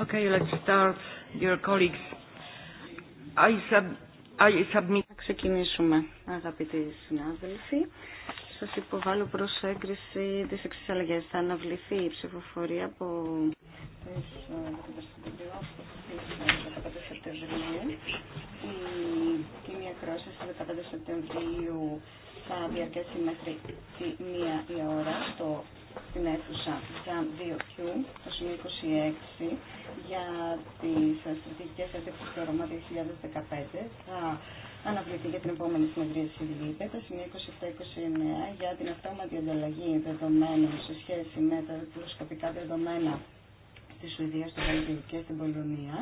Okay, let's start, dear colleagues. I sub, I submit... Θα ξεκινήσουμε, αγαπητοί συνάδελφοι. Σα υποβάλλω προ έγκριση τις εξή αλλαγέ. Θα αναβληθεί η ψηφοφορία από τι 15 ε, Σεπτεμβρίου. Η κοινή ακρόαση στι 15 Σεπτεμβρίου θα διαρκέσει μέχρι τη μία η ώρα στην αίθουσα Jam 2Q, το σημείο 26 για τι στρατηγικέ αιτήσεις του όρομα 2015 θα αναβληθεί για την επόμενη συνεδρία τη ΛΥΠΕ, τα σημεία 27-29 για την αυτόματη ανταλλαγή δεδομένων σε σχέση με τα πλουροσκοπικά δεδομένα στη Σουηδία, του Βαλτίο και στην Πολωνία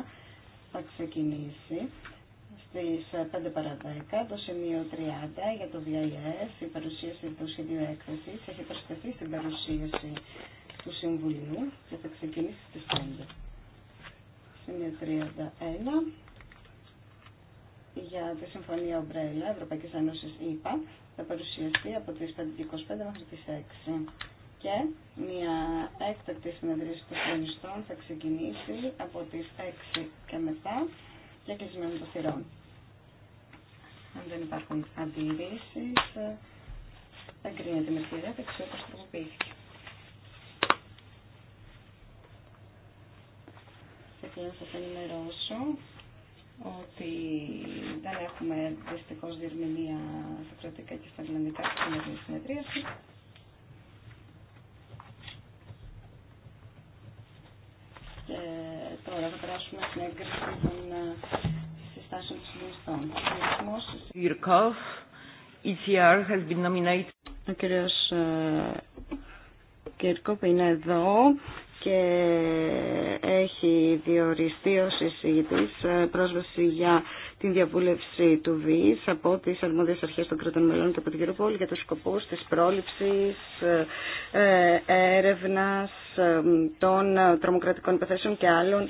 θα ξεκινήσει στι 5 παρα 10, το σημείο 30 για το VIS, η παρουσίαση του σχεδίου έκθεση. έχει προσθεθεί στην παρουσίαση του Συμβουλίου και θα ξεκινήσει στις 5 σημείο 31 για τη Συμφωνία Ομπρέλα Ευρωπαϊκή Ένωση ΗΠΑ θα παρουσιαστεί από τις 5.25 μέχρι τις 6. Και μια έκτακτη συνεδρίαση των συντονιστών θα ξεκινήσει από τι 6 και μετά για κλεισμένο των θυρών. Αν δεν υπάρχουν θα εγκρίνεται με τη διάταξη όπως τροποποιήθηκε. να σας ενημερώσω ότι δεν έχουμε δυστυχώ διερμηνία στα κρατικά και στα ελληνικά σημερινή συνεδρίαση. Και τώρα θα περάσουμε στην έγκριση των ε, συστάσεων των συντονιστών. Ιρκόφ, ECR Ο κύριος ε, Κύρκοπ είναι εδώ και έχει διοριστεί ως εισηγητής ε, πρόσβαση για την διαβούλευση του ΒΙΣ από τις αρμόδιες αρχές των κρατών μελών και από την για τους σκοπούς της πρόληψης, ε, έρευνας ε, των τρομοκρατικών υποθέσεων και άλλων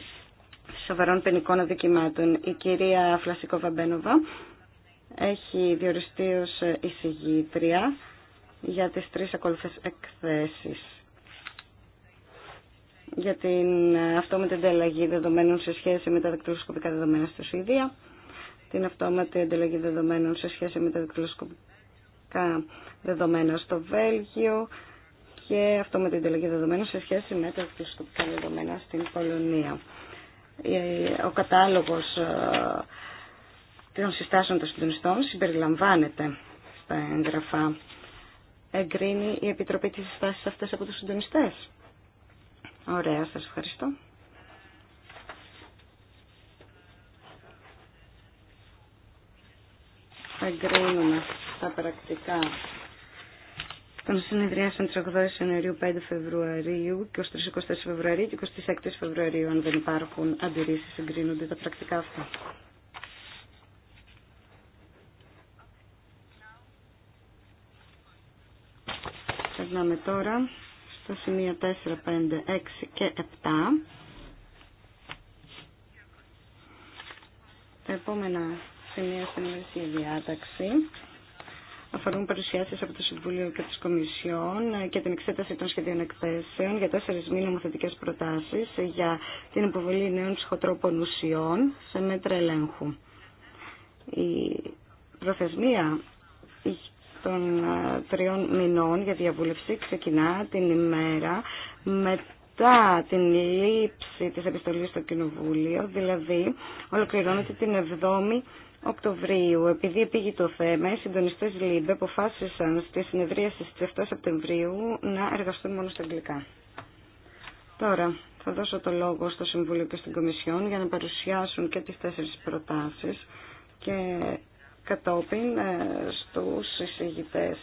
σοβαρών πενικών αδικημάτων. Η κυρία Φλασικό Φλασσικό-Βαμπένοβα έχει διοριστεί ως εισηγήτρια για τις τρεις ακόλουθες εκθέσεις για την αυτόματη ανταλλαγή δεδομένων σε σχέση με τα δακτυλοσκοπικά δεδομένα στη Σουηδία, την αυτόματη ανταλλαγή δεδομένων σε σχέση με τα δακτυλοσκοπικά δεδομένα στο Βέλγιο και αυτόματη ανταλλαγή δεδομένων σε σχέση με τα δακτυλοσκοπικά δεδομένα στην Πολωνία. Ε, ο κατάλογος ε, των συστάσεων των συντονιστών συμπεριλαμβάνεται στα έγγραφα. Εγκρίνει η Επιτροπή της συστάσεις αυτές από τους συντονιστές. Ωραία, σας ευχαριστώ. Εγκρίνουμε τα πρακτικά των συνεδριάσεων της 8ης Ιανουαρίου 5 Φεβρουαρίου και 24 Φεβρουαρίου και 26 Φεβρουαρίου. Αν δεν υπάρχουν αντιρρήσεις, εγκρίνονται τα πρακτικά αυτά. Περνάμε τώρα στα σημεία 4, 5, 6 και 7. Τα επόμενα σημεία στην ημερησία διάταξη αφορούν παρουσιάσει από το Συμβούλιο και τι Κομισιόν και την εξέταση των σχεδίων εκθέσεων για τέσσερι μη νομοθετικέ προτάσει για την υποβολή νέων ψυχοτρόπων ουσιών σε μέτρα ελέγχου. Η προθεσμία των ε, τριών μηνών για διαβούλευση ξεκινά την ημέρα μετά την λήψη της επιστολής στο Κοινοβούλιο, δηλαδή ολοκληρώνεται την 7η Οκτωβρίου. Επειδή πήγε το θέμα, οι συντονιστέ ΛΥΜΠΕ αποφάσισαν στη συνεδρία στι 7 Σεπτεμβρίου να εργαστούν μόνο στα αγγλικά. Τώρα, θα δώσω το λόγο στο Συμβούλιο και στην Κομισιόν για να παρουσιάσουν και τις τέσσερις προτάσεις και κατόπιν ε, στους εισηγητές.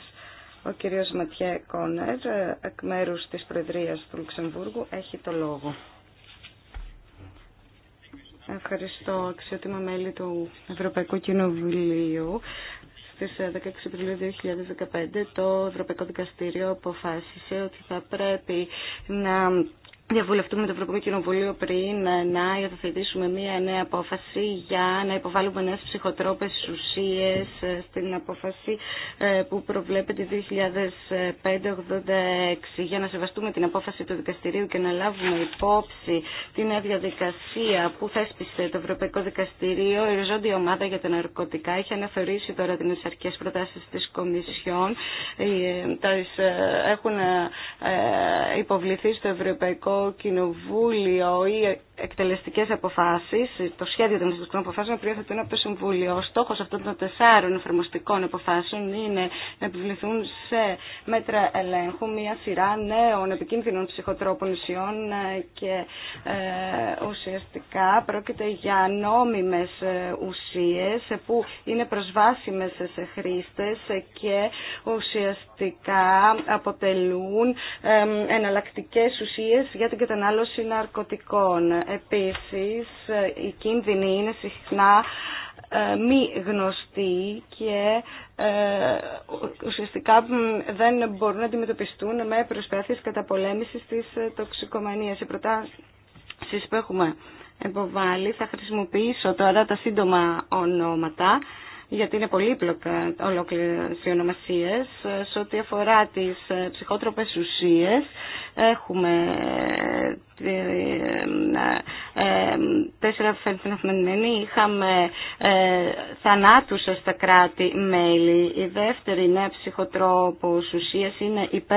Ο κύριος Ματιέ Κόνερ, εκ μέρους της Προεδρίας του Λουξεμβούργου, έχει το λόγο. Ευχαριστώ, αξιότιμα μέλη του Ευρωπαϊκού Κοινοβουλίου. Στις 16 ε, Απριλίου 2015 το Ευρωπαϊκό Δικαστήριο αποφάσισε ότι θα πρέπει να διαβουλευτούμε το Ευρωπαϊκό Κοινοβουλίο πριν να υιοθετήσουμε μία νέα απόφαση για να υποβάλουμε νέες ψυχοτρόπες ουσίες ε, στην απόφαση ε, που προβλέπεται 2005-86 για να σεβαστούμε την απόφαση του δικαστηρίου και να λάβουμε υπόψη την νέα διαδικασία που θέσπισε το Ευρωπαϊκό Δικαστηρίο. Η Ριζόντια ομάδα για τα ναρκωτικά έχει αναθεωρήσει τώρα τι αρκές προτάσεις της Κομισιόν. Ε, έχουν υποβληθεί στο Ευρωπαϊκό Κοινοβούλιο ή εκτελεστικέ αποφάσει, το σχέδιο των εκτελεστικών αποφάσεων που υιοθετούν από το Συμβούλιο. Ο στόχο αυτών των τεσσάρων εφαρμοστικών αποφάσεων είναι να επιβληθούν σε μέτρα ελέγχου μια σειρά νέων επικίνδυνων ψυχοτρόπων ουσιών και ε, ουσιαστικά πρόκειται για νόμιμε ουσίε που είναι προσβάσιμε σε χρήστε και ουσιαστικά αποτελούν ε, εναλλακτικέ ουσίε για την κατανάλωση ναρκωτικών Επίσης, οι κίνδυνοι είναι συχνά ε, μη γνωστοί και ε, ουσιαστικά δεν μπορούν να αντιμετωπιστούν με προσπάθειες καταπολέμησης της ε, τοξικομανίας. Οι προτάσεις που έχουμε υποβάλει θα χρησιμοποιήσω τώρα τα σύντομα ονόματα γιατί είναι πολύπλοκα ολόκληρες οι ονομασίες. Σε ό,τι αφορά τις ψυχότροπες ουσίες, έχουμε τέσσερα φετιναφημενημένοι είχαμε ε, θανάτους στα κράτη-μέλη. Η δεύτερη νέα ψυχοτρόπος ουσίας είναι η 5-2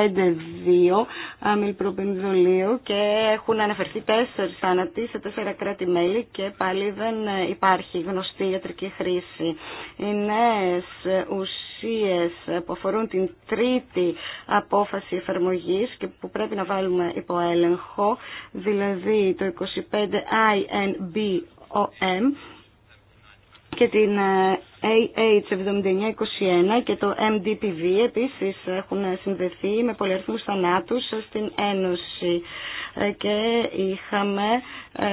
αμυλπροπενδολίου και έχουν αναφερθεί τέσσερις θάνατοι σε τέσσερα κράτη-μέλη και πάλι δεν υπάρχει γνωστή ιατρική χρήση. Οι νέες ουσίες που αφορούν την τρίτη απόφαση εφαρμογής και που πρέπει να βάλουμε υπό έλεγχο, δηλαδή το 25 INBOM, και την ε, AH7921 και το MDPV επίσης έχουν συνδεθεί με πολυαριθμούς θανάτους στην Ένωση ε, και είχαμε 180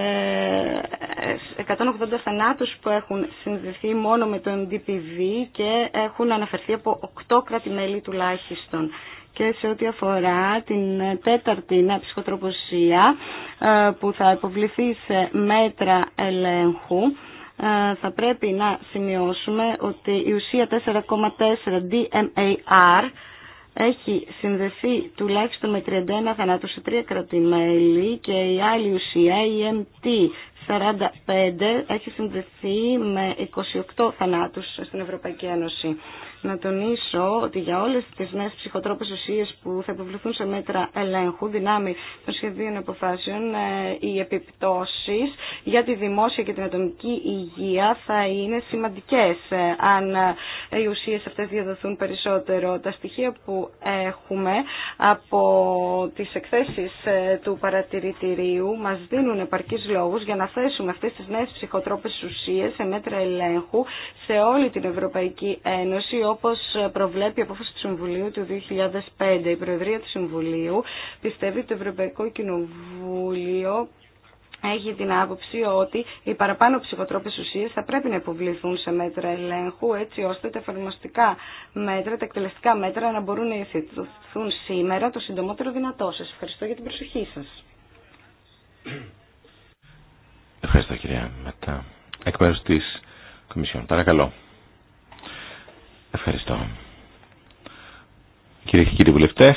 ε, θανάτους που έχουν συνδεθεί μόνο με το MDPV και έχουν αναφερθεί από 8 κράτη-μέλη τουλάχιστον και σε ό,τι αφορά την τέταρτη ψυχοτροποσία που θα υποβληθεί σε μέτρα ελέγχου ε, θα πρέπει να σημειώσουμε ότι η ουσία 4,4 DMAR έχει συνδεθεί τουλάχιστον με 31 θανάτους σε τρία κρατημέλη και η άλλη ουσία, η MT45, έχει συνδεθεί με 28 θανάτους στην Ευρωπαϊκή Ένωση να τονίσω ότι για όλες τις νέες ψυχοτρόπες ουσίες που θα επιβληθούν σε μέτρα ελέγχου δυνάμει των σχεδίων αποφάσεων, ε, οι επιπτώσεις για τη δημόσια και την ατομική υγεία θα είναι σημαντικές ε, αν ε, οι ουσίες αυτές διαδοθούν περισσότερο. Τα στοιχεία που έχουμε από τις εκθέσεις του παρατηρητηρίου μας δίνουν επαρκείς λόγους για να θέσουμε αυτές τις νέες ψυχοτρόπες ουσίες σε μέτρα ελέγχου σε όλη την Ευρωπαϊκή Ένωση όπως προβλέπει η απόφαση του Συμβουλίου του 2005. Η Προεδρία του Συμβουλίου πιστεύει ότι το Ευρωπαϊκό Κοινοβούλιο έχει την άποψη ότι οι παραπάνω ψυχοτρόπε ουσίε θα πρέπει να υποβληθούν σε μέτρα ελέγχου έτσι ώστε τα εφαρμοστικά μέτρα, τα εκτελεστικά μέτρα να μπορούν να υιοθετηθούν σήμερα το συντομότερο δυνατό. Σα ευχαριστώ για την προσοχή σα. Ευχαριστώ κυρία Μετά. Εκ μέρους Κομισιόν. Παρακαλώ. Ευχαριστώ. Κυρίε και κύριοι βουλευτέ,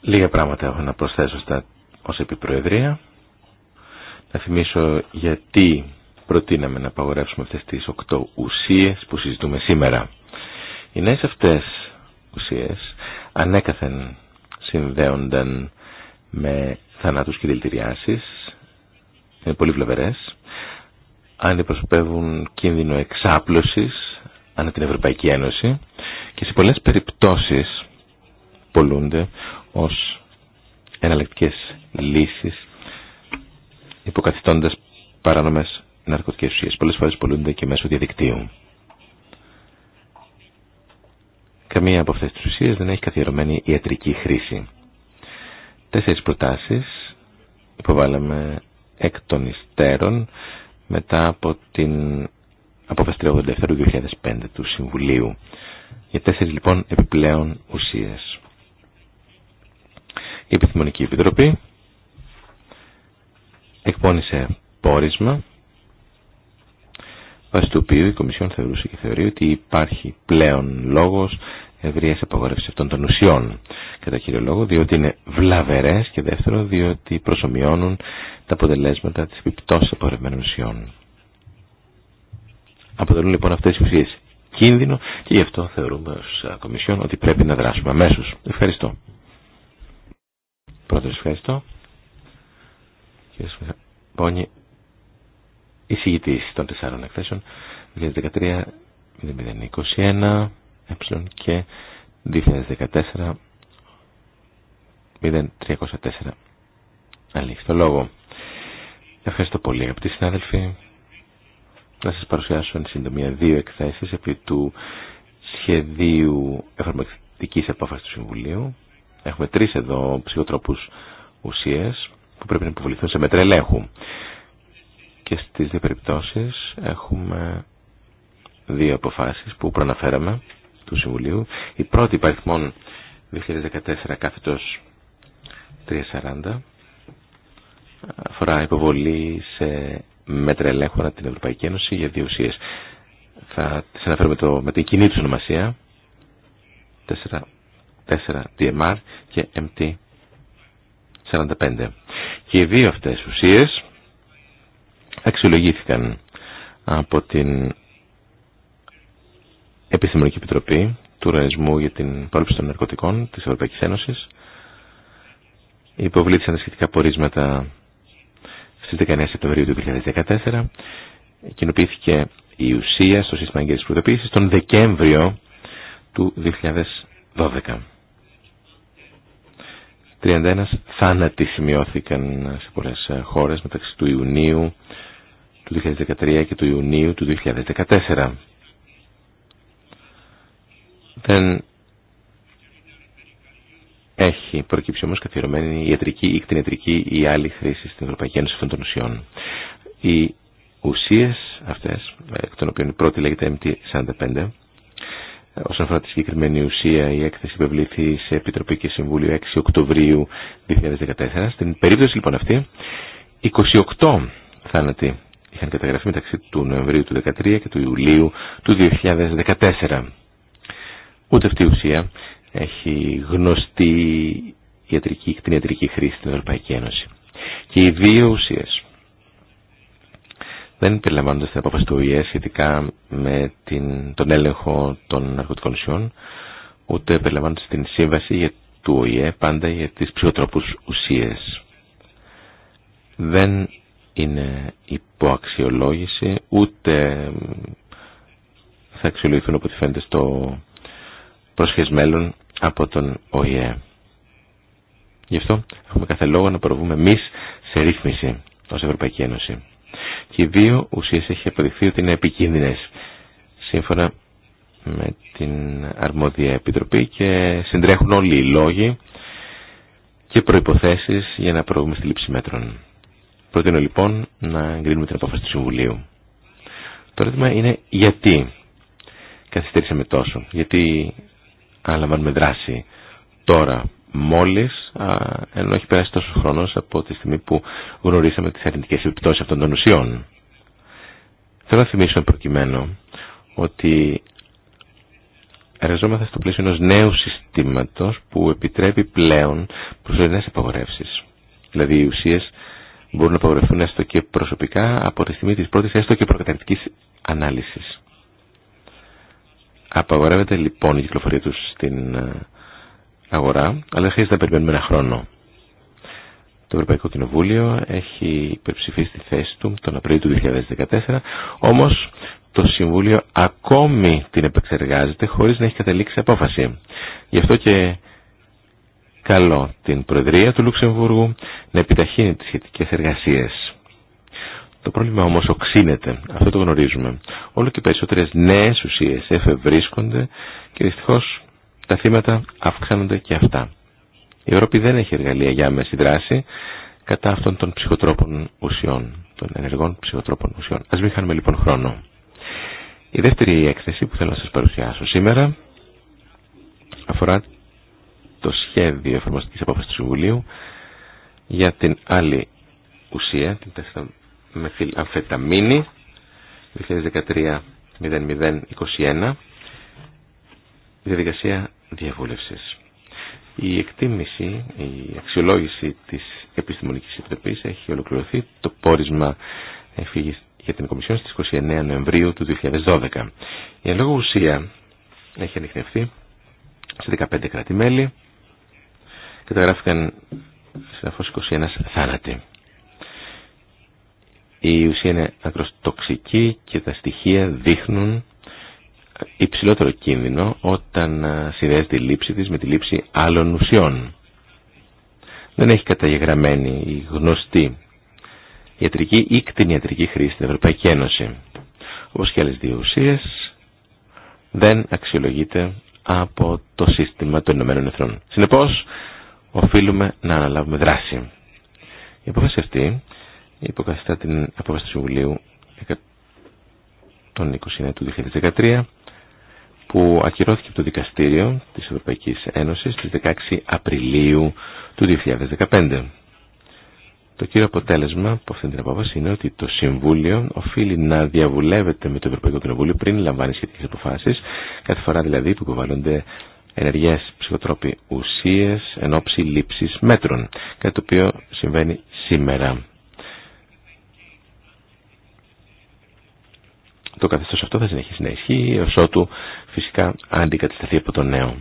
λίγα πράγματα έχω να προσθέσω στα ως επιπροεδρία. Να θυμίσω γιατί προτείναμε να απαγορεύσουμε αυτές τις οκτώ ουσίες που συζητούμε σήμερα. Οι νέες αυτές ουσίες ανέκαθεν συνδέονταν με θανάτους και δηλητηριάσεις είναι πολύ βλαβερές, αντιπροσωπεύουν κίνδυνο εξάπλωσης ανά την Ευρωπαϊκή Ένωση και σε πολλές περιπτώσεις πολλούνται ως εναλλακτικές λύσεις υποκαθιστώντας παράνομες ναρκωτικές ουσίες. Πολλές φορές πολλούνται και μέσω διαδικτύου. Καμία από αυτές τις ουσίες δεν έχει καθιερωμένη ιατρική χρήση. Τέσσερις προτάσεις υποβάλαμε εκ των υστέρων μετά από την απόφαση 37 2005 του Συμβουλίου για τέσσερις λοιπόν επιπλέον ουσίες. Η Επιθυμονική Επιτροπή εκπώνησε πόρισμα βάσει του οποίου η Κομισιόν θεωρούσε και θεωρεί ότι υπάρχει πλέον λόγος ευρεία απαγόρευση αυτών των ουσιών κατά κύριο λόγο διότι είναι βλαβερέ και δεύτερο διότι προσωμιώνουν τα αποτελέσματα τη επιπτώση απαγορευμένων ουσιών. Αποτελούν λοιπόν αυτέ οι ουσίε κίνδυνο και γι' αυτό θεωρούμε ω Κομισιόν ότι πρέπει να δράσουμε αμέσω. Ευχαριστώ. Πρώτο ευχαριστώ. Κύριε Πόνι, εισηγητή των τεσσάρων εκθέσεων 2013-2021 ε και 2014 0304 αλήθεια το λόγο Ευχαριστώ πολύ αγαπητοί συνάδελφοι να σας παρουσιάσω εν συντομία δύο εκθέσεις επί του σχεδίου εφαρμοκτικής απόφασης του Συμβουλίου έχουμε τρεις εδώ ψυχοτρόπους ουσίες που πρέπει να υποβληθούν σε μέτρα ελέγχου και στις δύο περιπτώσεις έχουμε δύο αποφάσεις που προαναφέραμε του Συμβουλίου. Η πρώτη υπαριθμών 2014 κάθετος 340 αφορά υποβολή σε μέτρα ελέγχου την Ευρωπαϊκή Ένωση για δύο ουσίες. Θα τις αναφέρουμε με την κοινή του ονομασία 4, 4 DMR και MT 45. Και οι δύο αυτές ουσίες αξιολογήθηκαν από την Επιστημονική Επιτροπή του Οργανισμού για την Πρόληψη των Ναρκωτικών της Ευρωπαϊκής Ένωσης υποβλήθησαν τα σχετικά πορίσματα στις 19 Σεπτεμβρίου του 2014 κοινοποιήθηκε η ουσία στο σύστημα εγγύησης Προδοποίηση τον Δεκέμβριο του 2012. 31 θάνατοι σημειώθηκαν σε πολλές χώρες μεταξύ του Ιουνίου του 2013 και του Ιουνίου του 2014. Δεν έχει προκύψει όμως καθιερωμένη ιατρική ή κτηνιατρική ή άλλη χρήση στην Ευρωπαϊκή Ένωση αυτών των ουσιών. Οι ουσίες αυτές, εκ των οποίων η πρώτη λέγεται MT45, όσον αφορά τη συγκεκριμένη ουσία, η έκθεση υπευλήθη σε Επιτροπή και Συμβούλιο 6 Οκτωβρίου 2014. Στην περίπτωση λοιπόν αυτή, 28 θάνατοι είχαν καταγραφεί μεταξύ του Νοεμβρίου του 2013 και του Ιουλίου του 2014. Ούτε αυτή η ουσία έχει γνωστή ιατρική, την ιατρική χρήση στην Ευρωπαϊκή Ένωση. Και οι δύο ουσίες δεν περιλαμβάνονται στην απόφαση του ΟΗΕ σχετικά με την, τον έλεγχο των ναρκωτικών ουσιών, ούτε περιλαμβάνονται στην σύμβαση για, του ΟΗΕ πάντα για τις ψυχοτρόπους ουσίες. Δεν είναι αξιολόγηση, ούτε θα αξιολογηθούν από ό,τι φαίνεται στο πρόσχες μέλλον από τον ΟΗΕ. Γι' αυτό έχουμε κάθε λόγο να προβούμε εμεί σε ρύθμιση ω Ευρωπαϊκή Ένωση. Και οι δύο ουσίες έχει αποδειχθεί ότι είναι επικίνδυνε σύμφωνα με την αρμόδια επιτροπή και συντρέχουν όλοι οι λόγοι και προϋποθέσεις για να προβούμε στη λήψη μέτρων. Προτείνω λοιπόν να εγκρίνουμε την απόφαση του Συμβουλίου. Το ερώτημα είναι γιατί καθυστερήσαμε τόσο, γιατί αλλά με δράσει τώρα μόλις, ενώ έχει περάσει τόσο χρόνος από τη στιγμή που γνωρίσαμε τις αρνητικές επιπτώσεις αυτών των ουσιών. Θέλω να θυμίσω προκειμένου ότι εργαζόμαστε στο πλαίσιο ενός νέου συστήματος που επιτρέπει πλέον προσωρινές απαγορεύσεις. Δηλαδή οι ουσίες μπορούν να απαγορευτούν έστω και προσωπικά από τη στιγμή της πρώτης έστω και προκαταρκτικής ανάλυσης. Απαγορεύεται λοιπόν η κυκλοφορία τους στην ε, αγορά, αλλά χρειάζεται να περιμένουμε ένα χρόνο. Το Ευρωπαϊκό Κοινοβούλιο έχει υπερψηφίσει τη θέση του τον Απρίλιο του 2014, όμως το Συμβούλιο ακόμη την επεξεργάζεται χωρίς να έχει καταλήξει απόφαση. Γι' αυτό και καλό την Προεδρία του Λουξεμβούργου να επιταχύνει τις σχετικές εργασίες. Το πρόβλημα όμως οξύνεται, αυτό το γνωρίζουμε. Όλο και περισσότερες νέες ουσίες εφευρίσκονται και δυστυχώς τα θύματα αυξάνονται και αυτά. Η Ευρώπη δεν έχει εργαλεία για άμεση δράση κατά αυτών των ψυχοτρόπων ουσιών, των ενεργών ψυχοτρόπων ουσιών. Ας μην χάνουμε λοιπόν χρόνο. Η δεύτερη έκθεση που θέλω να σας παρουσιάσω σήμερα αφορά το σχέδιο εφαρμοστικής απόφασης του Συμβουλίου για την άλλη ουσία, την αμφεταμίνη 2013-0021 διαδικασία διαβούλευσης. Η εκτίμηση, η αξιολόγηση της Επιστημονικής Επιτροπής έχει ολοκληρωθεί το πόρισμα εφήγης για την Κομισιόν στις 29 Νοεμβρίου του 2012. Η εν ουσία έχει ανοιχνευθεί σε 15 κράτη-μέλη. Καταγράφηκαν σε 21 θάνατοι. Η ουσία είναι ακροστοξική και τα στοιχεία δείχνουν υψηλότερο κίνδυνο όταν ε, συνδέεται η λήψη της με τη λήψη άλλων ουσιών. Δεν έχει καταγεγραμμένη η γνωστή ιατρική ή κτηνιατρική χρήση στην Ευρωπαϊκή Ένωση. Όπως και άλλες δύο ουσίες δεν αξιολογείται από το σύστημα των Ηνωμένων Εθνών. Συνεπώς, οφείλουμε να αναλάβουμε δράση. Η απόφαση αυτή υποκαθιστά την απόφαση του Συμβουλίου 29 του 2013 που ακυρώθηκε από το Δικαστήριο της Ευρωπαϊκής Ένωσης στις 16 Απριλίου του 2015. Το κύριο αποτέλεσμα από αυτήν την απόφαση είναι ότι το Συμβούλιο οφείλει να διαβουλεύεται με το Ευρωπαϊκό Κοινοβούλιο πριν λαμβάνει σχετικέ αποφάσει, κάθε φορά δηλαδή που υποβάλλονται ενεργέ ψυχοτρόποι ουσίε εν ώψη λήψη μέτρων, κάτι το οποίο συμβαίνει σήμερα. το καθεστώς αυτό θα συνεχίσει να ισχύει ως ότου φυσικά αντικατασταθεί από το νέο.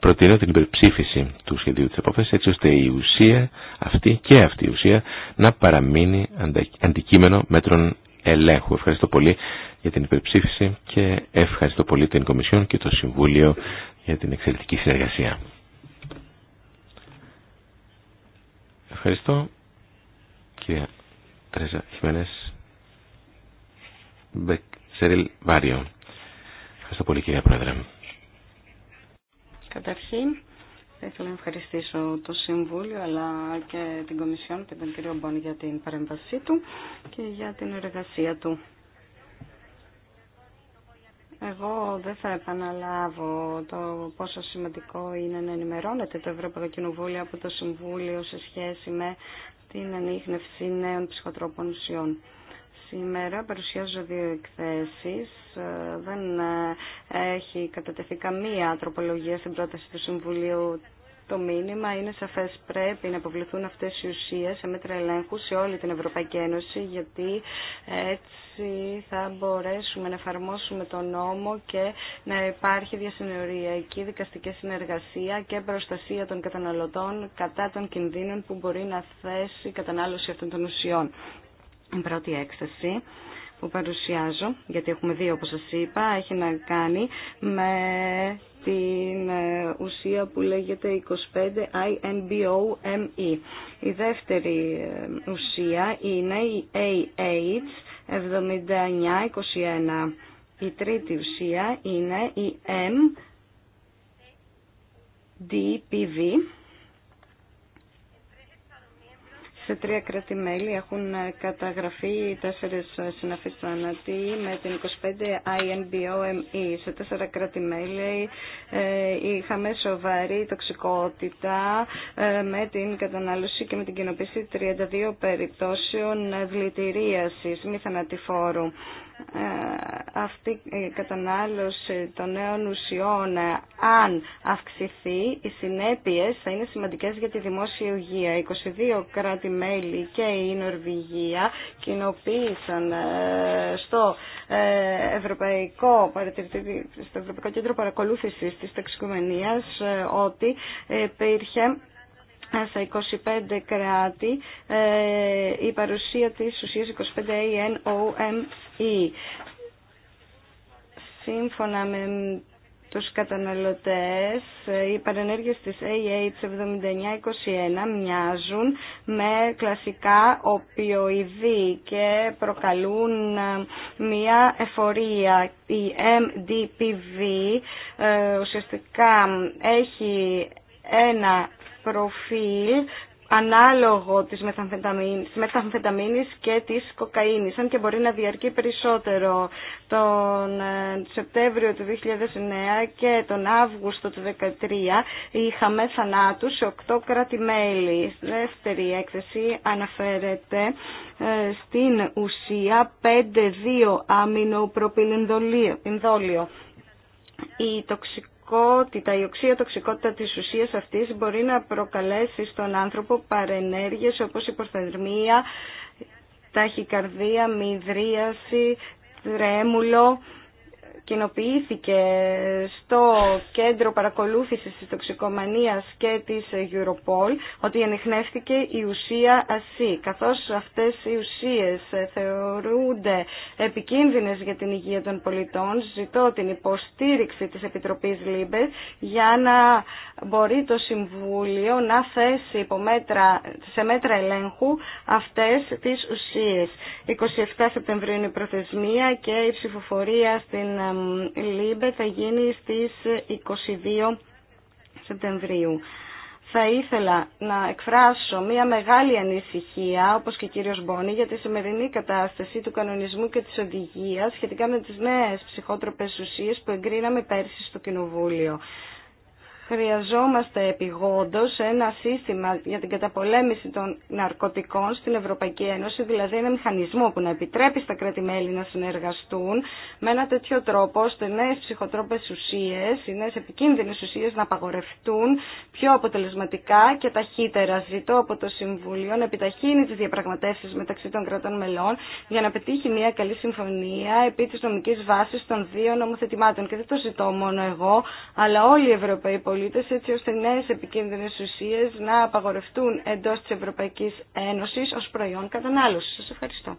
Προτείνω την υπερψήφιση του σχεδίου της απόφασης έτσι ώστε η ουσία αυτή και αυτή η ουσία να παραμείνει αντικείμενο μέτρων ελέγχου. Ευχαριστώ πολύ για την υπερψήφιση και ευχαριστώ πολύ την Κομισιόν και το Συμβούλιο για την εξαιρετική συνεργασία. Ευχαριστώ. Βάριο. Ευχαριστώ πολύ κυρία Πρόεδρε. Καταρχήν, θα ήθελα να ευχαριστήσω το Συμβούλιο αλλά και την Κομισιόν και τον κύριο Μπον για την παρέμβασή του και για την εργασία του. Εγώ δεν θα επαναλάβω το πόσο σημαντικό είναι να ενημερώνεται το Ευρωπαϊκό Κοινοβούλιο από το Συμβούλιο σε σχέση με την ανείχνευση νέων ψυχοτρόπων ουσιών. Σήμερα παρουσιάζω δύο εκθέσεις. Ε, δεν ε, έχει κατατεθεί καμία τροπολογία στην πρόταση του Συμβουλίου το μήνυμα είναι σαφέ, πρέπει να αποβληθούν αυτές οι ουσίες σε μέτρα ελέγχου σε όλη την Ευρωπαϊκή Ένωση γιατί έτσι θα μπορέσουμε να εφαρμόσουμε τον νόμο και να υπάρχει διασυνοριακή δικαστική συνεργασία και προστασία των καταναλωτών κατά των κινδύνων που μπορεί να θέσει η κατανάλωση αυτών των ουσιών. Η πρώτη έκθεση που παρουσιάζω, γιατί έχουμε δύο όπως σας είπα, έχει να κάνει με την ε, ουσία που λέγεται 25-INBOME. Η δεύτερη ε, ουσία είναι η AH7921. Η τρίτη ουσία είναι η MDPV. Σε τρία κράτη-μέλη έχουν καταγραφεί τέσσερις συναφείς θάνατοι με την 25 INBOME. Σε τέσσερα κράτη-μέλη ε, είχαμε σοβαρή τοξικότητα ε, με την κατανάλωση και με την κοινοποίηση 32 περιπτώσεων δηλητηρίαση, μη θανατηφόρου. Ε, αυτή η κατανάλωση των νέων ουσιών, αν αυξηθεί, οι συνέπειες θα είναι σημαντικές για τη δημόσια υγεία. 22 κράτη και η Νορβηγία κοινοποίησαν ε, στο ε, Ευρωπαϊκό, στο Ευρωπαϊκό Κέντρο Παρακολούθησης της Ταξικομενίας ε, ότι υπήρχε στα 25 κράτη η παρουσία της ουσίας 25ANOME σύμφωνα με τους καταναλωτές, οι παρενέργειες της AH7921 μοιάζουν με κλασικά οπιοειδή και προκαλούν ε, μια εφορία. Η MDPV ε, ουσιαστικά έχει ένα προφίλ ανάλογο της μεθαμφεταμίνης και της κοκαίνης, αν και μπορεί να διαρκεί περισσότερο. Τον ε, Σεπτέμβριο του 2009 και τον Αύγουστο του 2013 είχαμε θανάτους σε 8 κράτη-μέλη. Δεύτερη έκθεση αναφέρεται ε, στην ουσία 5-2 ενδόλιο. Η τοξικότητα τοξικότητα, η οξία τοξικότητα της ουσίας αυτής μπορεί να προκαλέσει στον άνθρωπο παρενέργειες όπως υποθερμία, ταχυκαρδία, μυδρίαση, τρέμουλο κοινοποιήθηκε στο κέντρο παρακολούθησης της τοξικομανίας και της Europol ότι ενηχνεύτηκε η ουσία ΑΣΥ. Καθώς αυτές οι ουσίες θεωρούνται επικίνδυνες για την υγεία των πολιτών, ζητώ την υποστήριξη της Επιτροπής ΛΥΜΠΕ για να μπορεί το Συμβούλιο να θέσει σε μέτρα ελέγχου αυτές τις ουσίες. 27 Σεπτεμβρίου είναι η προθεσμία και η ψηφοφορία στην Λίμπε θα γίνει στις 22 Σεπτεμβρίου. Θα ήθελα να εκφράσω μια μεγάλη ανησυχία, όπως και ο κύριος Μπόνη, για τη σημερινή κατάσταση του κανονισμού και της οδηγίας σχετικά με τις νέες ψυχότροπες ουσίες που εγκρίναμε πέρσι στο Κοινοβούλιο χρειαζόμαστε επιγόντως ένα σύστημα για την καταπολέμηση των ναρκωτικών στην Ευρωπαϊκή Ένωση, δηλαδή ένα μηχανισμό που να επιτρέπει στα κράτη-μέλη να συνεργαστούν με ένα τέτοιο τρόπο ώστε νέες ψυχοτρόπες ουσίες, οι νέες επικίνδυνες ουσίες να απαγορευτούν πιο αποτελεσματικά και ταχύτερα. Ζητώ από το Συμβουλίο να επιταχύνει τις διαπραγματεύσεις μεταξύ των κρατών μελών για να πετύχει μια καλή συμφωνία επί της νομικής βάσης των δύο νομοθετημάτων. Και δεν το ζητώ μόνο εγώ, αλλά όλοι οι Ευρωπαίοι πολίτες έτσι ώστε νέες επικίνδυνες ουσίες να απαγορευτούν εντός της Ευρωπαϊκής Ένωσης ως προϊόν κατανάλωσης. Σας ευχαριστώ.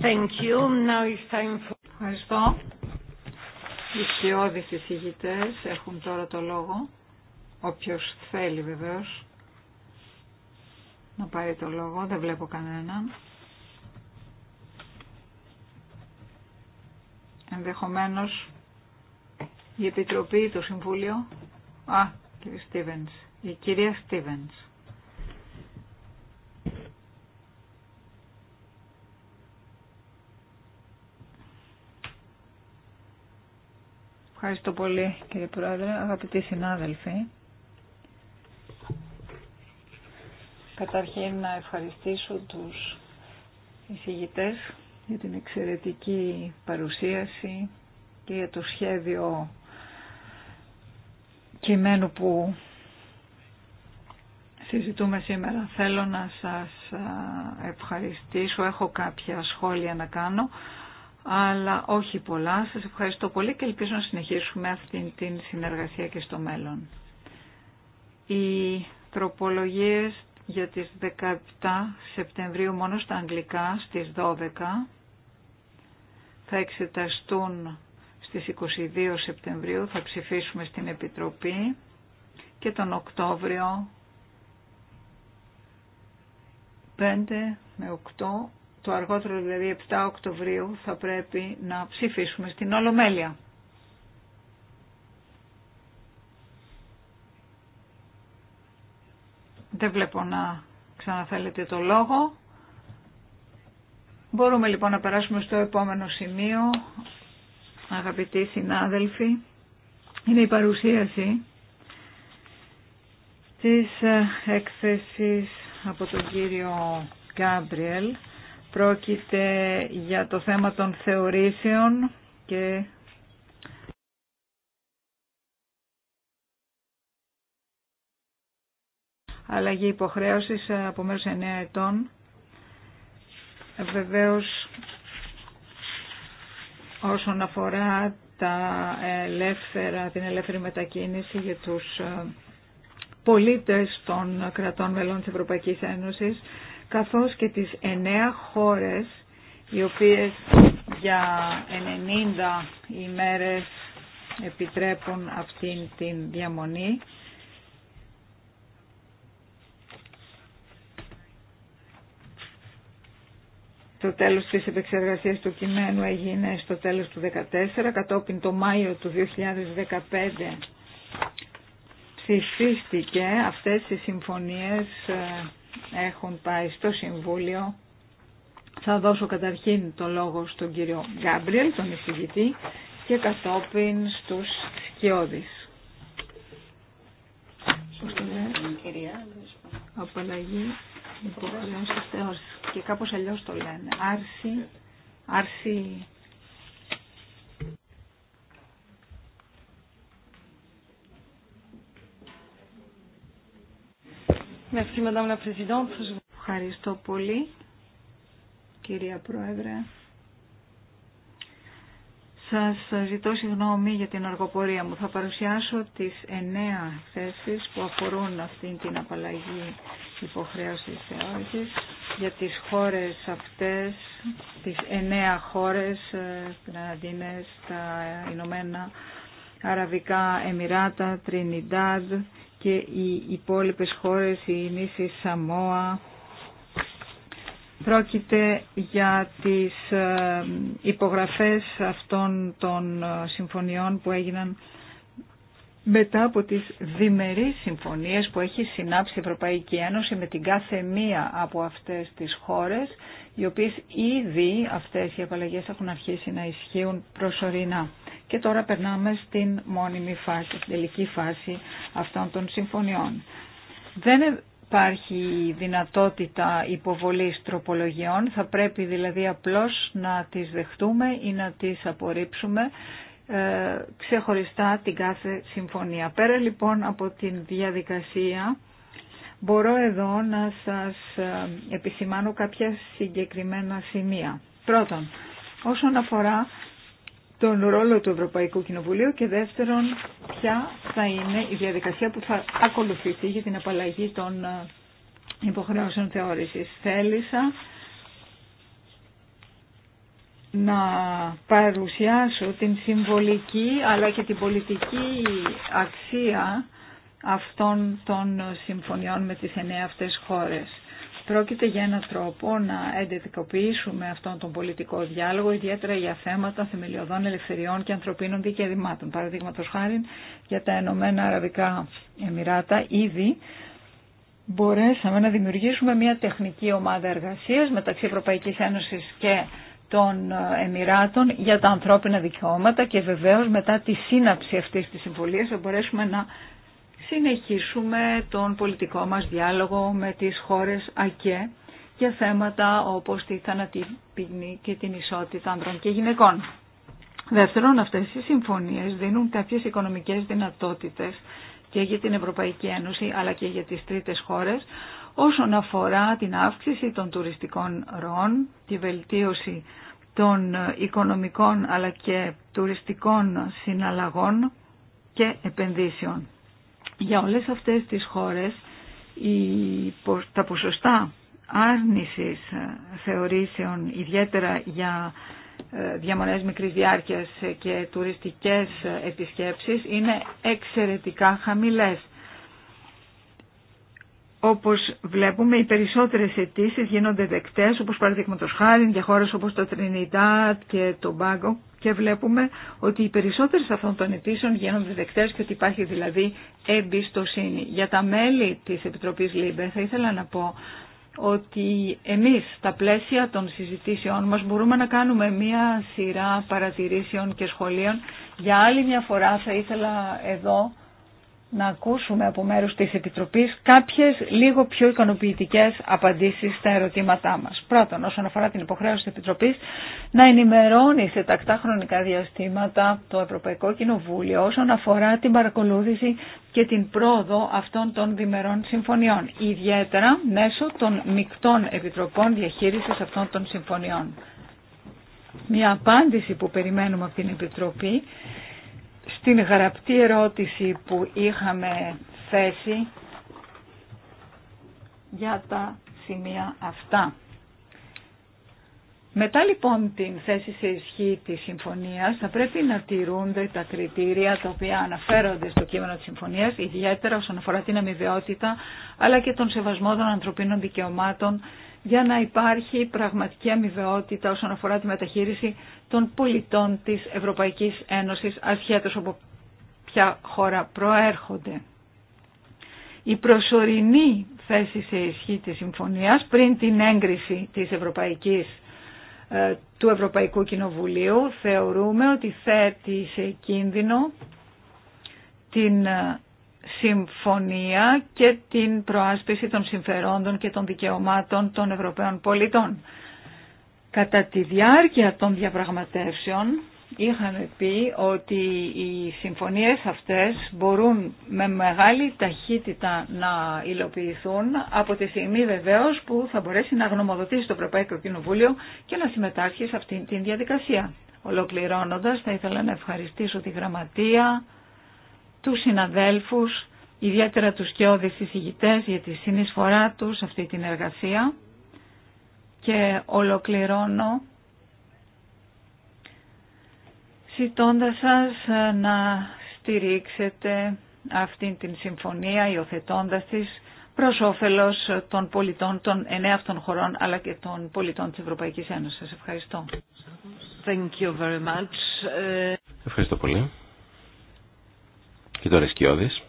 Thank you. Now it's time for... Ευχαριστώ. Οι σιώδεις εισηγητές έχουν τώρα το λόγο. Όποιος θέλει βεβαίως να πάρει το λόγο. Δεν βλέπω κανέναν. Ενδεχομένως η Επιτροπή, το Συμβούλιο. Α, κύριε Στίβενς. Η κυρία Στίβενς. Ευχαριστώ πολύ κύριε Πρόεδρε, αγαπητοί συνάδελφοι. Καταρχήν να ευχαριστήσω τους εισηγητές για την εξαιρετική παρουσίαση και για το σχέδιο κειμένου που συζητούμε σήμερα. Θέλω να σας ευχαριστήσω. Έχω κάποια σχόλια να κάνω, αλλά όχι πολλά. Σας ευχαριστώ πολύ και ελπίζω να συνεχίσουμε αυτή την συνεργασία και στο μέλλον. Οι τροπολογίες για τις 17 Σεπτεμβρίου μόνο στα αγγλικά στις 12 θα εξεταστούν στις 22 Σεπτεμβρίου θα ψηφίσουμε στην Επιτροπή και τον Οκτώβριο 5 με 8, το αργότερο δηλαδή 7 Οκτωβρίου θα πρέπει να ψηφίσουμε στην Ολομέλεια. Δεν βλέπω να ξαναθέλετε το λόγο. Μπορούμε λοιπόν να περάσουμε στο επόμενο σημείο αγαπητοί συνάδελφοι, είναι η παρουσίαση της ε, έκθεσης από τον κύριο Γκάμπριελ. Πρόκειται για το θέμα των θεωρήσεων και αλλαγή υποχρέωσης ε, από μέρους 9 ετών. Βεβαίως όσον αφορά τα ελεύθερα, την ελεύθερη μετακίνηση για τους ε, πολίτες των κρατών μελών της Ευρωπαϊκής Ένωσης, καθώς και τις εννέα χώρες οι οποίες για 90 ημέρες επιτρέπουν αυτήν την διαμονή Το τέλος της επεξεργασίας του κειμένου έγινε στο τέλος του 2014, κατόπιν το Μάιο του 2015 ψηφίστηκε, αυτές οι συμφωνίες ε, έχουν πάει στο Συμβούλιο. Θα δώσω καταρχήν το λόγο στον κύριο Γκάμπριελ, τον εισηγητή, και κατόπιν στους κυρία. Απαλλαγή και κάπως αλλιώς το λένε. Άρση, άρση Ευχαριστώ πολύ, κυρία Πρόεδρε. Σας ζητώ συγγνώμη για την αργοπορία μου. Θα παρουσιάσω τις εννέα θέσεις που αφορούν αυτήν την απαλλαγή υποχρέωση θεώρησης για τις χώρες αυτές, τις εννέα χώρες, ε, την τα Ηνωμένα Αραβικά Εμμυράτα, Τρινιντάδ και οι υπόλοιπες χώρες, η νήσι Σαμόα. Πρόκειται για τις ε, υπογραφές αυτών των ε, συμφωνιών που έγιναν μετά από τις διμερείς συμφωνίες που έχει συνάψει η Ευρωπαϊκή Ένωση με την κάθε μία από αυτές τις χώρες, οι οποίες ήδη αυτές οι απαλλαγές έχουν αρχίσει να ισχύουν προσωρινά. Και τώρα περνάμε στην μόνιμη φάση, στην τελική φάση αυτών των συμφωνιών. Δεν υπάρχει δυνατότητα υποβολής τροπολογιών, θα πρέπει δηλαδή απλώς να τις δεχτούμε ή να τις απορρίψουμε ε, ξεχωριστά την κάθε συμφωνία. Πέρα λοιπόν από την διαδικασία μπορώ εδώ να σας ε, επισημάνω κάποια συγκεκριμένα σημεία. Πρώτον, όσον αφορά τον ρόλο του Ευρωπαϊκού Κοινοβουλίου και δεύτερον, ποια θα είναι η διαδικασία που θα ακολουθηθεί για την απαλλαγή των ε, υποχρεώσεων θεώρησης. Θέλησα να παρουσιάσω την συμβολική αλλά και την πολιτική αξία αυτών των συμφωνιών με τις εννέα αυτές χώρες. Πρόκειται για έναν τρόπο να εντετικοποιήσουμε αυτόν τον πολιτικό διάλογο, ιδιαίτερα για θέματα θεμελιωδών ελευθεριών και ανθρωπίνων δικαιωμάτων. Παραδείγματο χάρη για τα Ενωμένα Αραβικά Εμμυράτα, ήδη μπορέσαμε να δημιουργήσουμε μια τεχνική ομάδα εργασίας μεταξύ Ευρωπαϊκής Ένωσης και των ε, Εμμυράτων για τα ανθρώπινα δικαιώματα και βεβαίως μετά τη σύναψη αυτής της συμβολίας θα μπορέσουμε να συνεχίσουμε τον πολιτικό μας διάλογο με τις χώρες ΑΚΕ για θέματα όπως τη θανατή και την ισότητα ανδρών και γυναικών. Δεύτερον, αυτές οι συμφωνίες δίνουν κάποιες οικονομικές δυνατότητες και για την Ευρωπαϊκή Ένωση αλλά και για τις τρίτες χώρες όσον αφορά την αύξηση των τουριστικών ροών, τη βελτίωση των οικονομικών αλλά και τουριστικών συναλλαγών και επενδύσεων. Για όλες αυτές τις χώρες τα ποσοστά άρνησης ε, θεωρήσεων ιδιαίτερα για ε, διαμονές μικρής διάρκειας και τουριστικές επισκέψεις είναι εξαιρετικά χαμηλές. Όπως βλέπουμε, οι περισσότερες αιτήσει γίνονται δεκτές, όπως παραδείγματο χάρη για χώρες όπως το Τρινιτάτ και το Μπάγκο και βλέπουμε ότι οι περισσότερες αυτών των αιτήσεων γίνονται δεκτές και ότι υπάρχει δηλαδή εμπιστοσύνη. Για τα μέλη της Επιτροπής ΛΥΜΠΕ θα ήθελα να πω ότι εμείς στα πλαίσια των συζητήσεών μας μπορούμε να κάνουμε μία σειρά παρατηρήσεων και σχολείων. Για άλλη μια φορά θα ήθελα εδώ να ακούσουμε από μέρους της Επιτροπής κάποιες λίγο πιο ικανοποιητικές απαντήσεις στα ερωτήματά μας. Πρώτον, όσον αφορά την υποχρέωση της Επιτροπής να ενημερώνει σε τακτά χρονικά διαστήματα το Ευρωπαϊκό Κοινοβούλιο όσον αφορά την παρακολούθηση και την πρόοδο αυτών των διμερών συμφωνιών, ιδιαίτερα μέσω των μεικτών επιτροπών διαχείρισης αυτών των συμφωνιών. Μια απάντηση που περιμένουμε από την Επιτροπή στην γραπτή ερώτηση που είχαμε θέσει για τα σημεία αυτά. Μετά λοιπόν την θέση σε ισχύ της συμφωνίας θα πρέπει να τηρούνται τα κριτήρια τα οποία αναφέρονται στο κείμενο της συμφωνίας, ιδιαίτερα όσον αφορά την αμοιβαιότητα αλλά και τον σεβασμό των ανθρωπίνων δικαιωμάτων για να υπάρχει πραγματική αμοιβαιότητα όσον αφορά τη μεταχείριση των πολιτών της Ευρωπαϊκής Ένωσης ασχέτως από ποια χώρα προέρχονται. Η προσωρινή θέση σε ισχύ της συμφωνίας πριν την έγκριση της Ευρωπαϊκής ε, του Ευρωπαϊκού Κοινοβουλίου θεωρούμε ότι θέτει σε κίνδυνο την ε, συμφωνία και την προάσπιση των συμφερόντων και των δικαιωμάτων των Ευρωπαίων πολιτών. Κατά τη διάρκεια των διαπραγματεύσεων είχαμε πει ότι οι συμφωνίες αυτές μπορούν με μεγάλη ταχύτητα να υλοποιηθούν από τη στιγμή βεβαίως που θα μπορέσει να γνωμοδοτήσει το Ευρωπαϊκό Κοινοβούλιο και να συμμετάσχει σε αυτήν την διαδικασία. Ολοκληρώνοντας θα ήθελα να ευχαριστήσω τη Γραμματεία, του συναδέλφους, ιδιαίτερα τους και συζητητές για τη συνεισφορά τους σε αυτή την εργασία. Και ολοκληρώνω ζητώντας σας ε, να στηρίξετε αυτήν την συμφωνία υιοθετώντα της προς όφελος των πολιτών των εννέα αυτών χωρών αλλά και των πολιτών της Ευρωπαϊκής Ένωσης. Σας ευχαριστώ. Thank you very much. Ε, ευχαριστώ πολύ. Και τώρα σκιώδεις,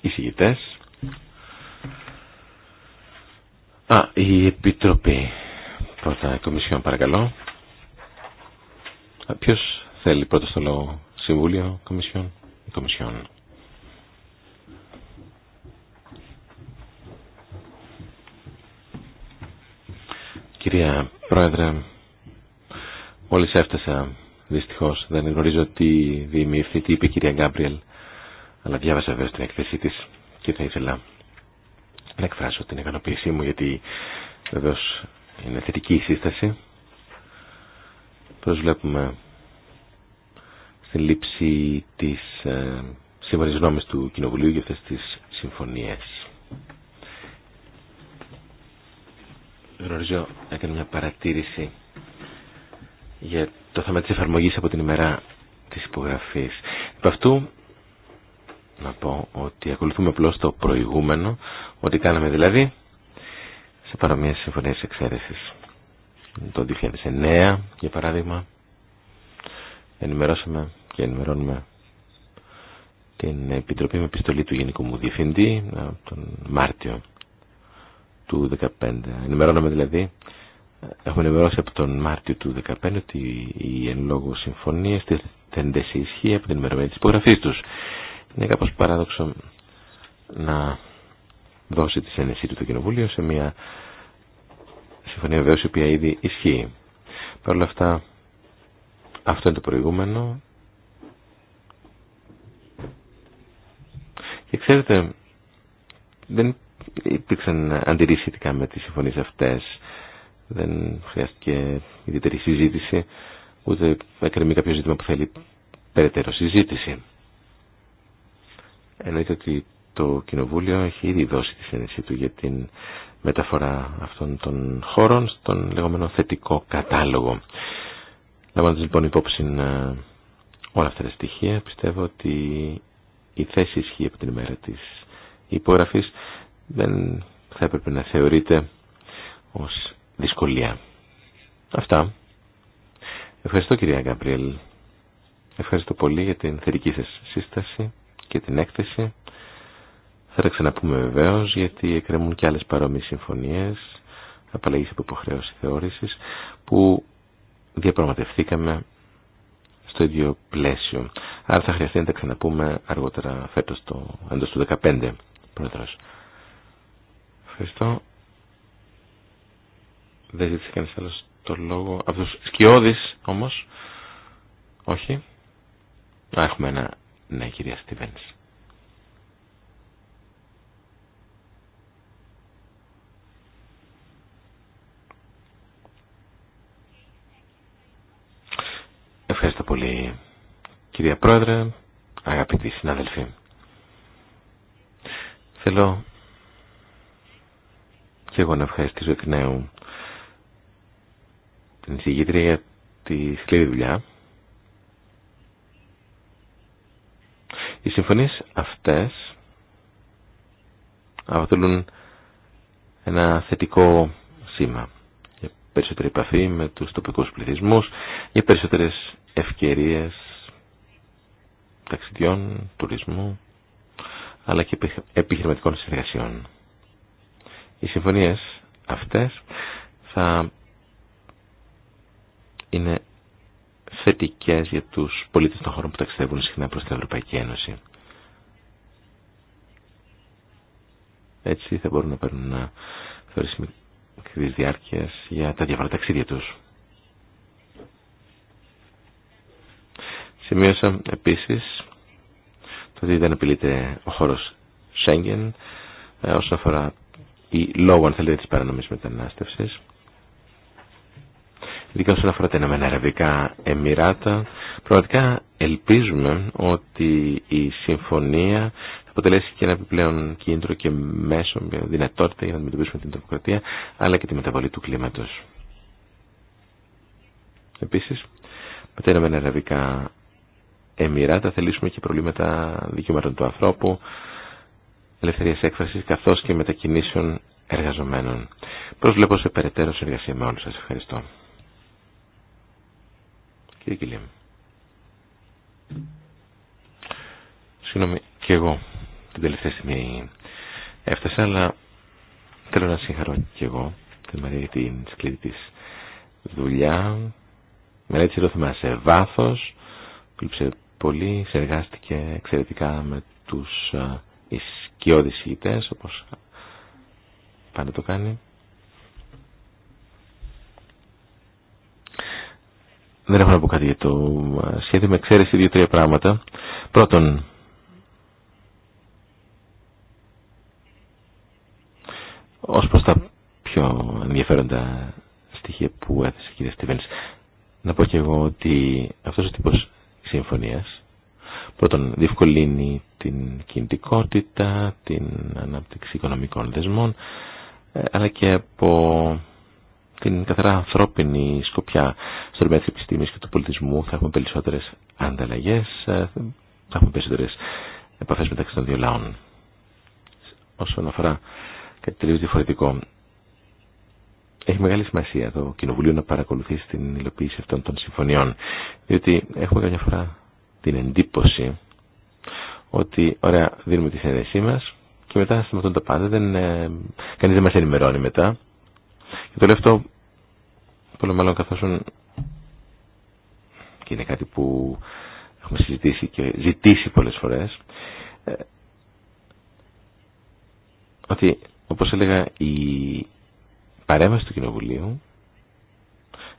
εισηγητές. Α, η Επιτροπή. Πρώτα η Κομισιόν παρακαλώ. Ποιο θέλει πρώτα στο λόγο, Συμβούλιο, Κομισιόν ή Κομισιόν. Κυρία Πρόεδρε, μόλις έφτασα δυστυχώς, δεν γνωρίζω τι διημήρθη, τι είπε η κυρία Γκάμπριελ, τι δημιουργήθηκε τι διάβασα βέβαια στην εκθεσή της και θα ήθελα να εκφράσω την ικανοποίησή μου γιατί βεβαίω είναι θετική η σύσταση. Προσβλέπουμε στην λήψη της ε, σύμφωνης του Κοινοβουλίου για αυτές τις συμφωνίες. Γνωρίζω, έκανε μια παρατήρηση για το θέμα της εφαρμογής από την ημέρα της υπογραφής. Επ' αυτού να πω ότι ακολουθούμε απλώς το προηγούμενο, ότι κάναμε δηλαδή σε παρομοίες συμφωνίες εξαίρεσης. Το 2009, για παράδειγμα, ενημερώσαμε και ενημερώνουμε την Επιτροπή με επιστολή του Γενικού μου Διευθυντή τον Μάρτιο του 2015. Ενημερώνουμε δηλαδή, έχουμε ενημερώσει από τον Μάρτιο του 2015 ότι οι εν λόγω συμφωνίες δεν σε ισχύ από την ημερομένη της υπογραφής τους. Είναι κάπως παράδοξο να δώσει τη σένεσή του το Κοινοβούλιο σε μια συμφωνία βεβαίως η οποία ήδη ισχύει. Παρ' όλα αυτά αυτό είναι το προηγούμενο. Και ξέρετε, δεν υπήρξαν αντιρρήσιτικά με τις συμφωνίες αυτές. Δεν χρειάστηκε ιδιαίτερη συζήτηση, ούτε εκκρεμεί κάποιο ζήτημα που θέλει περαιτέρω συζήτηση. Εννοείται ότι το Κοινοβούλιο έχει ήδη δώσει τη σύνδεση του για την μεταφορά αυτών των χώρων στον λεγόμενο θετικό κατάλογο. Λαμβάνοντας λοιπόν υπόψη ε, όλα αυτά τα στοιχεία, πιστεύω ότι η θέση ισχύει από την ημέρα της υπογραφής δεν θα έπρεπε να θεωρείται ως δυσκολία. Αυτά. Ευχαριστώ κυρία Γκαμπριέλ. Ευχαριστώ πολύ για την θερική σας σύσταση και την έκθεση. Θα τα ξαναπούμε βεβαίω γιατί εκκρεμούν και άλλες παρόμοιες συμφωνίες απαλλαγή από υποχρέωση θεώρησης που διαπραγματευθήκαμε στο ίδιο πλαίσιο. Άρα θα χρειαστεί να τα ξαναπούμε αργότερα φέτος το, εντός του 15 προεδρό. Ευχαριστώ. Δεν ζήτησε κανεί άλλο το λόγο. Από τους όμω, όμως. Όχι. έχουμε ένα. Ναι, κυρία Στιβένση. Κυρία Πρόεδρε, αγαπητοί συνάδελφοι, θέλω και εγώ να ευχαριστήσω εκ νέου την εισηγήτρια για τη σκληρή δουλειά. Οι συμφωνίες αυτές αποτελούν ένα θετικό σήμα για περισσότερη επαφή με τους τοπικούς πληθυσμούς, για περισσότερες ευκαιρίες ταξιδιών, τουρισμού αλλά και επιχειρηματικών συνεργασιών. Οι συμφωνίες αυτές θα είναι θετικές για τους πολίτες των χωρών που ταξιδεύουν συχνά προς την Ευρωπαϊκή Ένωση. Έτσι θα μπορούν να παίρνουν να διάρκεια για τα διάφορα ταξίδια τους. Σημείωσα επίσης το ότι δεν απειλείται ο χώρος Σέγγεν ε, όσον αφορά η λόγω αν θέλετε της παρανομής μετανάστευσης. Ειδικά όσον αφορά τα Ηνωμένα Αραβικά Εμμυράτα, πραγματικά ελπίζουμε ότι η συμφωνία θα αποτελέσει και ένα επιπλέον κίνητρο και μέσο, μια δυνατότητα για να αντιμετωπίσουμε την δημοκρατία αλλά και τη μεταβολή του κλίματος. Επίσης, με τα Ηνωμένα Αραβικά Εμμυρά, θα θελήσουμε και προβλήματα δικαιωμάτων του ανθρώπου, ελευθερία έκφρασης καθώς και μετακινήσεων εργαζομένων. Προσβλέπω σε περαιτέρω συνεργασία με όλους σας. Ευχαριστώ. Κύριε Κιλίμ. Συγγνώμη, και εγώ την τελευταία στιγμή έφτασα, αλλά θέλω να συγχαρώ και εγώ την Μαρία για την σκληρή της δουλειά. Μελέτησε το θέμα σε βάθος, δούλεψε πολύ συνεργάστηκε εξαιρετικά με τους ε, ισκιώδεις ηγητές, όπως πάντα το κάνει. Δεν έχω να πω κάτι για το ε, σχέδιο, με εξαίρεση δύο-τρία πράγματα. Πρώτον, ως προς τα πιο ενδιαφέροντα στοιχεία που έθεσε η κυρία Στίβενς, να πω και εγώ ότι αυτός ο τύπος συμφωνίας. Πρώτον, διευκολύνει την κινητικότητα, την ανάπτυξη οικονομικών δεσμών, ε, αλλά και από την καθαρά ανθρώπινη σκοπιά στο ρημαίο τη επιστήμης και του πολιτισμού θα έχουμε περισσότερες ανταλλαγές, ε, θα έχουμε περισσότερες επαφές μεταξύ των δύο λαών. Όσον αφορά κάτι τελείως διαφορετικό, έχει μεγάλη σημασία το Κοινοβουλίο να παρακολουθεί την υλοποίηση αυτών των συμφωνιών. Διότι έχουμε καμιά φορά την εντύπωση ότι ωραία δίνουμε τη συνέντευξή μα και μετά σταματούν τα πάντα, ε, κανείς δεν μα ενημερώνει μετά. Και το λέω αυτό πολύ μάλλον καθώ. και είναι κάτι που έχουμε συζητήσει και ζητήσει πολλέ φορέ ε, ότι όπω έλεγα η παρέμβαση του Κοινοβουλίου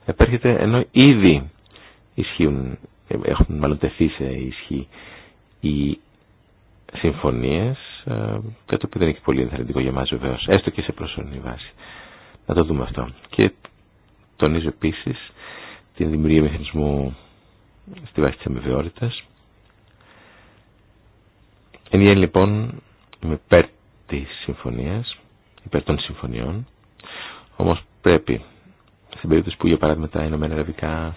επέρχεται ενώ ήδη ισχύουν, έχουν μάλλον τεθεί σε ισχύ οι συμφωνίες ε, κάτι που δεν έχει πολύ ενθαρρυντικό για μας βεβαίω, έστω και σε προσωρινή βάση. Να το δούμε αυτό. Και τονίζω επίση την δημιουργία μηχανισμού στη βάση της αμοιβαιότητας. Εν γέννη λοιπόν με υπέρ τη συμφωνίας, υπέρ των συμφωνιών. Όμω πρέπει, στην περίπτωση που για παράδειγμα τα Ηνωμένα Αραβικά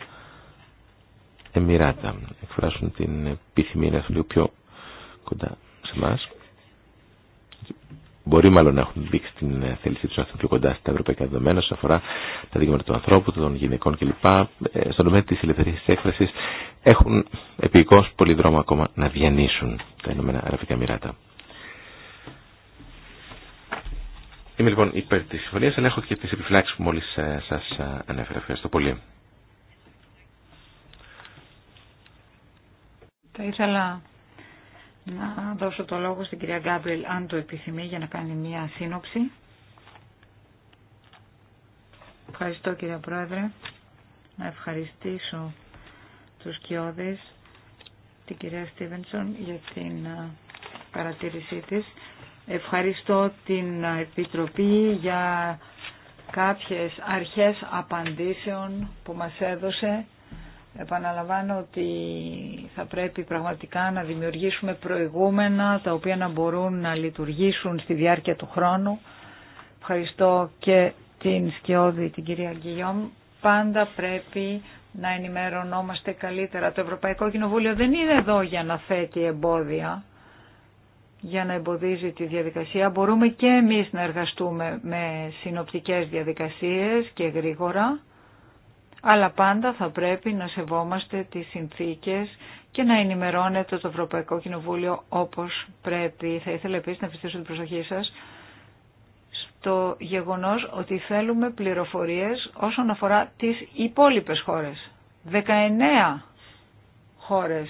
Εμμυράτα εκφράσουν την επιθυμία να έρθουν λίγο πιο κοντά σε εμά. Μπορεί μάλλον να έχουν δείξει την θέλησή του να έρθουν πιο κοντά στα ευρωπαϊκά δεδομένα όσον αφορά τα δικαιώματα του ανθρώπου, των γυναικών κλπ. Ε, στον τομέα τη ελευθερία τη έκφραση έχουν επικώ πολύ δρόμο ακόμα να διανύσουν τα Ηνωμένα Αραβικά Εμμυράτα. Είμαι λοιπόν υπέρ τη συμφωνία, αλλά έχω και τι επιφυλάξει που μόλις ε, σας ε, ανέφερα. Ευχαριστώ πολύ. Θα ήθελα να δώσω το λόγο στην κυρία Γκάμπριελ, αν το επιθυμεί, για να κάνει μία σύνοψη. Ευχαριστώ κύριε Πρόεδρε. Να ευχαριστήσω τους κοιόδες, την κυρία Στίβενσον για την ε, παρατήρησή της. Ευχαριστώ την Επιτροπή για κάποιες αρχές απαντήσεων που μας έδωσε. Επαναλαμβάνω ότι θα πρέπει πραγματικά να δημιουργήσουμε προηγούμενα τα οποία να μπορούν να λειτουργήσουν στη διάρκεια του χρόνου. Ευχαριστώ και την Σκιώδη, την κυρία Γκυγιόμ. Πάντα πρέπει να ενημερωνόμαστε καλύτερα. Το Ευρωπαϊκό Κοινοβούλιο δεν είναι εδώ για να θέτει εμπόδια για να εμποδίζει τη διαδικασία. Μπορούμε και εμείς να εργαστούμε με συνοπτικές διαδικασίες και γρήγορα, αλλά πάντα θα πρέπει να σεβόμαστε τις συνθήκες και να ενημερώνεται το Ευρωπαϊκό Κοινοβούλιο όπως πρέπει. Θα ήθελα επίσης να ευχαριστήσω την προσοχή σας στο γεγονός ότι θέλουμε πληροφορίες όσον αφορά τις υπόλοιπες χώρες. 19 χώρες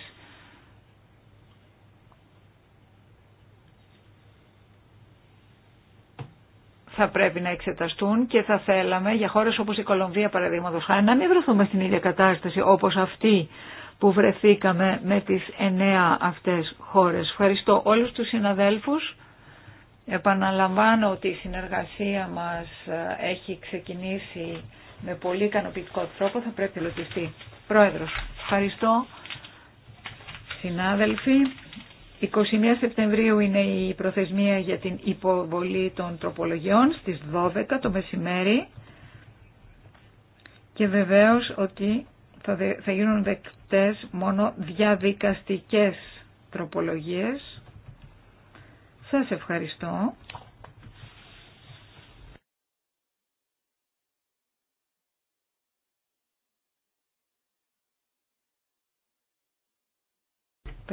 θα πρέπει να εξεταστούν και θα θέλαμε για χώρες όπως η Κολομβία παραδείγματο χάρη να μην βρεθούμε στην ίδια κατάσταση όπως αυτή που βρεθήκαμε με τις εννέα αυτές χώρες. Ευχαριστώ όλους τους συναδέλφους. Επαναλαμβάνω ότι η συνεργασία μας ε, έχει ξεκινήσει με πολύ ικανοποιητικό τρόπο, θα πρέπει να λογιστεί. Πρόεδρος, ευχαριστώ. Συνάδελφοι, 21 Σεπτεμβρίου είναι η προθεσμία για την υποβολή των τροπολογιών στις 12 το μεσημέρι και βεβαίως ότι θα γίνουν δεκτές μόνο διαδικαστικές τροπολογίες. Σας ευχαριστώ.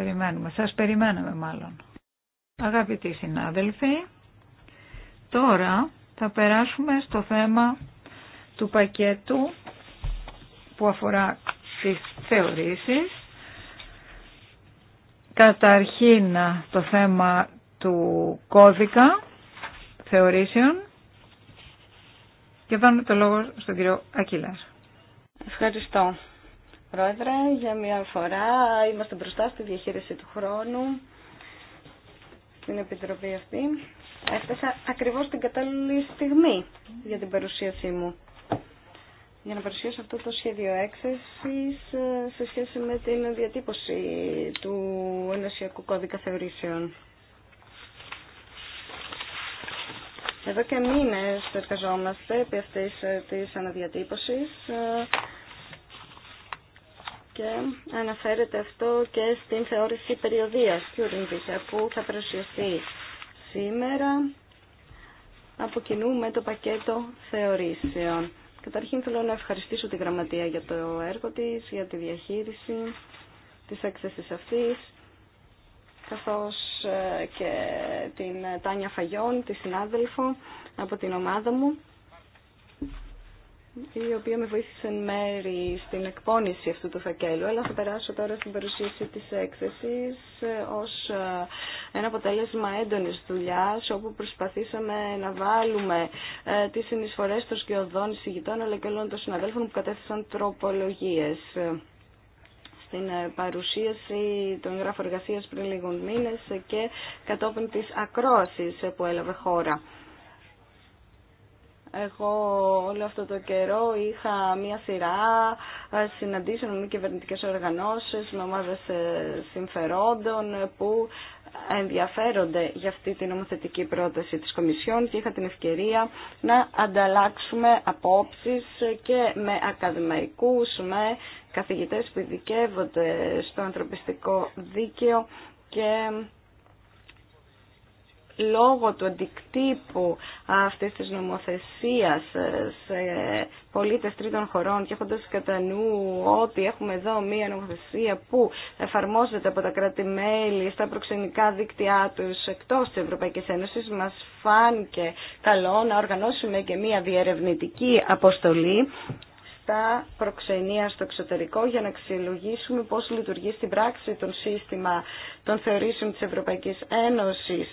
περιμένουμε. Σας περιμένουμε μάλλον. Αγαπητοί συνάδελφοι, τώρα θα περάσουμε στο θέμα του πακέτου που αφορά τις θεωρήσεις. Καταρχήν το θέμα του κώδικα θεωρήσεων και δάνω το λόγο στον κύριο Ακύλας. Ευχαριστώ. Πρόεδρε, για μια φορά είμαστε μπροστά στη διαχείριση του χρόνου στην Επιτροπή αυτή. Έφτασα ακριβώς την κατάλληλη στιγμή για την παρουσίασή μου. Για να παρουσιάσω αυτό το σχέδιο έκθεσης ε, σε σχέση με την διατύπωση του Ενωσιακού Κώδικα Θεωρήσεων. Εδώ και μήνες εργαζόμαστε επί αυτής ε, της αναδιατύπωσης ε, και αναφέρεται αυτό και στην θεώρηση περιοδίας Ρίνδικα που θα παρουσιαστεί σήμερα από κοινού με το πακέτο θεωρήσεων. Καταρχήν θέλω να ευχαριστήσω τη Γραμματεία για το έργο της, για τη διαχείριση της έκθεσης αυτής, καθώς ε, και την Τάνια Φαγιών, τη συνάδελφο από την ομάδα μου η οποία με βοήθησε εν μέρη στην εκπόνηση αυτού του φακέλου, αλλά θα περάσω τώρα στην παρουσίαση της έκθεσης ε, ως ε, ένα αποτέλεσμα έντονης δουλειάς, όπου προσπαθήσαμε να βάλουμε ε, τις συνεισφορές των σκιωδών εισηγητών, αλλά και όλων των συναδέλφων που κατέθεσαν τροπολογίες. Στην παρουσίαση των γράφων εργασίας πριν λίγων μήνες και κατόπιν της ακρόασης που έλαβε χώρα. Εγώ όλο αυτό το καιρό είχα μία σειρά ε, συναντήσεων με κυβερνητικέ οργανώσεις, με ομάδες ε, συμφερόντων που ενδιαφέρονται για αυτή την νομοθετική πρόταση της Κομισιόν και είχα την ευκαιρία να ανταλλάξουμε απόψεις και με ακαδημαϊκούς, με καθηγητές που ειδικεύονται στο ανθρωπιστικό δίκαιο και λόγω του αντικτύπου αυτής της νομοθεσίας ε, σε πολίτες τρίτων χωρών και έχοντας κατά νου ότι έχουμε εδώ μία νομοθεσία που εφαρμόζεται από τα κράτη-μέλη στα προξενικά δίκτυά τους εκτός της Ευρωπαϊκής Ένωσης μας φάνηκε καλό να οργανώσουμε και μία διερευνητική αποστολή προξενία στο εξωτερικό για να αξιολογήσουμε πώς λειτουργεί στην πράξη το σύστημα των θεωρήσεων της Ευρωπαϊκής Ένωσης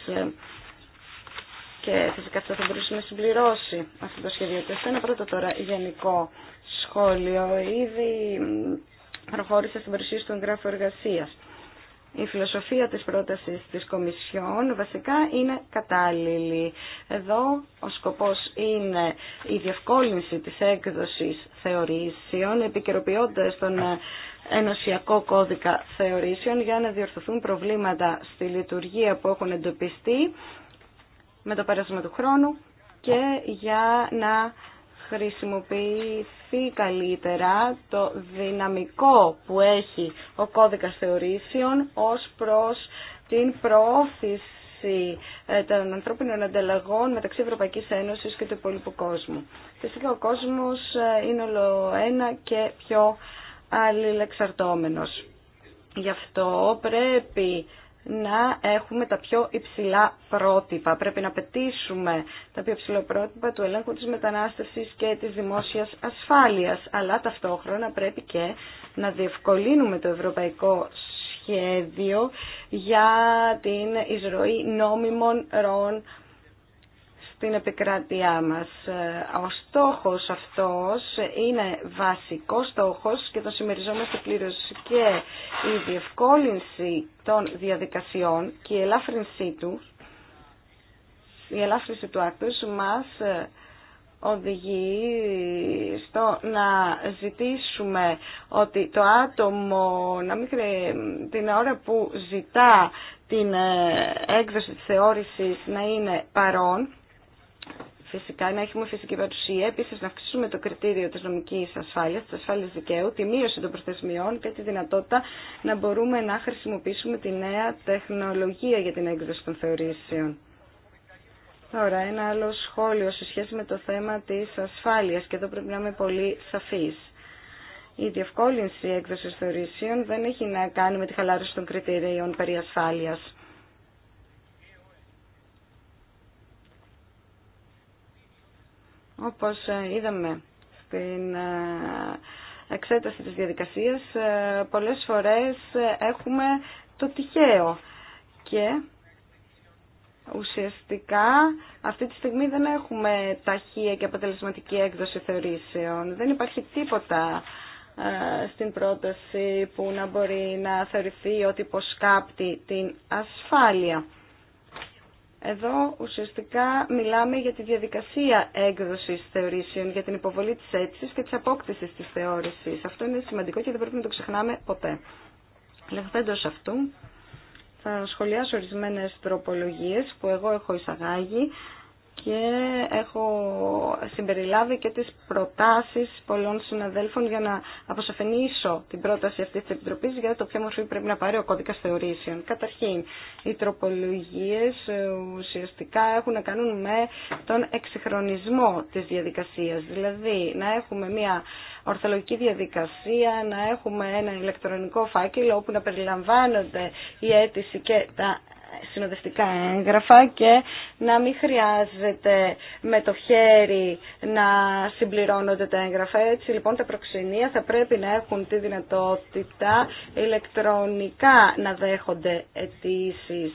και φυσικά αυτό θα μπορούσε να συμπληρώσει αυτό το σχέδιο. Και αυτό είναι πρώτο τώρα γενικό σχόλιο. Ήδη προχώρησε στην παρουσίαση του εγγράφου εργασίας η φιλοσοφία της πρότασης της Κομισιόν βασικά είναι κατάλληλη. Εδώ ο σκοπός είναι η διευκόλυνση της έκδοσης θεωρήσεων, επικαιροποιώντας τον ενωσιακό κώδικα θεωρήσεων για να διορθωθούν προβλήματα στη λειτουργία που έχουν εντοπιστεί με το πέρασμα του χρόνου και για να χρησιμοποιηθεί καλύτερα το δυναμικό που έχει ο κώδικας θεωρήσεων ως προς την προώθηση ε, των ανθρώπινων ανταλλαγών μεταξύ Ευρωπαϊκής Ένωσης και του υπόλοιπου κόσμου. Φυσικά ο κόσμος ε, είναι όλο ένα και πιο αλληλεξαρτώμενος. Γι' αυτό πρέπει να έχουμε τα πιο υψηλά πρότυπα. Πρέπει να πετήσουμε τα πιο υψηλά πρότυπα του ελέγχου της μετανάστευσης και της δημόσιας ασφάλειας. Αλλά ταυτόχρονα πρέπει και να διευκολύνουμε το ευρωπαϊκό σχέδιο για την εισρωή νόμιμων ροών στην επικράτειά μας. Ο στόχος αυτός είναι βασικό στόχος και το συμμεριζόμαστε πλήρως και η διευκόλυνση των διαδικασιών και η ελάφρυνσή του, η ελάφρυνση του άκτους μας οδηγεί στο να ζητήσουμε ότι το άτομο να μην την ώρα που ζητά την ε, έκδοση της θεώρησης να είναι παρόν Φυσικά να έχουμε φυσική παρουσία, επίση να αυξήσουμε το κριτήριο τη νομική ασφάλεια, τη ασφάλεια δικαίου, τη μείωση των προθεσμιών και τη δυνατότητα να μπορούμε να χρησιμοποιήσουμε τη νέα τεχνολογία για την έκδοση των θεωρήσεων. Τώρα, ένα άλλο σχόλιο σε σχέση με το θέμα τη ασφάλεια, και εδώ πρέπει να είμαι πολύ σαφή. Η διευκόλυνση έκδοση θεωρήσεων δεν έχει να κάνει με τη χαλάρωση των κριτηρίων περί ασφάλειας. Όπως ε, είδαμε στην ε, εξέταση της διαδικασίας, ε, πολλές φορές έχουμε το τυχαίο και ουσιαστικά αυτή τη στιγμή δεν έχουμε ταχεία και αποτελεσματική έκδοση θεωρήσεων. Δεν υπάρχει τίποτα στην πρόταση που να μπορεί να θεωρηθεί ότι υποσκάπτει την ασφάλεια. Εδώ ουσιαστικά μιλάμε για τη διαδικασία έκδοσης θεωρήσεων, για την υποβολή της αίτησης και της απόκτησης της θεώρησης. Αυτό είναι σημαντικό και δεν πρέπει να το ξεχνάμε ποτέ. Λεγθέντως αυτού, θα σχολιάσω ορισμένες τροπολογίες που εγώ έχω εισαγάγει και έχω συμπεριλάβει και τις προτάσεις πολλών συναδέλφων για να αποσαφενήσω την πρόταση αυτή της Επιτροπής για το ποια μορφή πρέπει να πάρει ο κώδικας θεωρήσεων. Καταρχήν, οι τροπολογίες ουσιαστικά έχουν να κάνουν με τον εξυγχρονισμό της διαδικασίας, δηλαδή να έχουμε μια ορθολογική διαδικασία, να έχουμε ένα ηλεκτρονικό φάκελο όπου να περιλαμβάνονται η αίτηση και τα συνοδευτικά έγγραφα και να μην χρειάζεται με το χέρι να συμπληρώνονται τα έγγραφα. Έτσι λοιπόν τα προξενία θα πρέπει να έχουν τη δυνατότητα ηλεκτρονικά να δέχονται αιτήσει.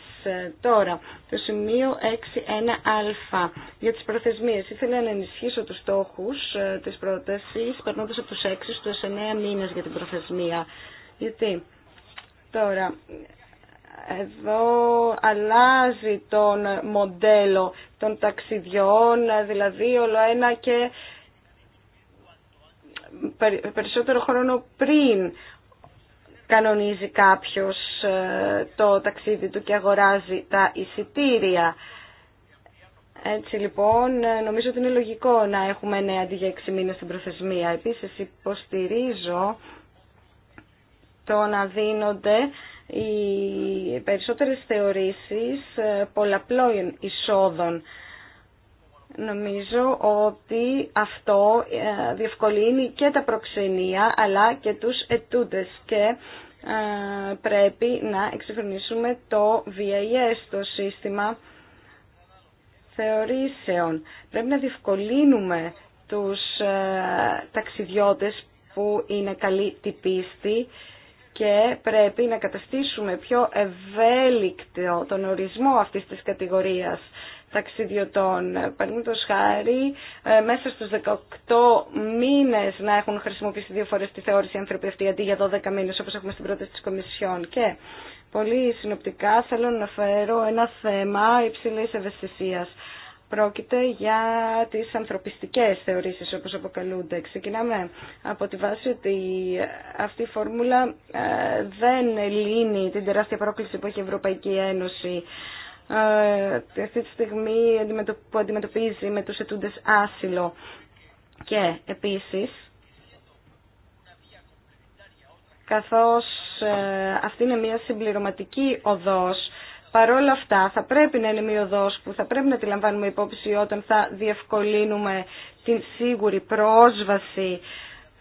Τώρα, το σημείο 6.1α για τις προθεσμίες. Ήθελα να ενισχύσω τους στόχους ε, της πρότασης περνώντας από τους 6 στους 9 μήνες για την προθεσμία. Γιατί τώρα εδώ αλλάζει τον μοντέλο των ταξιδιών, δηλαδή όλο ένα και περισσότερο χρόνο πριν κανονίζει κάποιος ε, το ταξίδι του και αγοράζει τα εισιτήρια. Έτσι λοιπόν, ε, νομίζω ότι είναι λογικό να έχουμε νέα αντί για έξι μήνες στην προθεσμία. Επίσης υποστηρίζω το να δίνονται οι περισσότερες θεωρήσεις ε, πολλαπλών εισόδων. Νομίζω ότι αυτό ε, διευκολύνει και τα προξενία αλλά και τους ετούντες και ε, πρέπει να εξυγχρονίσουμε το VIS, το σύστημα θεωρήσεων. Πρέπει να διευκολύνουμε τους ταξιδιώτες που είναι καλοί τυπίστη και πρέπει να καταστήσουμε πιο ευέλικτο τον ορισμό αυτής της κατηγορίας ταξιδιωτών. Παραδείγματο χάρη, ε, μέσα στους 18 μήνες να έχουν χρησιμοποιήσει δύο φορές τη θεώρηση άνθρωποι αυτοί, αντί για 12 μήνες όπως έχουμε στην πρόταση της Κομισιόν. Και πολύ συνοπτικά θέλω να φέρω ένα θέμα υψηλής ευαισθησίας. Πρόκειται για τις ανθρωπιστικές θεωρήσεις όπως αποκαλούνται. Ξεκινάμε από τη βάση ότι αυτή η φόρμουλα ε, δεν λύνει την τεράστια πρόκληση που έχει η Ευρωπαϊκή Ένωση ε, αυτή τη στιγμή που αντιμετωπίζει με τους ετούντες άσυλο. Και επίσης, καθώς ε, αυτή είναι μια συμπληρωματική οδός παρόλα αυτά θα πρέπει να είναι μειοδός που θα πρέπει να τη λαμβάνουμε υπόψη όταν θα διευκολύνουμε την σίγουρη πρόσβαση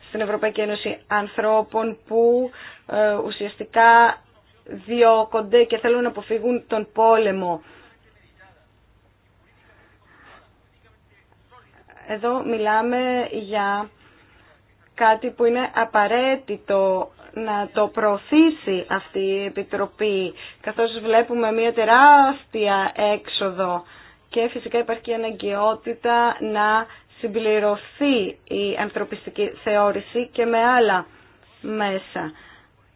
στην Ευρωπαϊκή Ένωση ανθρώπων που ε, ουσιαστικά διώκονται και θέλουν να αποφύγουν τον πόλεμο. Εδώ μιλάμε για κάτι που είναι απαραίτητο να το προωθήσει αυτή η Επιτροπή, καθώς βλέπουμε μια τεράστια έξοδο και φυσικά υπάρχει και αναγκαιότητα να συμπληρωθεί η ανθρωπιστική θεώρηση και με άλλα μέσα.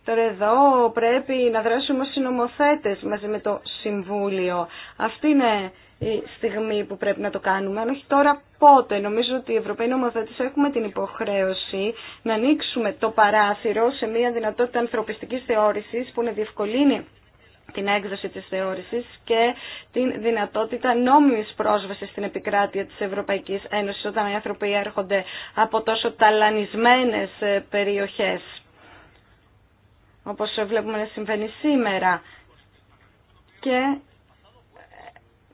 Τώρα εδώ πρέπει να δράσουμε ως συνομοθέτες μαζί με το Συμβούλιο. Αυτή είναι η στιγμή που πρέπει να το κάνουμε, αν όχι τώρα πότε. Νομίζω ότι οι Ευρωπαίοι νομοθέτες έχουμε την υποχρέωση να ανοίξουμε το παράθυρο σε μια δυνατότητα ανθρωπιστικής θεώρησης που να διευκολύνει την έκδοση της θεώρησης και την δυνατότητα νόμιμης πρόσβασης στην επικράτεια της Ευρωπαϊκής Ένωσης όταν οι άνθρωποι έρχονται από τόσο ταλανισμένες περιοχές όπως βλέπουμε να συμβαίνει σήμερα. Και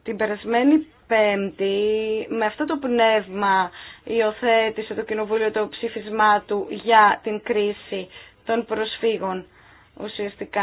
την περασμένη Πέμπτη, με αυτό το πνεύμα υιοθέτησε το Κοινοβούλιο το ψήφισμά του για την κρίση των προσφύγων. Ουσιαστικά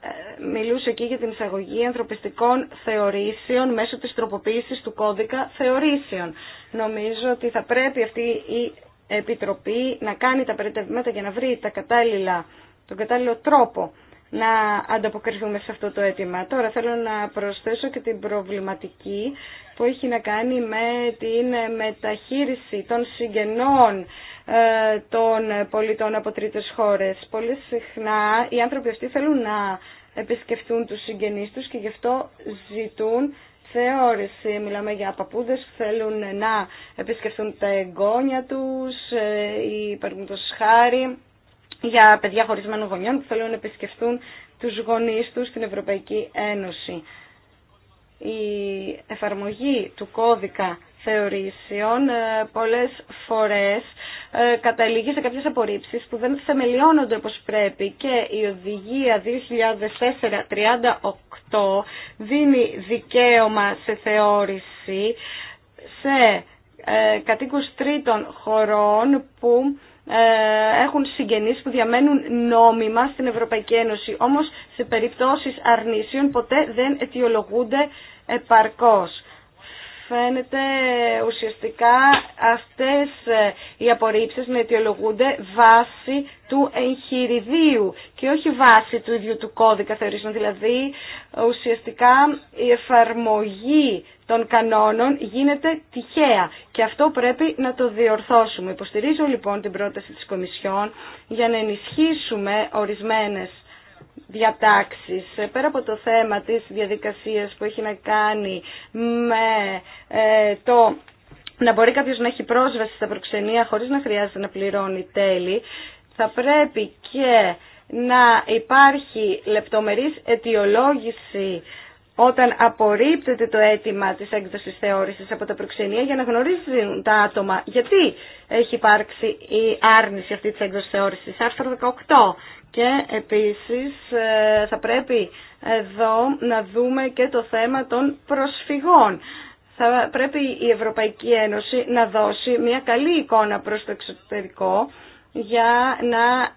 ε, μιλούσε εκεί για την εισαγωγή ανθρωπιστικών θεωρήσεων μέσω της τροποποίησης του κώδικα θεωρήσεων. Νομίζω ότι θα πρέπει αυτή η Επιτροπή να κάνει τα περιτευμένα για να βρει τα κατάλληλα τον κατάλληλο τρόπο να ανταποκριθούμε σε αυτό το αίτημα. Τώρα θέλω να προσθέσω και την προβληματική που έχει να κάνει με την μεταχείριση των συγγενών ε, των πολιτών από τρίτες χώρες. Πολύ συχνά οι άνθρωποι αυτοί θέλουν να επισκεφτούν τους συγγενείς τους και γι' αυτό ζητούν θεώρηση. Μιλάμε για παππούδες που θέλουν να επισκεφτούν τα εγγόνια τους ε, ή παραδείγματος χάρη για παιδιά χωρισμένων γονιών που θέλουν να επισκεφτούν τους γονείς τους στην Ευρωπαϊκή Ένωση. Η εφαρμογή του κώδικα θεωρήσεων ε, πολλές φορές ε, καταλήγει σε κάποιες απορρίψεις που δεν θεμελιώνονται όπως πρέπει και η οδηγία 2004-38 δίνει δικαίωμα σε θεώρηση σε ε, κατοίκους τρίτων χωρών που ε, έχουν συγγενείς που διαμένουν νόμιμα στην Ευρωπαϊκή Ένωση. Όμως σε περιπτώσεις αρνήσεων ποτέ δεν αιτιολογούνται επαρκώς. Φαίνεται ουσιαστικά αυτές ε, οι απορρίψεις να αιτιολογούνται βάση του εγχειριδίου και όχι βάση του ίδιου του κώδικα θεωρήσεων. Δηλαδή ουσιαστικά η εφαρμογή των κανόνων γίνεται τυχαία και αυτό πρέπει να το διορθώσουμε. Υποστηρίζω λοιπόν την πρόταση της Κομισιόν για να ενισχύσουμε ορισμένες διατάξεις. Πέρα από το θέμα της διαδικασίας που έχει να κάνει με ε, το να μπορεί κάποιος να έχει πρόσβαση στα προξενία χωρίς να χρειάζεται να πληρώνει τέλη, θα πρέπει και να υπάρχει λεπτομερής αιτιολόγηση όταν απορρίπτεται το αίτημα της έκδοσης θεώρησης από τα προξενία για να γνωρίζουν τα άτομα γιατί έχει υπάρξει η άρνηση αυτή της έκδοσης θεώρησης. Άρθρο 18. Και επίσης ε, θα πρέπει εδώ να δούμε και το θέμα των προσφυγών. Θα πρέπει η Ευρωπαϊκή Ένωση να δώσει μια καλή εικόνα προς το εξωτερικό για να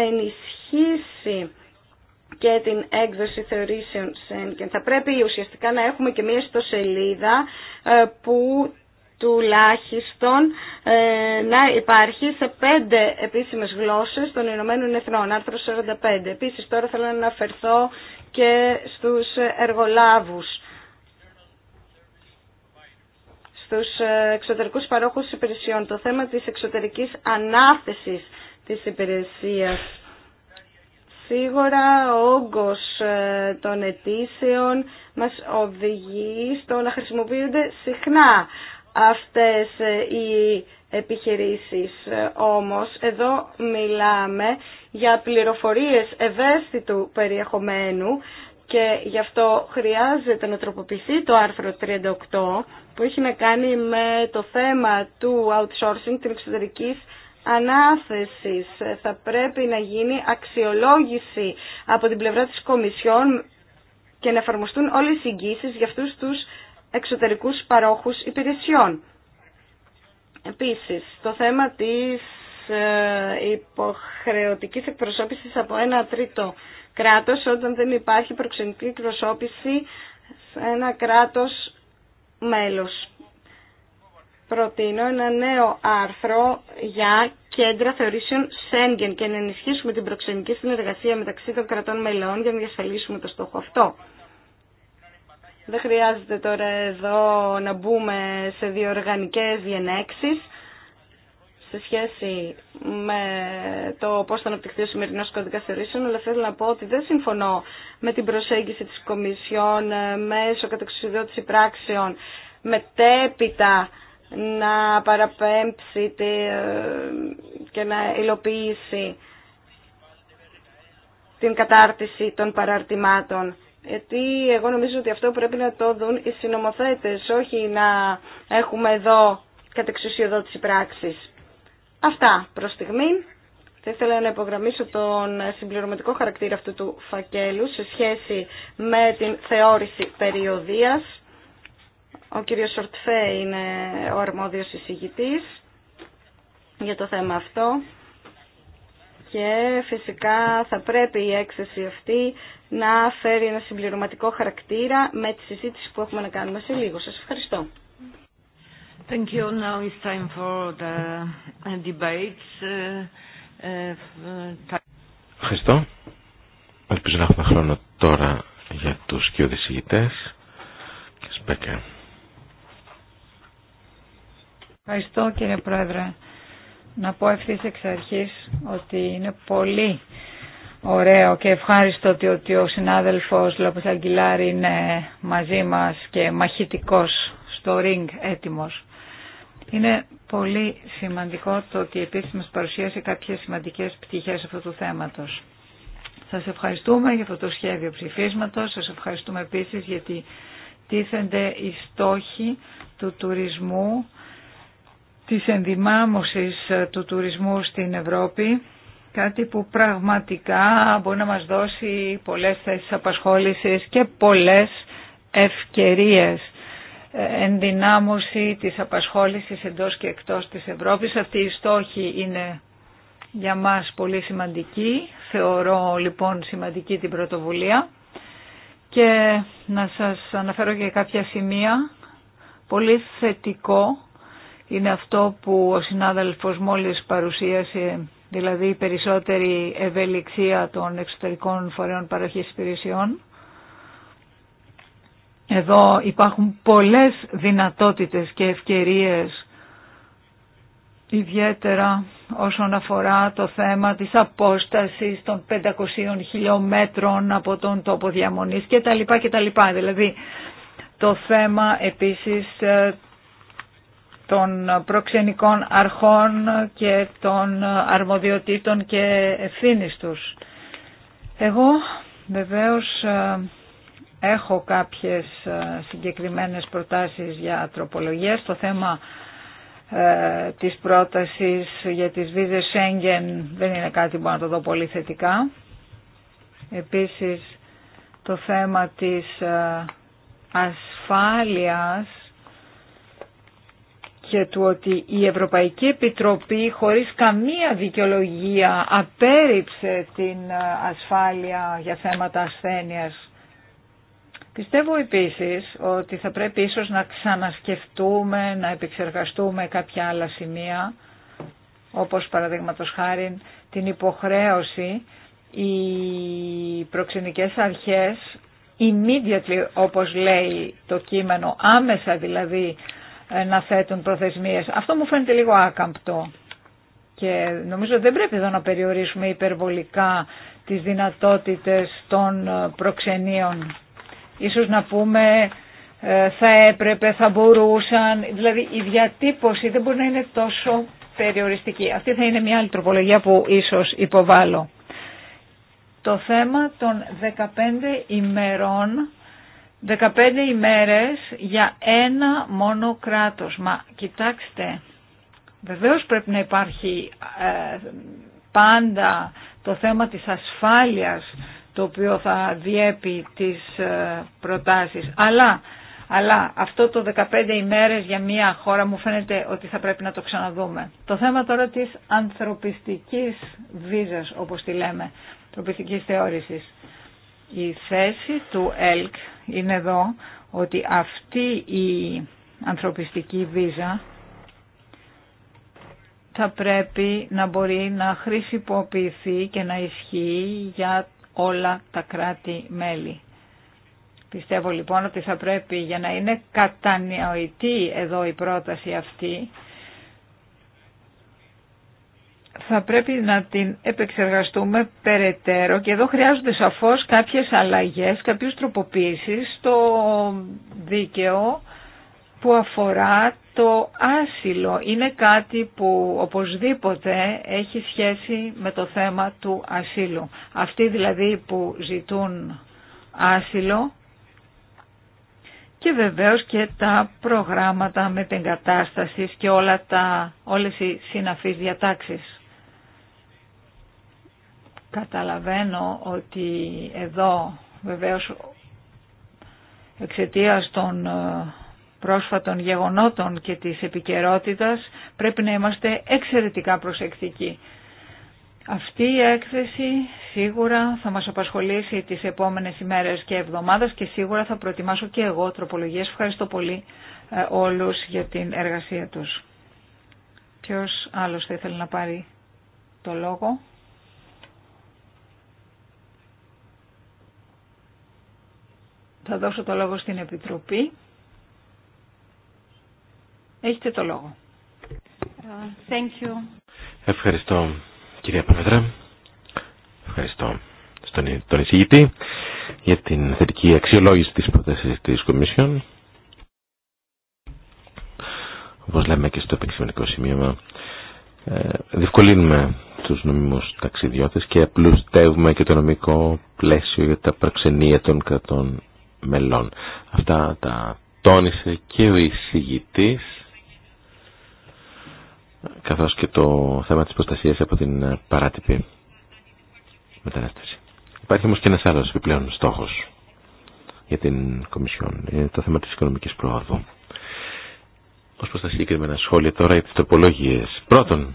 ενισχύσει και την έκδοση θεωρήσεων Σένκεν. Θα πρέπει ουσιαστικά να έχουμε και μία ιστοσελίδα ε, που τουλάχιστον ε, να υπάρχει σε πέντε επίσημες γλώσσες των Ηνωμένων Εθνών, άρθρο 45. Επίσης τώρα θέλω να αναφερθώ και στους εργολάβους, στους ε, εξωτερικούς παρόχους υπηρεσιών, το θέμα της εξωτερικής ανάθεσης της υπηρεσίας. Σίγουρα ο όγκος ε, των αιτήσεων μας οδηγεί στο να χρησιμοποιούνται συχνά αυτές ε, οι επιχειρήσεις. Όμως εδώ μιλάμε για πληροφορίες ευαίσθητου περιεχομένου και γι' αυτό χρειάζεται να τροποποιηθεί το άρθρο 38 που έχει να κάνει με το θέμα του outsourcing, την εξωτερικής ανάθεσης. Θα πρέπει να γίνει αξιολόγηση από την πλευρά της Κομισιόν και να εφαρμοστούν όλες οι εγγύσεις για αυτούς τους εξωτερικούς παρόχους υπηρεσιών. Επίσης, το θέμα της ε, υποχρεωτικής εκπροσώπησης από ένα τρίτο κράτος όταν δεν υπάρχει προξενική εκπροσώπηση σε ένα κράτος μέλος προτείνω ένα νέο άρθρο για κέντρα θεωρήσεων Σέγγεν και να ενισχύσουμε την προξενική συνεργασία μεταξύ των κρατών μελών για να διασφαλίσουμε το στόχο αυτό. Δεν χρειάζεται τώρα εδώ να μπούμε σε διοργανικές διενέξεις σε σχέση με το πώς θα αναπτυχθεί ο σημερινό κώδικα θεωρήσεων, αλλά θέλω να πω ότι δεν συμφωνώ με την προσέγγιση τη Κομισιόν μέσω κατεξουσιοδότηση πράξεων μετέπειτα να παραπέμψει ε, και να υλοποιήσει την κατάρτιση των παραρτημάτων. Γιατί εγώ νομίζω ότι αυτό πρέπει να το δουν οι συνομοθέτες, όχι να έχουμε εδώ κατεξουσιοδότηση πράξης. Αυτά προς στιγμή. Θα ήθελα να υπογραμμίσω τον συμπληρωματικό χαρακτήρα αυτού του φακέλου σε σχέση με την θεώρηση περιοδίας. Ο κύριος Σορτφέ είναι ο αρμόδιος εισηγητής για το θέμα αυτό και φυσικά θα πρέπει η έκθεση αυτή να φέρει ένα συμπληρωματικό χαρακτήρα με τη συζήτηση που έχουμε να κάνουμε σε λίγο. Σας ευχαριστώ. Thank you. Now uh, uh, uh, Ευχαριστώ. Ελπίζω να έχουμε χρόνο τώρα για τους και Και σπέκα. Ευχαριστώ κύριε Πρόεδρε. Να πω ευθύ εξ αρχή ότι είναι πολύ ωραίο και ευχάριστο ότι, ο συνάδελφος Λόπε Αγγιλάρη είναι μαζί μας και μαχητικός στο ring έτοιμος. Είναι πολύ σημαντικό το ότι επίσης μας παρουσίασε κάποιες σημαντικές πτυχές αυτού του θέματος. Σας ευχαριστούμε για αυτό το σχέδιο ψηφίσματος, σας ευχαριστούμε επίσης γιατί τίθενται οι στόχοι του τουρισμού της ενδυμάμωσης ε, του τουρισμού στην Ευρώπη, κάτι που πραγματικά μπορεί να μας δώσει πολλές θέσεις απασχόλησης και πολλές ευκαιρίες. Ε, ενδυνάμωση της απασχόλησης εντός και εκτός της Ευρώπης. Αυτή η στόχη είναι για μας πολύ σημαντική. Θεωρώ λοιπόν σημαντική την πρωτοβουλία. Και να σας αναφέρω και κάποια σημεία. Πολύ θετικό είναι αυτό που ο συνάδελφος μόλις παρουσίασε, δηλαδή η περισσότερη ευελιξία των εξωτερικών φορέων παροχής υπηρεσιών. Εδώ υπάρχουν πολλές δυνατότητες και ευκαιρίες ιδιαίτερα όσον αφορά το θέμα της απόστασης των 500 χιλιόμετρων από τον τόπο διαμονής κτλ. λοιπά, Δηλαδή το θέμα επίσης των προξενικών αρχών και των αρμοδιοτήτων και ευθύνης τους. Εγώ βεβαίως ε, έχω κάποιες ε, συγκεκριμένες προτάσεις για τροπολογίες. Το θέμα ε, της πρότασης για τις βίζες Σέγγεν δεν είναι κάτι που να το δω πολύ θετικά. Επίσης το θέμα της ασφάλειας και του ότι η Ευρωπαϊκή Επιτροπή χωρίς καμία δικαιολογία απέρριψε την ε, ασφάλεια για θέματα ασθένειας. Πιστεύω επίσης ότι θα πρέπει ίσως να ξανασκεφτούμε, να επεξεργαστούμε κάποια άλλα σημεία, όπως παραδείγματο χάρη την υποχρέωση οι προξενικές αρχές immediately όπως λέει το κείμενο, άμεσα δηλαδή ε, να θέτουν προθεσμίες. Αυτό μου φαίνεται λίγο άκαμπτο και νομίζω δεν πρέπει εδώ να περιορίσουμε υπερβολικά τις δυνατότητες των ε, προξενείων. Ίσως να πούμε ε, θα έπρεπε, θα μπορούσαν, δηλαδή η διατύπωση δεν μπορεί να είναι τόσο περιοριστική. Αυτή θα είναι μια άλλη τροπολογία που ίσως υποβάλλω. Το θέμα των 15 ημερών 15 ημέρες για ένα μόνο κράτος. Μα κοιτάξτε, βεβαίως πρέπει να υπάρχει ε, πάντα το θέμα της ασφάλειας το οποίο θα διέπει τις ε, προτάσεις. Αλλά, αλλά αυτό το 15 ημέρες για μια χώρα μου φαίνεται ότι θα πρέπει να το ξαναδούμε. Το θέμα τώρα της ανθρωπιστικής βίζας όπως τη λέμε, ανθρωπιστικής θεώρησης. Η θέση του ΕΛΚ είναι εδώ ότι αυτή η ανθρωπιστική βίζα θα πρέπει να μπορεί να χρησιμοποιηθεί και να ισχύει για όλα τα κράτη-μέλη. Πιστεύω λοιπόν ότι θα πρέπει για να είναι κατανοητή εδώ η πρόταση αυτή θα πρέπει να την επεξεργαστούμε περαιτέρω και εδώ χρειάζονται σαφώς κάποιες αλλαγές, κάποιες τροποποίησεις στο δίκαιο που αφορά το άσυλο. Είναι κάτι που οπωσδήποτε έχει σχέση με το θέμα του ασύλου. Αυτοί δηλαδή που ζητούν άσυλο και βεβαίως και τα προγράμματα μετεγκατάστασης και όλα τα, όλες οι συναφείς διατάξεις. Καταλαβαίνω ότι εδώ βεβαίως εξαιτίας των ε, πρόσφατων γεγονότων και της επικαιρότητα πρέπει να είμαστε εξαιρετικά προσεκτικοί. Αυτή η έκθεση σίγουρα θα μας απασχολήσει τις επόμενες ημέρες και εβδομάδες και σίγουρα θα προετοιμάσω και εγώ τροπολογίες. Ευχαριστώ πολύ ε, όλους για την εργασία τους. Ποιος άλλος θα ήθελε να πάρει το λόγο. Θα δώσω το λόγο στην Επιτροπή. Έχετε το λόγο. Thank you. Ευχαριστώ κυρία Πρόεδρε. Ευχαριστώ στον, τον εισηγητή για την θετική αξιολόγηση της πρότασης της Κομισιόν. Όπως λέμε και στο επεξημενικό σημείωμα, ε, διευκολύνουμε τους νομιμούς ταξιδιώτες και απλουστεύουμε και το νομικό πλαίσιο για τα πραξενία των κρατών μελών. Αυτά τα τόνισε και ο εισηγητής καθώς και το θέμα της προστασίας από την παράτυπη μετανάστευση. Υπάρχει όμως και ένας άλλος επιπλέον στόχος για την Κομισιόν. Είναι το θέμα της οικονομικής πρόοδου. Ως προς τα συγκεκριμένα σχόλια τώρα για τις τροπολογίες. Πρώτον,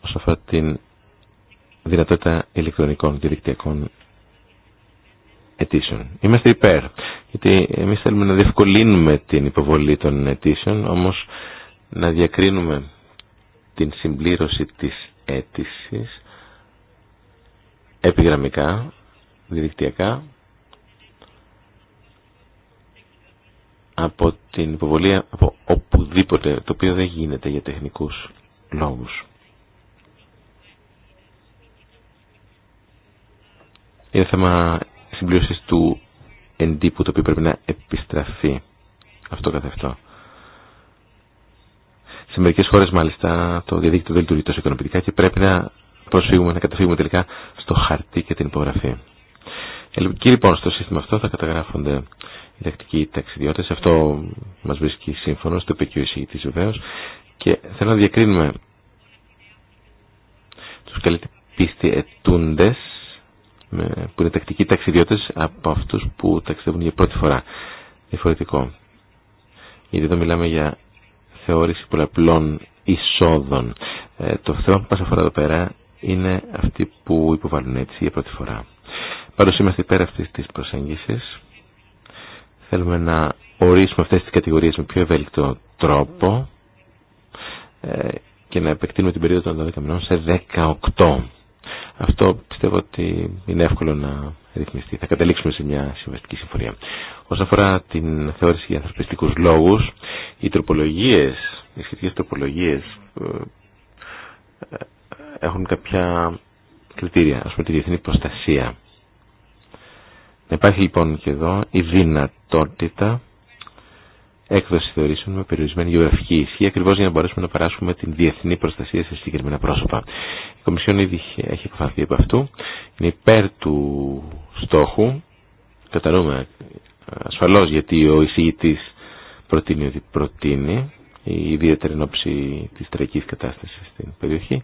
όσον αφορά την δυνατότητα ηλεκτρονικών διαδικτυακών αιτήσεων. Είμαστε υπέρ, γιατί εμείς θέλουμε να διευκολύνουμε την υποβολή των αιτήσεων, όμως να διακρίνουμε την συμπλήρωση της αίτηση επιγραμμικά, διεκτυακά, από την υποβολή από οπουδήποτε, το οποίο δεν γίνεται για τεχνικούς λόγους. Είναι θέμα συμπλήρωση του εντύπου το οποίο πρέπει να επιστραφεί αυτό καθ' αυτό. Σε μερικέ χώρες μάλιστα το διαδίκτυο δεν λειτουργεί τόσο οικονομικά και πρέπει να προσφύγουμε, να καταφύγουμε τελικά στο χαρτί και την υπογραφή. Ε, και λοιπόν στο σύστημα αυτό θα καταγράφονται οι ταξιδιώτες, αυτό μας βρίσκει σύμφωνο, το είπε και ο βεβαίω. και θέλω να διακρίνουμε του καλή πίστη ετούντες που είναι τακτικοί ταξιδιώτες από αυτούς που ταξιδεύουν για πρώτη φορά. Διαφορετικό. Γιατί εδώ μιλάμε για θεώρηση πολλαπλών εισόδων. Ε, το θέμα που μας αφορά εδώ πέρα είναι αυτοί που υποβάλλουν έτσι για πρώτη φορά. Πάντως είμαστε υπέρ αυτής της προσέγγισης. Θέλουμε να ορίσουμε αυτές τις κατηγορίες με πιο ευέλικτο τρόπο ε, και να επεκτείνουμε την περίοδο των 12 μηνών σε 18. Αυτό πιστεύω ότι είναι εύκολο να ρυθμιστεί. Θα καταλήξουμε σε μια συμβαστική συμφωνία. Όσον αφορά την θεώρηση για ανθρωπιστικού λόγου, οι τροπολογίε, οι σχετικέ τροπολογίε ε, ε, έχουν κάποια κριτήρια, α πούμε τη διεθνή προστασία. Να υπάρχει λοιπόν και εδώ η δυνατότητα έκδοση θεωρήσεων με περιορισμένη γεωγραφική ισχύ, ακριβώ για να μπορέσουμε να παράσχουμε την διεθνή προστασία σε συγκεκριμένα πρόσωπα. Η Κομισιόν ήδη έχει εκφανθεί από αυτού. Είναι υπέρ του στόχου. Κατανοούμε ε, ασφαλώ γιατί ο εισηγητή προτείνει ότι προτείνει, ιδιαίτερα εν ώψη τη τραγική κατάσταση στην περιοχή.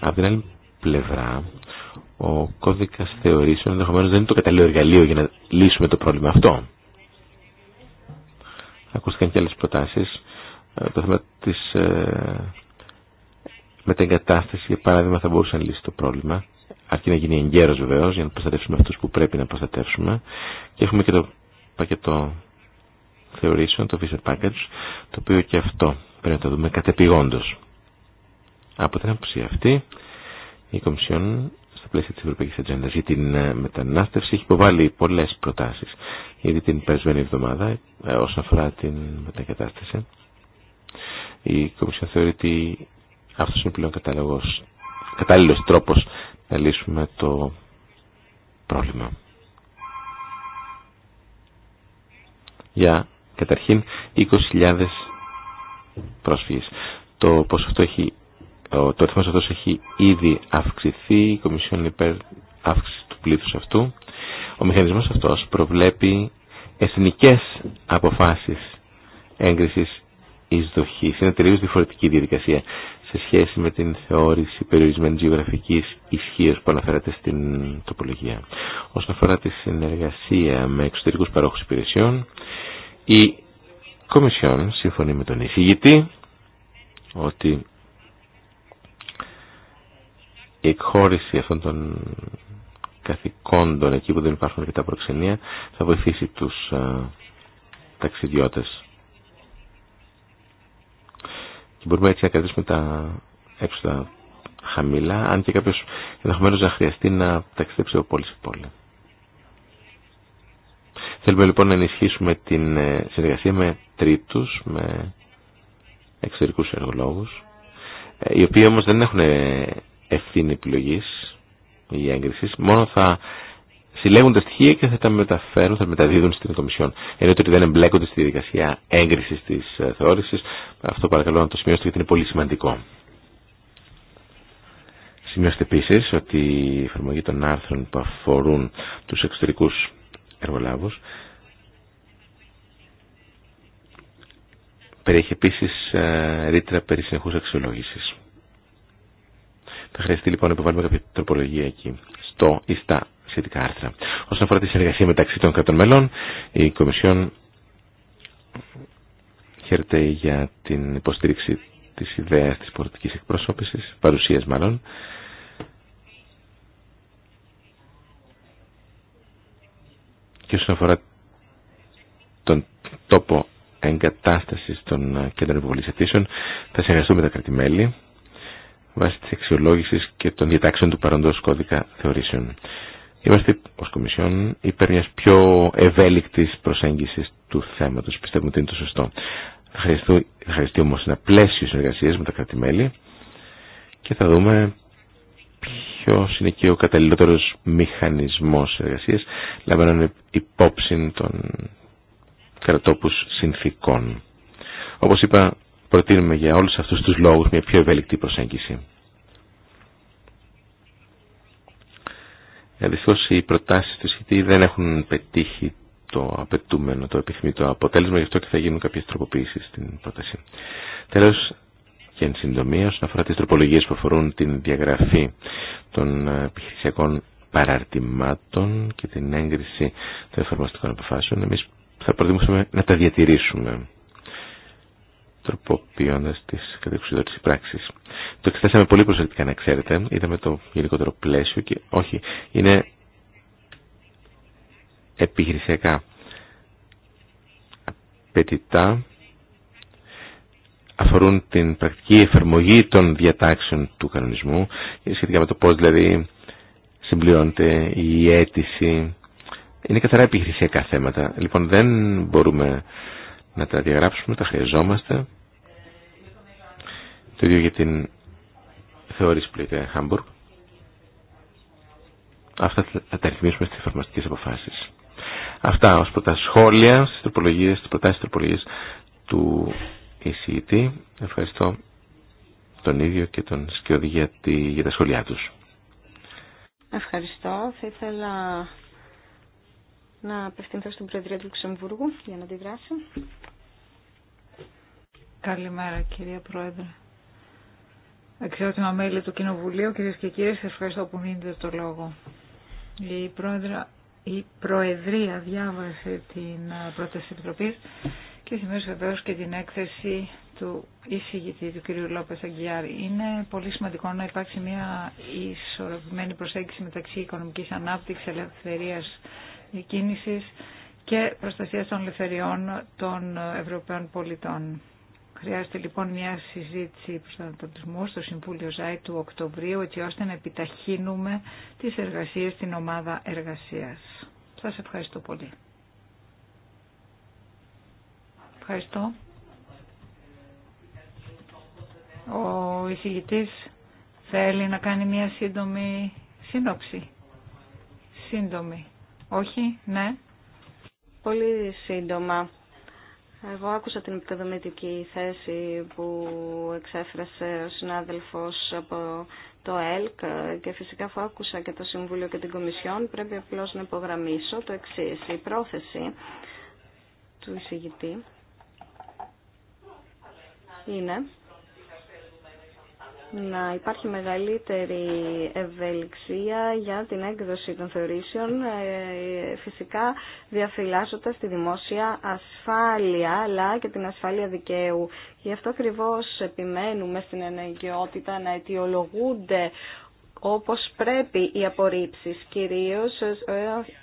Από την άλλη πλευρά, ο κώδικα θεωρήσεων ενδεχομένω δεν είναι το καταλληλό εργαλείο για να λύσουμε το πρόβλημα αυτό. Ακούστηκαν και άλλες προτάσεις. Ε, το θέμα της ε, μετεγκατάστασης, για παράδειγμα, θα μπορούσε να λύσει το πρόβλημα. Αρκεί να γίνει εγκαίρος βεβαίως για να προστατεύσουμε αυτούς που πρέπει να προστατεύσουμε. Και έχουμε και το πακετό θεωρήσεων, το Visa Package, το οποίο και αυτό πρέπει να το δούμε κατεπηγόντως. Από την άποψη αυτή, η Κομισιόν στο πλαίσιο της Ευρωπαϊκής Ατζέντας για την ε, μετανάστευση έχει υποβάλει πολλές προτάσεις είναι την περισμένη εβδομάδα ε, όσον αφορά την μετακατάσταση η Κομισιόν θεωρεί ότι αυτός είναι πλέον κατάλληλο κατάλληλος τρόπος να λύσουμε το πρόβλημα. Για καταρχήν 20.000 πρόσφυγες. Το πόσο αυτό έχει ο, το αριθμός αυτός έχει ήδη αυξηθεί, η Κομισιόν υπέρ αύξηση του πλήθους αυτού. Ο μηχανισμός αυτός προβλέπει εθνικές αποφάσεις έγκρισης εισδοχής. Είναι τελείως διαφορετική διαδικασία σε σχέση με την θεώρηση περιορισμένης γεωγραφικής ισχύω που αναφέρατε στην τοπολογία. Όσον αφορά τη συνεργασία με εξωτερικούς παρόχους υπηρεσιών, η Κομισιόν συμφωνεί με τον εισηγητή ότι η εκχώρηση αυτών των καθηκόντων εκεί που δεν υπάρχουν και τα προξενία θα βοηθήσει τους α, ε, ταξιδιώτες. Και μπορούμε έτσι να κρατήσουμε τα έξοδα χαμηλά, αν και κάποιος ενδεχομένω να χρειαστεί να ταξιδέψει από πόλη σε πόλη. Θέλουμε λοιπόν να ενισχύσουμε την ε, συνεργασία με τρίτους, με εξωτερικούς εργολόγους, ε, οι οποίοι όμως δεν έχουν ευθύνη επιλογής ή έγκρισης, μόνο θα συλλέγουν τα στοιχεία και θα τα μεταφέρουν, θα μεταδίδουν στην Κομισιόν. Ενώ ότι δεν εμπλέκονται στη διαδικασία έγκρισης της ε, θεώρησης, αυτό παρακαλώ να το σημειώσετε γιατί είναι πολύ σημαντικό. Σημειώστε επίση ότι η εφαρμογή των άρθρων που αφορούν τους εξωτερικούς εργολάβους περιέχει επίση ε, ρήτρα περί συνεχούς αξιολόγησης. Θα χρειαστεί λοιπόν να επιβάλλουμε κάποια τροπολογία εκεί στο ή στα σχετικά άρθρα. Όσον αφορά τη συνεργασία μεταξύ των κρατών μελών, η Κομισιόν χαίρεται για την υποστήριξη της ιδέας της πολιτική εκπροσώπησης, παρουσίας μάλλον, και όσον αφορά τον τόπο εγκατάστασης των κέντρων υποβολής αιτήσεων, θα συνεργαστούμε με τα κρατημέλη βάσει τη αξιολόγηση και των διατάξεων του παροντό κώδικα θεωρήσεων. Είμαστε ω Κομισιόν υπέρ μια πιο ευέλικτη προσέγγιση του θέματο. Πιστεύουμε ότι είναι το σωστό. Θα χρειαστεί, όμω ένα πλαίσιο συνεργασία με τα κράτη-μέλη και θα δούμε ποιο είναι και ο καταλληλότερο μηχανισμό συνεργασία, λαμβάνοντα υπόψη των κρατόπου συνθήκων. Όπω είπα, προτείνουμε για όλους αυτούς τους λόγους μια πιο ευέλικτη προσέγγιση. Ε, Δυστυχώ οι προτάσει του ΣΥΤΗ δεν έχουν πετύχει το απαιτούμενο, το επιθυμητό αποτέλεσμα, γι' αυτό και θα γίνουν κάποιε τροποποιήσει στην πρόταση. Τέλο, και εν συντομία, όσον αφορά τι τροπολογίε που αφορούν την διαγραφή των ε, επιχειρησιακών παραρτημάτων και την έγκριση των εφαρμοστικών αποφάσεων, εμεί θα προτιμούσαμε να τα διατηρήσουμε τροποποιώντα τι κατεξουδότερε πράξης. Το εξετάσαμε πολύ προσεκτικά να ξέρετε, είδαμε το γενικότερο πλαίσιο και όχι, είναι επιχειρησιακά απαιτητά αφορούν την πρακτική εφαρμογή των διατάξεων του κανονισμού ε, σχετικά με το πώ δηλαδή συμπληρώνεται η αίτηση. Είναι καθαρά επιχειρησιακά θέματα. Λοιπόν δεν μπορούμε να τα διαγράψουμε, τα χρειαζόμαστε. Το ίδιο για την θεώρηση που Χάμπουργκ. Αυτά θα τα ρυθμίσουμε στις εφαρμοστικές αποφάσεις. Αυτά ως πρώτα σχόλια στις τροπολογίες, στις προτάσεις τροπολογίες του ECT. Ευχαριστώ τον ίδιο και τον Σκιώδη για τα σχόλιά τους. Ευχαριστώ. Θα ήθελα να απευθυνθώ στην Προεδρία του Λουξεμβούργου για να αντιδράσει. Καλημέρα κυρία Πρόεδρε. Εξαιρετικά μέλη του Κοινοβουλίου, κυρίε και κύριοι, σα ευχαριστώ που μείνετε το λόγο. Η, πρόεδρα, η Προεδρία διάβασε την ε, πρόταση τη Επιτροπή και θυμίζω βεβαίω και την έκθεση του εισηγητή του κ. Λόπε Αγγιάρη. Είναι πολύ σημαντικό να υπάρξει μια ισορροπημένη προσέγγιση μεταξύ οικονομική ανάπτυξη, ελευθερία κίνηση και προστασία των ελευθεριών των Ευρωπαίων πολιτών. Χρειάζεται λοιπόν μια συζήτηση προσανατολισμού στο Συμβούλιο ΖΑΙ του Οκτωβρίου έτσι ώστε να επιταχύνουμε τις εργασίες στην ομάδα εργασίας. Σας ευχαριστώ πολύ. Ευχαριστώ. Ο εισηγητής θέλει να κάνει μια σύντομη σύνοψη. Σύντομη. Όχι, ναι. Πολύ σύντομα. Εγώ άκουσα την επικοδομητική θέση που εξέφρασε ο συνάδελφος από το ΕΛΚ και φυσικά αφού άκουσα και το Συμβούλιο και την Κομισιόν πρέπει απλώς να υπογραμμίσω το εξή. Η πρόθεση του εισηγητή είναι να υπάρχει μεγαλύτερη ευελιξία για την έκδοση των θεωρήσεων, ε, φυσικά διαφυλάσσοντας τη δημόσια ασφάλεια, αλλά και την ασφάλεια δικαίου. Γι' αυτό ακριβώ επιμένουμε στην αναγκαιότητα να αιτιολογούνται όπως πρέπει οι απορρίψεις, κυρίως ε,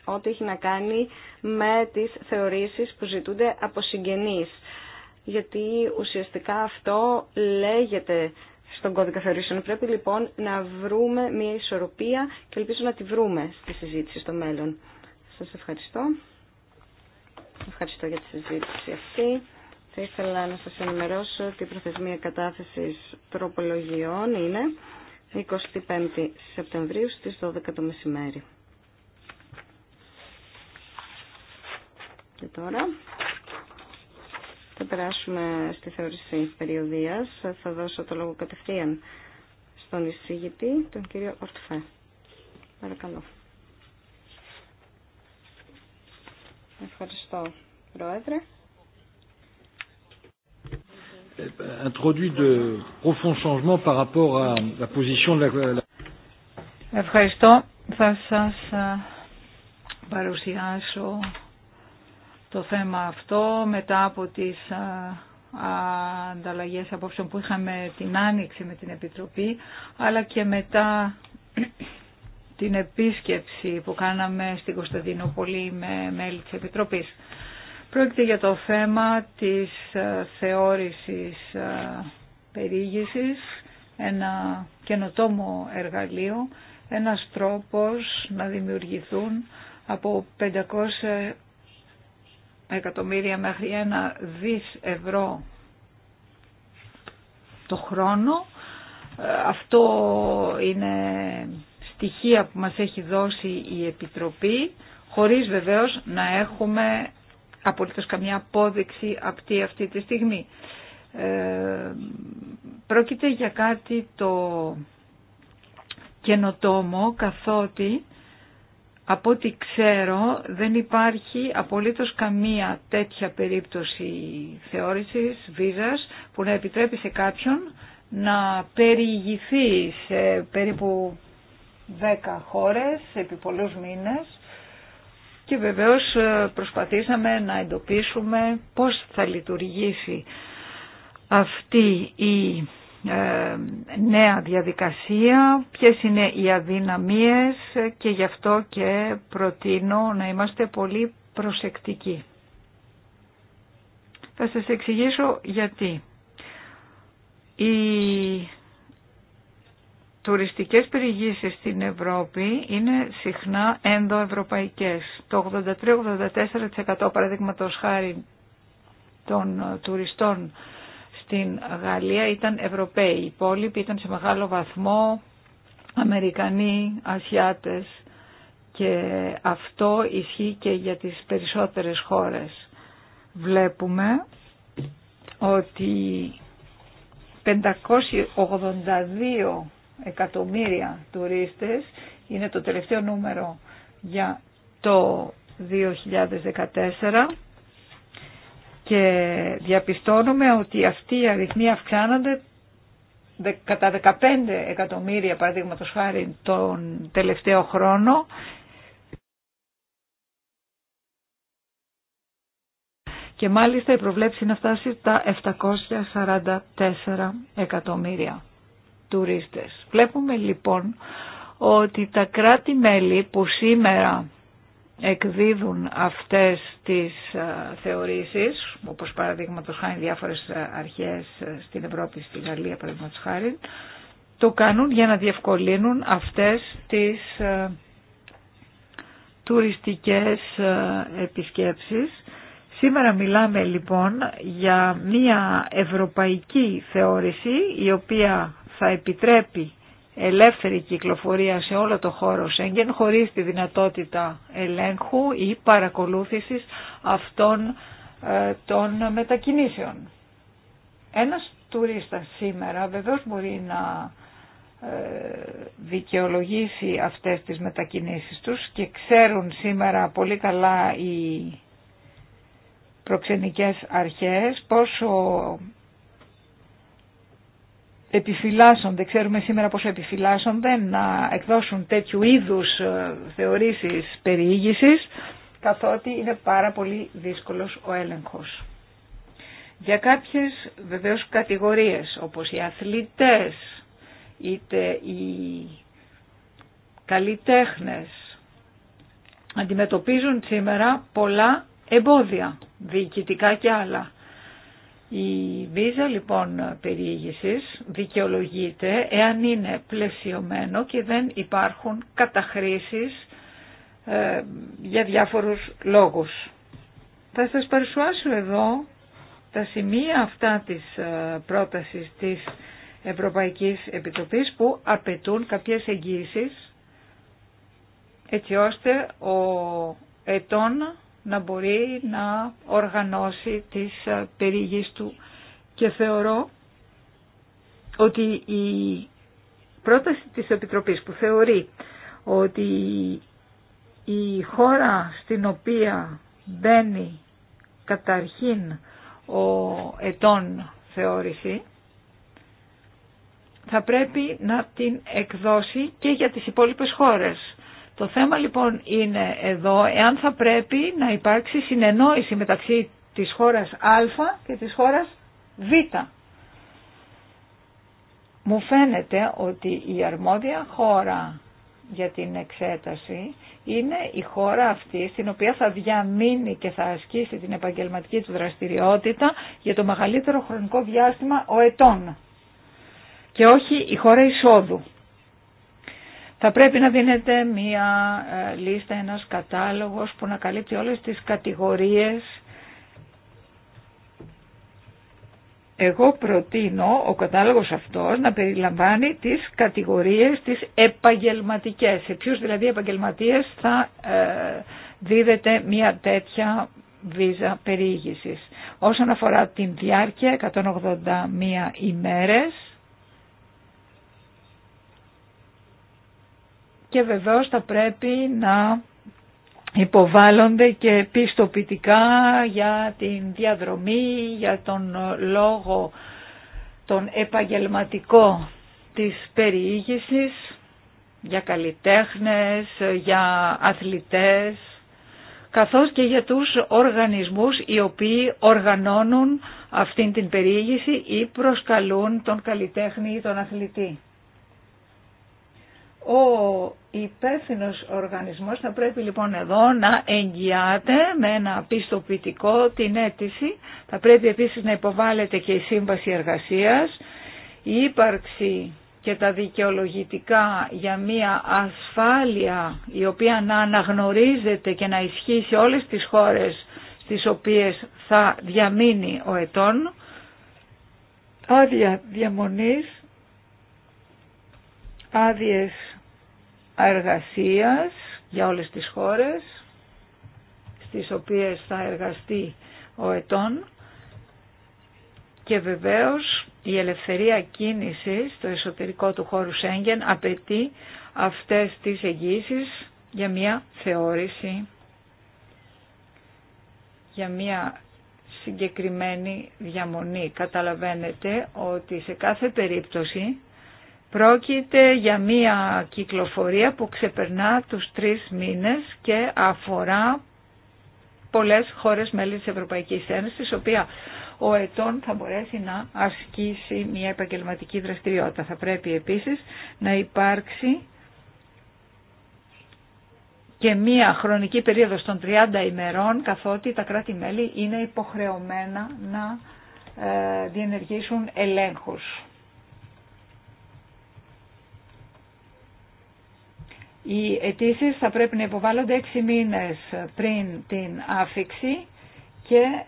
ό,τι έχει να κάνει με τις θεωρήσεις που ζητούνται από συγγενείς. Γιατί ουσιαστικά αυτό λέγεται στον κώδικα θεωρήσεων. Πρέπει λοιπόν να βρούμε μια ισορροπία και ελπίζω να τη βρούμε στη συζήτηση στο μέλλον. Σας ευχαριστώ. Ευχαριστώ για τη συζήτηση αυτή. Θα ήθελα να σας ενημερώσω ότι η προθεσμία κατάθεσης τροπολογιών είναι 25 Σεπτεμβρίου στις 12 το μεσημέρι. Και τώρα θα περάσουμε στη θεώρηση περιοδίας. Θα δώσω το λόγο κατευθείαν στον εισηγητή, τον κύριο Ορτφέ. Παρακαλώ. Ευχαριστώ, Πρόεδρε. Introduit de par rapport à la position de la. Ευχαριστώ. Θα σας ε, παρουσιάσω το θέμα αυτό μετά από τις ανταλλαγές απόψεων που είχαμε την Άνοιξη με την Επιτροπή αλλά και μετά την επίσκεψη που κάναμε στην Κωνσταντινούπολη με μέλη της Επιτροπής. Πρόκειται για το θέμα της θεώρησης περίγησης, ένα καινοτόμο εργαλείο, ένας τρόπος να δημιουργηθούν από 500 εκατομμύρια μέχρι ένα δις ευρώ το χρόνο. Ε, αυτό είναι στοιχεία που μας έχει δώσει η Επιτροπή, χωρίς βεβαίως να έχουμε απολύτως καμία απόδειξη αυτή, αυτή τη στιγμή. Ε, πρόκειται για κάτι το καινοτόμο, καθότι από ό,τι ξέρω δεν υπάρχει απολύτως καμία τέτοια περίπτωση θεώρησης, βίζας που να επιτρέπει σε κάποιον να περιηγηθεί σε περίπου 10 χώρες επί πολλούς μήνες και βεβαίως ε, προσπαθήσαμε να εντοπίσουμε πώς θα λειτουργήσει αυτή η ε, νέα διαδικασία, ποιες είναι οι αδυναμίες και γι' αυτό και προτείνω να είμαστε πολύ προσεκτικοί. Θα σας εξηγήσω γιατί. Οι τουριστικές περιηγήσεις στην Ευρώπη είναι συχνά ενδοευρωπαϊκές. Το 83-84% παραδείγματος χάρη των τουριστών στην Γαλλία ήταν Ευρωπαίοι. Οι υπόλοιποι ήταν σε μεγάλο βαθμό Αμερικανοί, Ασιάτες και αυτό ισχύει και για τις περισσότερες χώρες. Βλέπουμε ότι 582 εκατομμύρια τουρίστες είναι το τελευταίο νούμερο για το 2014 και διαπιστώνουμε ότι αυτοί οι αριθμοί αυξάνονται κατά 15 εκατομμύρια παραδείγματο χάρη τον τελευταίο χρόνο και μάλιστα η προβλέψη είναι να φτάσει τα 744 εκατομμύρια τουρίστες. Βλέπουμε λοιπόν ότι τα κράτη-μέλη που σήμερα εκδίδουν αυτές τις ε, θεωρήσεις, όπως παραδείγματο χάνει διάφορες ε, αρχές ε, στην Ευρώπη, στη Γαλλία παραδείγματος χάρη, το κάνουν για να διευκολύνουν αυτές τις τουριστικές επισκέψεις. Σήμερα μιλάμε λοιπόν για μια ευρωπαϊκή θεώρηση η οποία θα επιτρέπει ελεύθερη κυκλοφορία σε όλο το χώρο Σέγγεν χωρίς τη δυνατότητα ελέγχου ή παρακολούθησης αυτών ε, των μετακινήσεων. Ένας τουρίστας σήμερα βεβαίως μπορεί να ε, δικαιολογήσει αυτές τις μετακινήσεις τους και ξέρουν σήμερα πολύ καλά οι προξενικές αρχές πόσο επιφυλάσσονται, ξέρουμε σήμερα πόσο επιφυλάσσονται, να εκδώσουν τέτοιου είδους ε, θεωρήσεις περιήγησης, καθότι είναι πάρα πολύ δύσκολος ο έλεγχος. Για κάποιες βεβαίως κατηγορίες, όπως οι αθλητές, είτε οι καλλιτέχνες, αντιμετωπίζουν σήμερα πολλά εμπόδια, διοικητικά και άλλα. Η βίζα λοιπόν περιήγησης δικαιολογείται εάν είναι πλαισιωμένο και δεν υπάρχουν καταχρήσεις ε, για διάφορους λόγους. Θα σας παρουσιάσω εδώ τα σημεία αυτά της ε, πρότασης της Ευρωπαϊκής Επιτροπής που απαιτούν κάποιες εγγύησεις έτσι ώστε ο ετών να μπορεί να οργανώσει τις ε, περίγεις του. Και θεωρώ ότι η πρόταση της Επιτροπής που θεωρεί ότι η χώρα στην οποία μπαίνει καταρχήν ο ετών θεώρηση θα πρέπει να την εκδώσει και για τις υπόλοιπες χώρες. Το θέμα λοιπόν είναι εδώ εάν θα πρέπει να υπάρξει συνεννόηση μεταξύ της χώρας Α και της χώρας Β. Μου φαίνεται ότι η αρμόδια χώρα για την εξέταση είναι η χώρα αυτή στην οποία θα διαμείνει και θα ασκήσει την επαγγελματική του δραστηριότητα για το μεγαλύτερο χρονικό διάστημα ο ετών και όχι η χώρα εισόδου. Θα πρέπει να δίνεται μία ε, λίστα, ένας κατάλογος που να καλύπτει όλες τις κατηγορίες. Εγώ προτείνω ο κατάλογος αυτός να περιλαμβάνει τις κατηγορίες τις επαγγελματικές. Σε ποιους δηλαδή επαγγελματίες θα ε, δίδεται μία τέτοια βίζα περιήγησης. Όσον αφορά την διάρκεια, 181 ημέρες, και βεβαίως θα πρέπει να υποβάλλονται και πιστοποιητικά για την διαδρομή, για τον λόγο, τον επαγγελματικό της περιήγησης, για καλλιτέχνες, για αθλητές, καθώς και για τους οργανισμούς οι οποίοι οργανώνουν αυτήν την περιήγηση ή προσκαλούν τον καλλιτέχνη ή τον αθλητή. Ο υπεύθυνο οργανισμός θα πρέπει λοιπόν εδώ να εγγυάται με ένα πιστοποιητικό την αίτηση. Θα πρέπει επίσης να υποβάλλεται και η σύμβαση εργασίας, η ύπαρξη και τα δικαιολογητικά για μια ασφάλεια η οποία να αναγνωρίζεται και να ισχύει σε όλες τις χώρες στις οποίες θα διαμείνει ο ετών, άδεια διαμονής, άδειες εργασίας για όλες τις χώρες στις οποίες θα εργαστεί ο ετών και βεβαίως η ελευθερία κίνηση στο εσωτερικό του χώρου Σέγγεν απαιτεί αυτές τις εγγύσεις για μια θεώρηση, για μια συγκεκριμένη διαμονή. Καταλαβαίνετε ότι σε κάθε περίπτωση Πρόκειται για μία κυκλοφορία που ξεπερνά τους τρεις μήνες και αφορά πολλές χώρες μέλη της Ευρωπαϊκής Ένωσης, οποία ο ετών θα μπορέσει να ασκήσει μια επαγγελματική δραστηριότητα. Θα πρέπει επίσης να υπάρξει και μία χρονική περίοδος των 30 ημερών, καθότι τα κράτη-μέλη είναι υποχρεωμένα να ε, διενεργήσουν ελέγχους. Οι αιτήσει θα πρέπει να υποβάλλονται 6 μήνες πριν την άφηξη και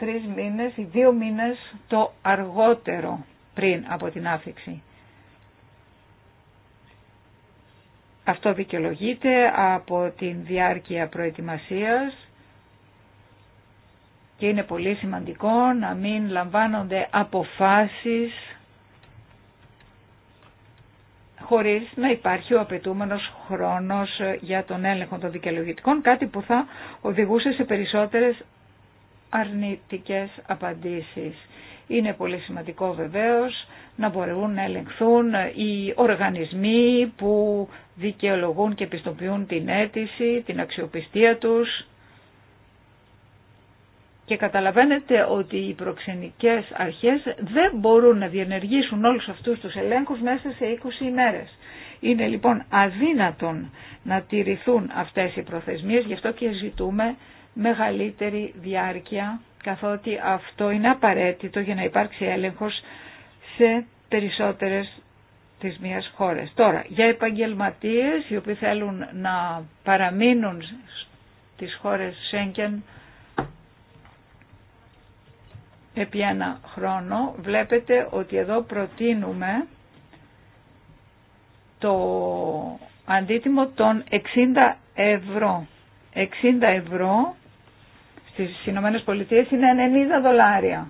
3 μήνες ή 2 μήνες το αργότερο πριν από την άφηξη. Αυτό δικαιολογείται από την διάρκεια προετοιμασίας και είναι πολύ σημαντικό να μην λαμβάνονται αποφάσεις χωρίς να υπάρχει ο απαιτούμενος χρόνος για τον έλεγχο των δικαιολογητικών, κάτι που θα οδηγούσε σε περισσότερες αρνητικές απαντήσεις. Είναι πολύ σημαντικό βεβαίως να μπορούν να ελεγχθούν οι οργανισμοί που δικαιολογούν και επιστοποιούν την αίτηση, την αξιοπιστία τους και καταλαβαίνετε ότι οι προξενικές αρχές δεν μπορούν να διενεργήσουν όλους αυτούς τους ελέγχους μέσα σε 20 ημέρες. Είναι λοιπόν αδύνατον να τηρηθούν αυτές οι προθεσμίες, γι' αυτό και ζητούμε μεγαλύτερη διάρκεια, καθότι αυτό είναι απαραίτητο για να υπάρξει έλεγχος σε περισσότερες της μίας χώρες. Τώρα, για επαγγελματίες οι οποίοι θέλουν να παραμείνουν στις χώρες Σέγγεν, επί ένα χρόνο βλέπετε ότι εδώ προτείνουμε το αντίτιμο των 60 ευρώ. 60 ευρώ στις Ηνωμένες Πολιτείες είναι 90 δολάρια.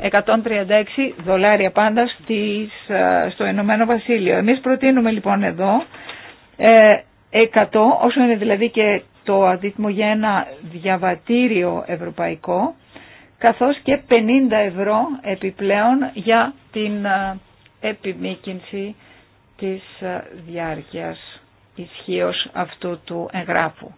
...136 δολάρια πάντα στις, ε, στο Ηνωμένο Βασίλειο. Εμείς προτείνουμε λοιπόν εδώ ε, 100, όσο είναι δηλαδή και το αντίτιμο για ένα διαβατήριο ευρωπαϊκό, καθώς και 50 ευρώ επιπλέον για την ε, επιμήκυνση της ε, διάρκειας ισχύω αυτού του εγγράφου.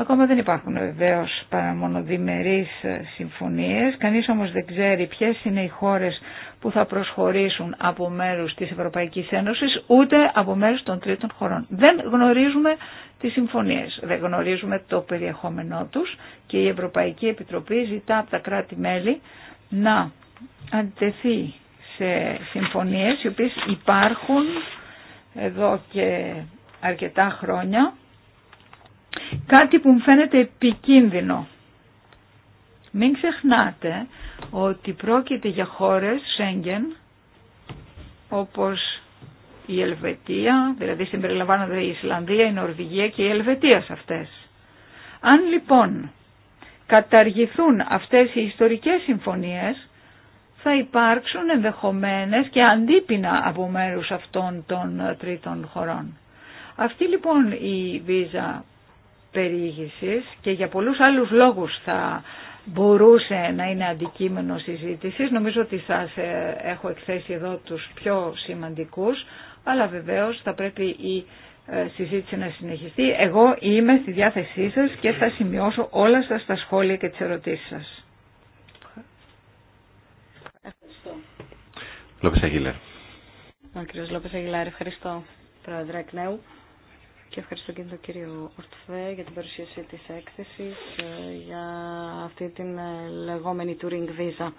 Ακόμα δεν υπάρχουν βεβαίω παρά μόνο διμερείς ε, συμφωνίες. Κανείς όμως δεν ξέρει ποιες είναι οι χώρες που θα προσχωρήσουν από μέρους της Ευρωπαϊκής Ένωσης ούτε από μέρους των τρίτων χωρών. Δεν γνωρίζουμε τις συμφωνίες, δεν γνωρίζουμε το περιεχόμενό τους και η Ευρωπαϊκή Επιτροπή ζητά από τα κράτη-μέλη να αντιτεθεί σε συμφωνίες οι οποίες υπάρχουν εδώ και αρκετά χρόνια κάτι που μου φαίνεται επικίνδυνο. Μην ξεχνάτε ότι πρόκειται για χώρες Σέγγεν όπως η Ελβετία, δηλαδή συμπεριλαμβάνονται η Ισλανδία, η Νορβηγία και η Ελβετία σε αυτές. Αν λοιπόν καταργηθούν αυτές οι ιστορικές συμφωνίες, θα υπάρξουν ενδεχομένες και αντίπεινα από μέρους αυτών των τρίτων χωρών. Αυτή λοιπόν η βίζα περιήγησης και για πολλούς άλλους λόγους θα μπορούσε να είναι αντικείμενο συζήτησης. Νομίζω ότι σας έχω εκθέσει εδώ τους πιο σημαντικούς, αλλά βεβαίως θα πρέπει η ε, συζήτηση να συνεχιστεί. Εγώ είμαι στη διάθεσή σας και θα σημειώσω όλα σας τα σχόλια και τις ερωτήσεις σας. Ευχαριστώ. Λόπες Αγγιλάρ. Ο ευχαριστώ, Πρόεδρε Εκνέου και ευχαριστώ και τον κύριο Ορτφέ για την παρουσίαση της έκθεσης ε, για αυτή την ε, λεγόμενη Touring Visa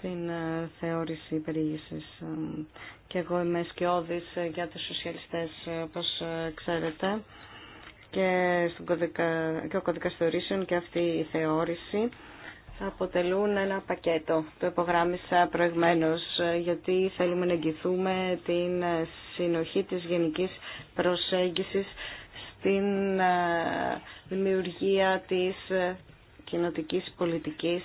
την ε, θεώρηση περιήγησης και εγώ είμαι σκιώδης για τους σοσιαλιστές όπως ξέρετε και, στον κωδικα, και ο κωδικας θεωρήσεων και αυτή η θεώρηση αποτελούν ένα πακέτο. Το υπογράμμισα προηγμένως ε, γιατί θέλουμε να εγγυθούμε την ε, συνοχή της γενικής προσέγγισης στην ε, δημιουργία της κοινοτικής πολιτικής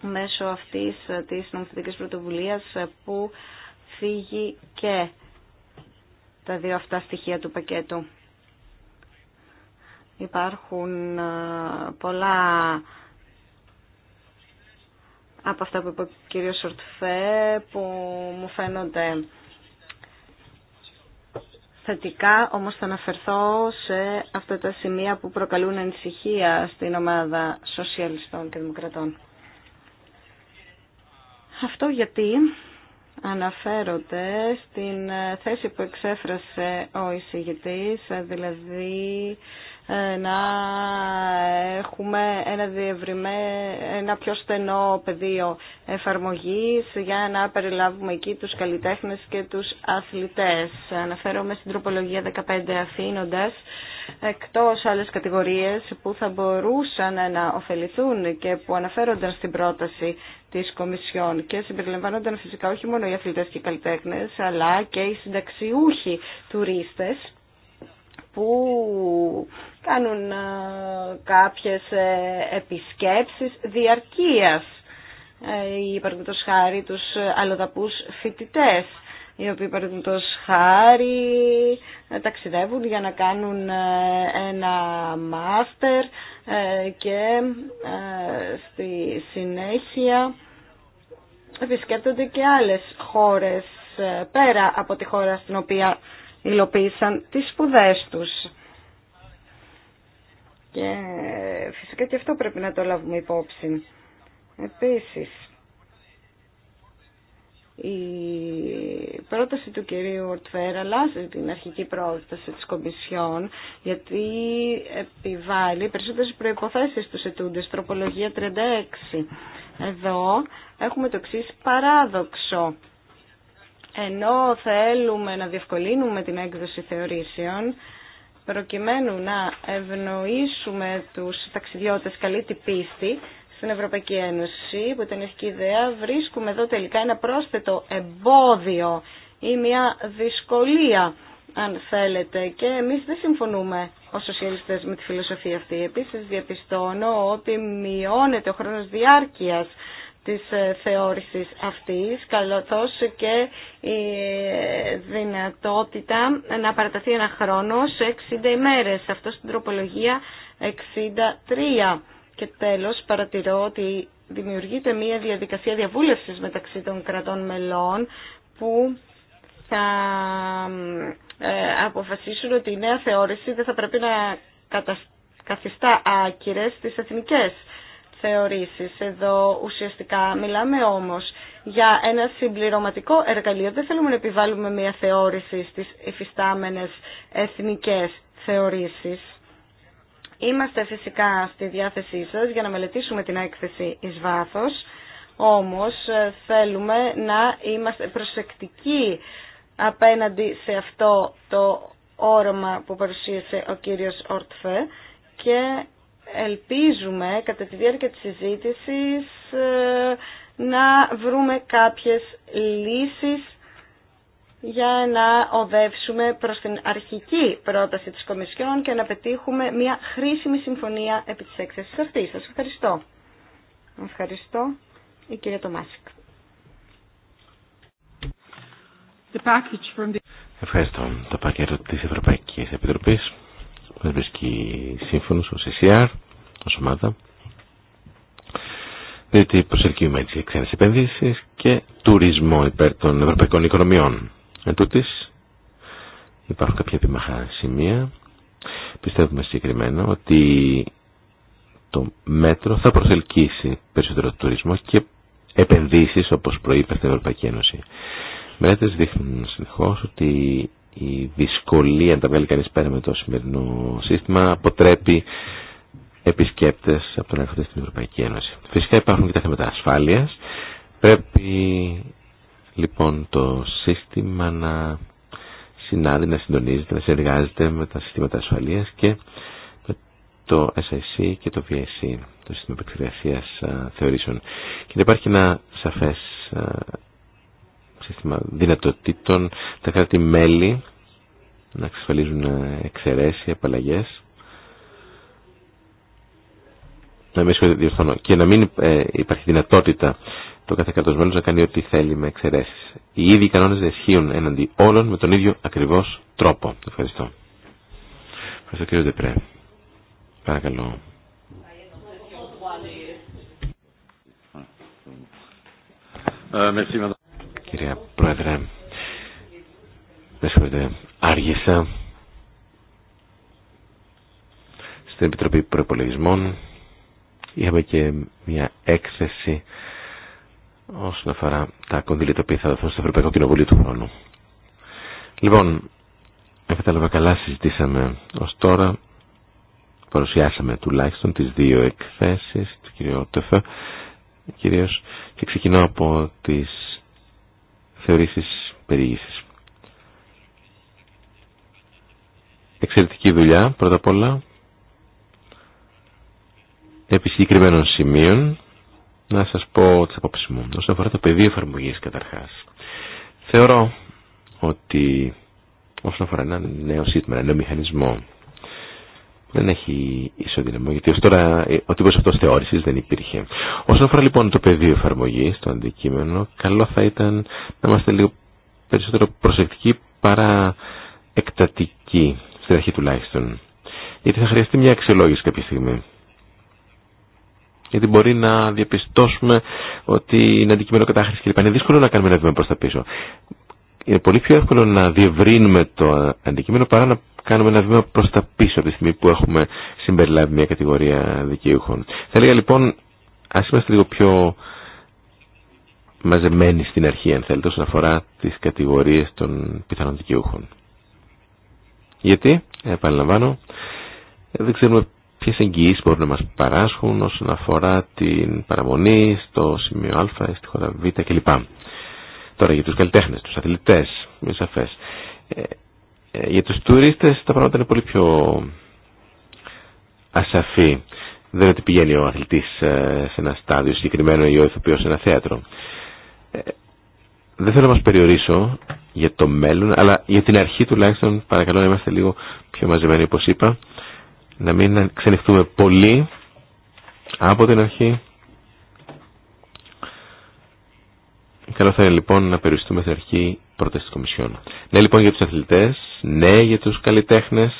μέσω αυτής της νομοθετικής πρωτοβουλίας που φύγει και τα δύο αυτά στοιχεία του πακέτου. Υπάρχουν ε, πολλά από αυτά που είπε ο κύριος Σορτφέ που μου φαίνονται θετικά, όμως θα αναφερθώ σε αυτά τα σημεία που προκαλούν ανησυχία στην ομάδα σοσιαλιστών και δημοκρατών. Αυτό γιατί αναφέρονται στην ε, θέση που εξέφρασε ο εισηγητής, ε, δηλαδή ε, να έχουμε ένα, διευρυμέ, ένα πιο στενό πεδίο εφαρμογής για να περιλάβουμε εκεί τους καλλιτέχνες και τους αθλητές. Αναφέρομαι στην τροπολογία 15 αφήνοντας εκτός άλλες κατηγορίες που θα μπορούσαν να ωφεληθούν και που αναφέρονταν στην πρόταση της Κομισιόν και συμπεριλαμβάνονταν φυσικά όχι μόνο οι αθλητές και οι καλλιτέχνες αλλά και οι συνταξιούχοι τουρίστες που κάνουν ε, κάποιες ε, επισκέψεις διαρκείας ή ε, παραδείγματος χάρη τους αλλοδαπούς φοιτητές οι οποίοι παραδείγματος χάρη ταξιδεύουν για να κάνουν ένα μάστερ και στη συνέχεια επισκέπτονται και άλλες χώρες πέρα από τη χώρα στην οποία υλοποίησαν τις σπουδέ τους. Και φυσικά και αυτό πρέπει να το λάβουμε υπόψη. Επίσης, η πρόταση του κυρίου Ορτφέρα αλλάζει την αρχική πρόταση της Κομισιόν γιατί επιβάλλει περισσότερες προϋποθέσεις στους ετούντες, τροπολογία 36. Εδώ έχουμε το εξή παράδοξο ενώ θέλουμε να διευκολύνουμε την έκδοση θεωρήσεων, προκειμένου να ευνοήσουμε τους ταξιδιώτες καλή την πίστη στην Ευρωπαϊκή Ένωση, που ήταν η ιδέα, βρίσκουμε εδώ τελικά ένα πρόσθετο εμπόδιο ή μια δυσκολία, αν θέλετε, και εμείς δεν συμφωνούμε ως σοσιαλιστές με τη φιλοσοφία αυτή. Επίσης διαπιστώνω ότι μειώνεται ο χρόνος διάρκειας της ε, θεώρησης αυτής, καλωθώς και η ε, δυνατότητα να παραταθεί ένα χρόνο σε 60 ημέρες. Αυτό στην τροπολογία 63. Και τέλος παρατηρώ ότι δημιουργείται μια διαδικασία διαβούλευσης μεταξύ των κρατών μελών που θα ε, αποφασίσουν ότι η νέα θεώρηση δεν θα πρέπει να καθιστά άκυρες τις εθνικές θεωρήσεις. Εδώ ουσιαστικά μιλάμε όμως για ένα συμπληρωματικό εργαλείο. Δεν θέλουμε να επιβάλλουμε μια θεώρηση στις εφιστάμενες εθνικές θεωρήσεις. Είμαστε φυσικά στη διάθεσή σας για να μελετήσουμε την έκθεση εις βάθος, όμως ε, θέλουμε να είμαστε προσεκτικοί απέναντι σε αυτό το όρομα που παρουσίασε ο κύριος Ορτφέ και ελπίζουμε κατά τη διάρκεια της συζήτησης ε, να βρούμε κάποιες λύσεις για να οδεύσουμε προς την αρχική πρόταση της Κομισιόν και να πετύχουμε μια χρήσιμη συμφωνία επί της έκθεσης αυτής. Σας ευχαριστώ. Ευχαριστώ η κυρία Τομάσικ. Ευχαριστώ. Το πακέτο της Ευρωπαϊκής Επιτροπής που βρίσκει σύμφωνος ως ομάδα διότι προσελκύουμε έτσι ξένες επενδύσεις και τουρισμό υπέρ των ευρωπαϊκών οικονομιών. Εν τούτης, υπάρχουν κάποια επιμαχά σημεία. Πιστεύουμε συγκεκριμένα ότι το μέτρο θα προσελκύσει περισσότερο τουρισμό και επενδύσεις όπως προείπε στην Ευρωπαϊκή Ένωση. Μελέτες δείχνουν συνεχώς ότι η δυσκολία να τα βγάλει κανείς πέρα με το σημερινό σύστημα αποτρέπει επισκέπτες από τον έρχονται στην Ευρωπαϊκή Ένωση. Φυσικά υπάρχουν και τα θέματα ασφάλειας. Πρέπει λοιπόν το σύστημα να συνάδει, να συντονίζεται, να συνεργάζεται με τα συστήματα ασφαλείας και με το SIC και το VIC, το σύστημα επεξεργασίας θεωρήσεων. Και υπάρχει ένα σαφές σύστημα δυνατοτήτων, τα κράτη-μέλη να εξασφαλίζουν εξαιρέσει, απαλλαγές να μην διορθώνω και να μην ε, υπάρχει δυνατότητα το κάθε κράτο να κάνει ό,τι θέλει με εξαιρέσει. Οι ίδιοι κανόνε δεν ισχύουν έναντι όλων με τον ίδιο ακριβώ τρόπο. Ευχαριστώ. Ευχαριστώ κύριε Δεπρέ. Παρακαλώ. Ε, Κυρία Πρόεδρε, με συγχωρείτε, άργησα στην Επιτροπή Προπολογισμών. Είχαμε και μια έκθεση όσον αφορά τα κονδύλια τα οποία θα δοθούν στο Ευρωπαϊκό Κοινοβούλιο του χρόνου. Λοιπόν, αν κατάλαβα καλά συζητήσαμε ως τώρα, παρουσιάσαμε τουλάχιστον τις δύο εκθέσεις του κ. Τεφέ, κυρίως, και ξεκινώ από τις θεωρήσεις περιήγηση. Εξαιρετική δουλειά, πρώτα απ' όλα, επί συγκεκριμένων σημείων να σας πω τις απόψεις μου. Όσον αφορά το πεδίο εφαρμογή καταρχάς. Θεωρώ ότι όσον αφορά ένα νέο σύστημα, ένα νέο μηχανισμό δεν έχει ισοδυναμό γιατί ως τώρα ο τύπος αυτός θεώρησης δεν υπήρχε. Όσον αφορά λοιπόν το πεδίο εφαρμογή, το αντικείμενο, καλό θα ήταν να είμαστε λίγο περισσότερο προσεκτικοί παρά εκτατικοί, στην αρχή τουλάχιστον. Γιατί θα χρειαστεί μια αξιολόγηση κάποια στιγμή γιατί μπορεί να διαπιστώσουμε ότι είναι αντικείμενο κατάχρηση κλπ. Είναι δύσκολο να κάνουμε ένα βήμα προ τα πίσω. Είναι πολύ πιο εύκολο να διευρύνουμε το αντικείμενο παρά να κάνουμε ένα βήμα προ τα πίσω από τη στιγμή που έχουμε συμπεριλάβει μια κατηγορία δικαιούχων. Θα έλεγα λοιπόν, α είμαστε λίγο πιο μαζεμένοι στην αρχή, αν θέλετε, όσον αφορά τι κατηγορίε των πιθανών δικαιούχων. Γιατί, επαναλαμβάνω, δεν ξέρουμε Ποιε εγγυήσει μπορούν να μα παράσχουν όσον αφορά την παραμονή στο σημείο Α, στη χώρα Β κλπ. Τώρα για του καλλιτέχνε, του αθλητέ. είναι σαφέ. Ε, ε, για του τουρίστε τα πράγματα είναι πολύ πιο ασαφή. Δεν είναι ότι πηγαίνει ο ε, σε ένα στάδιο συγκεκριμένο ή ο ηθοποιό σε ένα θέατρο. Ε, δεν θέλω να μα περιορίσω για το μέλλον, αλλά για την αρχή τουλάχιστον παρακαλώ να είμαστε λίγο πιο μαζεμένοι όπω είπα να μην ξενυχτούμε πολύ από την αρχή. Καλό θα είναι λοιπόν να περιοριστούμε στην αρχή πρώτα. της Κομισιόν. Ναι λοιπόν για τους αθλητές, ναι για τους καλλιτέχνες.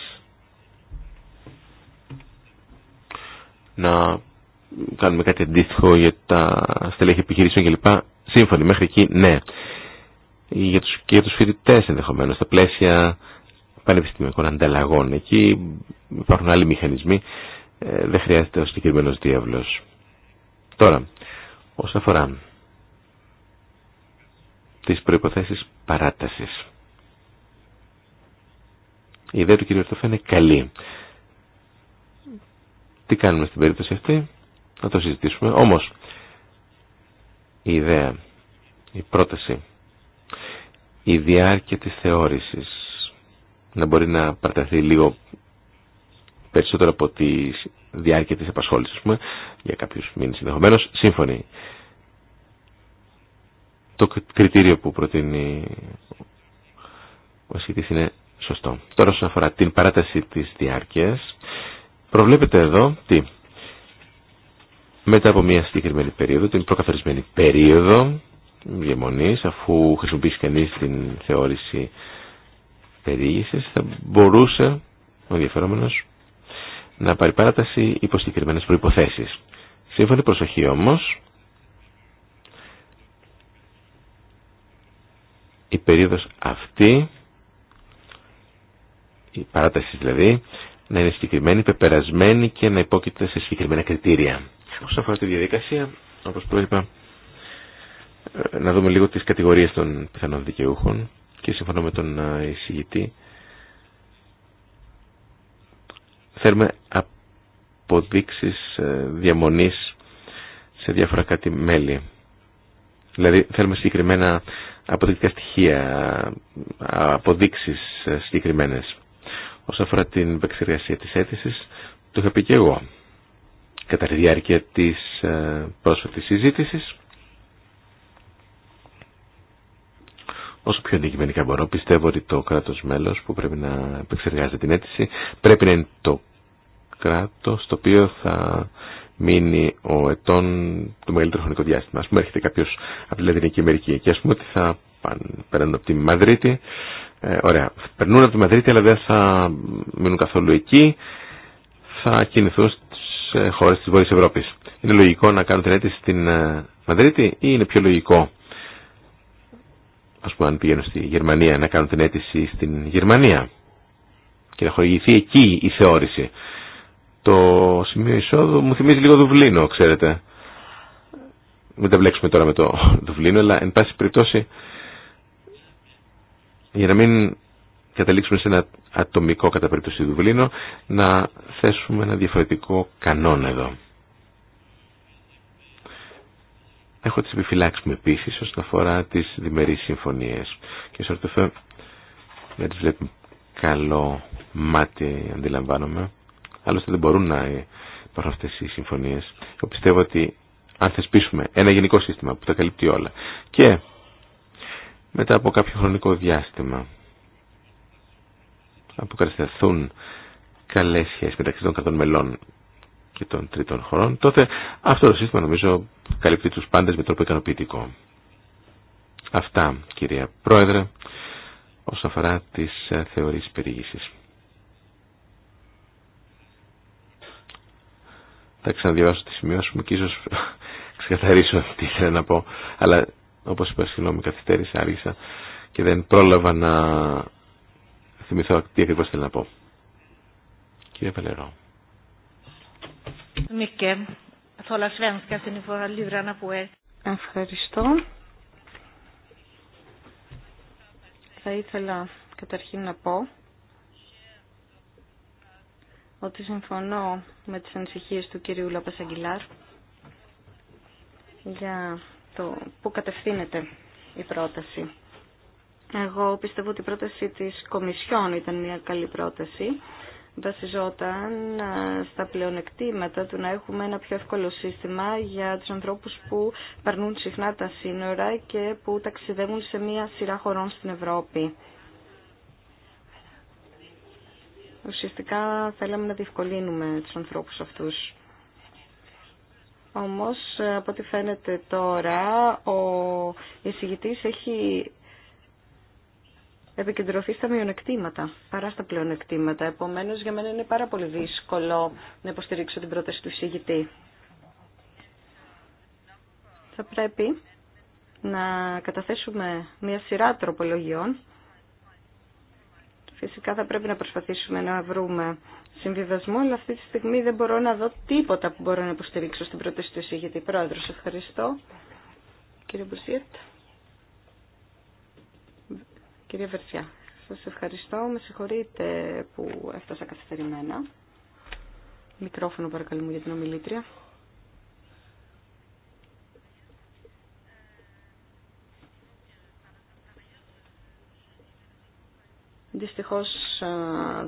Να κάνουμε κάτι αντίστοιχο για τα στελέχη επιχειρήσεων κλπ. Σύμφωνοι μέχρι εκεί ναι. Για τους, και για τους φοιτητές ενδεχομένως, στα πλαίσια πανεπιστημιακών ανταλλαγών. Εκεί υπάρχουν άλλοι μηχανισμοί, ε, δεν χρειάζεται ο συγκεκριμένο διάβλο. Τώρα, όσον αφορά τις προϋποθέσεις παράτασης. Η ιδέα του κ. Ερτοφέ είναι καλή. Τι κάνουμε στην περίπτωση αυτή, να το συζητήσουμε. Όμως, η ιδέα, η πρόταση, η διάρκεια της θεώρησης, να μπορεί να παραταθεί λίγο περισσότερο από τη διάρκεια της απασχόλησης, πούμε, για κάποιους μήνες ενδεχομένω, σύμφωνοι. Το κριτήριο που προτείνει ο ασχητής είναι σωστό. Τώρα όσον αφορά την παράταση της διάρκειας, προβλέπετε εδώ τι. Μετά από μια συγκεκριμένη περίοδο, την προκαθορισμένη περίοδο διαμονής, αφού χρησιμοποιήσει κανείς την θεώρηση θα μπορούσε ο ενδιαφερόμενος να πάρει παράταση υπό συγκεκριμένε προϋποθέσεις. Σύμφωνη προσοχή όμως, η περίοδος αυτή, η παράταση δηλαδή, να είναι συγκεκριμένη, πεπερασμένη και να υπόκειται σε συγκεκριμένα κριτήρια. Όσον αφορά τη διαδικασία, όπως προείπα, ε, να δούμε λίγο τις κατηγορίες των πιθανών δικαιούχων και συμφωνώ με τον ε, εισηγητή θέλουμε αποδείξεις ε, διαμονής σε διάφορα κάτι μέλη. Δηλαδή θέλουμε συγκεκριμένα αποδεικτικά στοιχεία, αποδείξεις ε, συγκεκριμένες. Όσον αφορά την επεξεργασία της αίτηση, το είχα πει και εγώ κατά τη διάρκεια της πρόσφατης συζήτησης όσο πιο αντικειμενικά μπορώ, πιστεύω ότι το κράτος μέλος που πρέπει να επεξεργάζεται την αίτηση πρέπει να είναι το κράτος το οποίο θα μείνει ο ετών το μεγαλύτερο χρονικό διάστημα. Α πούμε έρχεται κάποιος από τη Λατινική Αμερική και α πούμε ότι θα περνούν από τη Μαδρίτη. Ε, ωραία, περνούν από τη Μαδρίτη αλλά δεν θα μείνουν καθόλου εκεί. Θα κινηθούν στις ε, χώρες της Βόρειας Ευρώπης. Είναι λογικό να κάνουν την αίτηση στην ε, Μαδρίτη ή είναι πιο λογικό ας πούμε αν πήγαινε στη Γερμανία να κάνουν την αίτηση στην Γερμανία και να χορηγηθεί εκεί η θεώρηση. Το σημείο εισόδου μου θυμίζει λίγο Δουβλίνο, ξέρετε. Μην τα βλέξουμε τώρα με το Δουβλίνο, αλλά εν πάση περιπτώσει για να μην καταλήξουμε σε ένα ατομικό κατά περίπτωση Δουβλίνο, να θέσουμε ένα διαφορετικό κανόνα εδώ. Έχω τις επιφυλάξει μου επίσης όσον αφορά τις διμερείς συμφωνίες. Και σε αυτό δεν τις βλέπουν καλό μάτι αντιλαμβάνομαι. Άλλωστε δεν μπορούν να υπάρχουν αυτές οι συμφωνίες. Εγώ πιστεύω ότι αν θεσπίσουμε ένα γενικό σύστημα που τα καλύπτει όλα και μετά από κάποιο χρονικό διάστημα αποκατασταθούν καλές σχέσεις μεταξύ των κρατών μελών και των τρίτων χωρών, τότε αυτό το σύστημα νομίζω καλύπτει τους πάντες με τρόπο ικανοποιητικό. Αυτά, κυρία Πρόεδρε, όσον αφορά τις ε, θεωρίες περιήγησης. Θα ξαναδιαβάσω τη σημεία μου και ίσως ξεκαθαρίσω τι ήθελα να πω, αλλά όπως είπα συγγνώμη καθυστέρησα, άργησα και δεν πρόλαβα να θυμηθώ τι ακριβώς θέλω να πω. Κύριε Πελερό Er. Ευχαριστώ. Θα ήθελα καταρχήν να πω ότι συμφωνώ με τις ανησυχίες του κυρίου Λόπες Αγγιλάρ για το πού κατευθύνεται η πρόταση. Εγώ πιστεύω ότι η πρόταση της Κομισιόν ήταν μια καλή πρόταση βασιζόταν ε, στα πλεονεκτήματα του να έχουμε ένα πιο εύκολο σύστημα για τους ανθρώπους που παρνούν συχνά τα σύνορα και που ταξιδεύουν σε μία σειρά χωρών στην Ευρώπη. Ουσιαστικά θέλαμε να διευκολύνουμε τους ανθρώπους αυτούς. Όμως, ε, από ό,τι φαίνεται τώρα, ο εισηγητής έχει επικεντρωθεί στα μειονεκτήματα παρά στα πλεονεκτήματα. Επομένως, για μένα είναι πάρα πολύ δύσκολο να υποστηρίξω την πρόταση του εισηγητή. Θα πρέπει να καταθέσουμε μια σειρά τροπολογιών. Φυσικά θα πρέπει να προσπαθήσουμε να βρούμε συμβιβασμό, αλλά αυτή τη στιγμή δεν μπορώ να δω τίποτα που μπορώ να υποστηρίξω στην πρόταση του εισηγητή. Πρόεδρος, ευχαριστώ. Κύριε Μπουσίετ. Κυρία Βερσιά, σας ευχαριστώ. Με συγχωρείτε που έφτασα καθυστερημένα. Μικρόφωνο παρακαλούμε για την ομιλήτρια. Δυστυχώς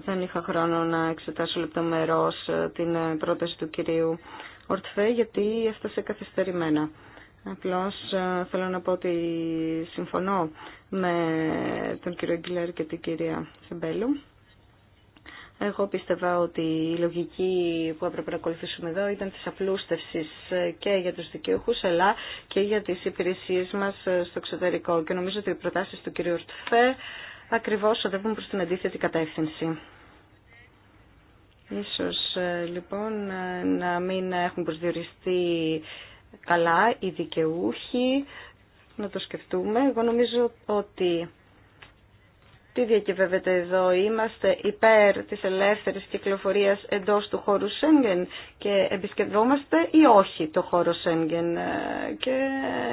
δεν είχα χρόνο να εξετάσω λεπτομερώς την πρόταση του κυρίου Ορτφέ γιατί έφτασε καθυστερημένα. Απλώς ε, θέλω να πω ότι συμφωνώ με τον κύριο Γκιλέρ και την κυρία Σεμπέλου. Εγώ πίστευα ότι η λογική που έπρεπε να ακολουθήσουμε εδώ ήταν της απλούστευσης ε, και για τους δικαιούχους αλλά και για τις υπηρεσίες μας ε, στο εξωτερικό και νομίζω ότι οι προτάσεις του κυρίου Ορτφέ ακριβώς οδεύουν προς την αντίθετη κατεύθυνση. Ίσως λοιπόν να μην έχουν προσδιοριστεί καλά οι δικαιούχοι, να το σκεφτούμε. Εγώ νομίζω ότι τι διακυβεύεται εδώ, είμαστε υπέρ της ελεύθερης κυκλοφορίας εντός του χώρου Σέγγεν και επισκευόμαστε ή όχι το χώρο Σέγγεν ε, και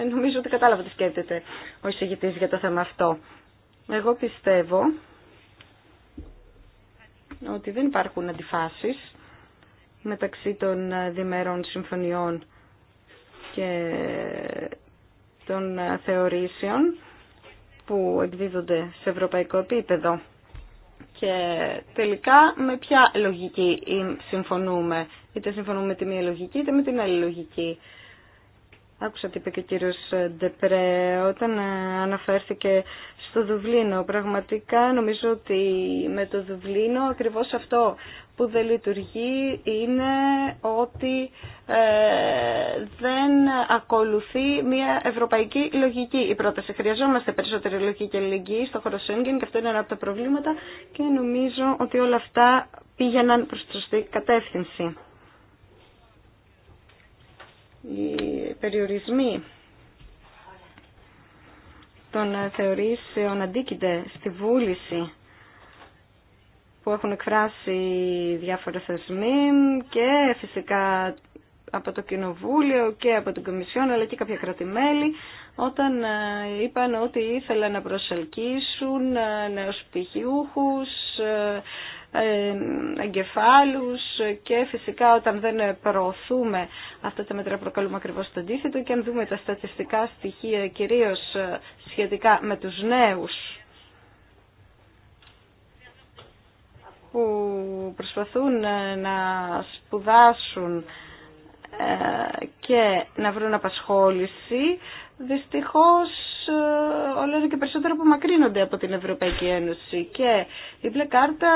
νομίζω ότι κατάλαβα τι σκέφτεται ο εισηγητής για το θέμα αυτό. Εγώ πιστεύω ότι δεν υπάρχουν αντιφάσεις μεταξύ των διμερών συμφωνιών και των θεωρήσεων που εκδίδονται σε ευρωπαϊκό επίπεδο. Και τελικά με ποια λογική συμφωνούμε. Είτε συμφωνούμε με τη μία λογική είτε με την άλλη λογική. Άκουσα τι είπε και ο κύριος Ντεπρέ όταν ε, αναφέρθηκε στο Δουβλίνο. Πραγματικά νομίζω ότι με το Δουβλίνο ακριβώς αυτό που δεν λειτουργεί είναι ότι ε, δεν ακολουθεί μια ευρωπαϊκή λογική η πρόταση. Χρειαζόμαστε περισσότερη λογική και ελληνική στο χώρο Σέγγεν και αυτό είναι ένα από τα προβλήματα και νομίζω ότι όλα αυτά πήγαιναν προς τη σωστή κατεύθυνση. Οι περιορισμοί των θεωρήσεων αντίκειται στη βούληση που έχουν εκφράσει διάφορα θεσμοί και φυσικά από το Κοινοβούλιο και από την Κομισιόν αλλά και κάποια κρατημέλη όταν ε, είπαν ότι ήθελαν να προσελκύσουν ε, νέους πτυχιούχους, ε, εγκεφάλους και φυσικά όταν δεν προωθούμε αυτά τα μέτρα προκαλούμε ακριβώς το αντίθετο και αν δούμε τα στατιστικά στοιχεία κυρίως σχετικά με τους νέους που προσπαθούν ε, να σπουδάσουν ε, και να βρουν απασχόληση, δυστυχώς ε, όλο και περισσότερο απομακρύνονται από την Ευρωπαϊκή Ένωση και η μπλε κάρτα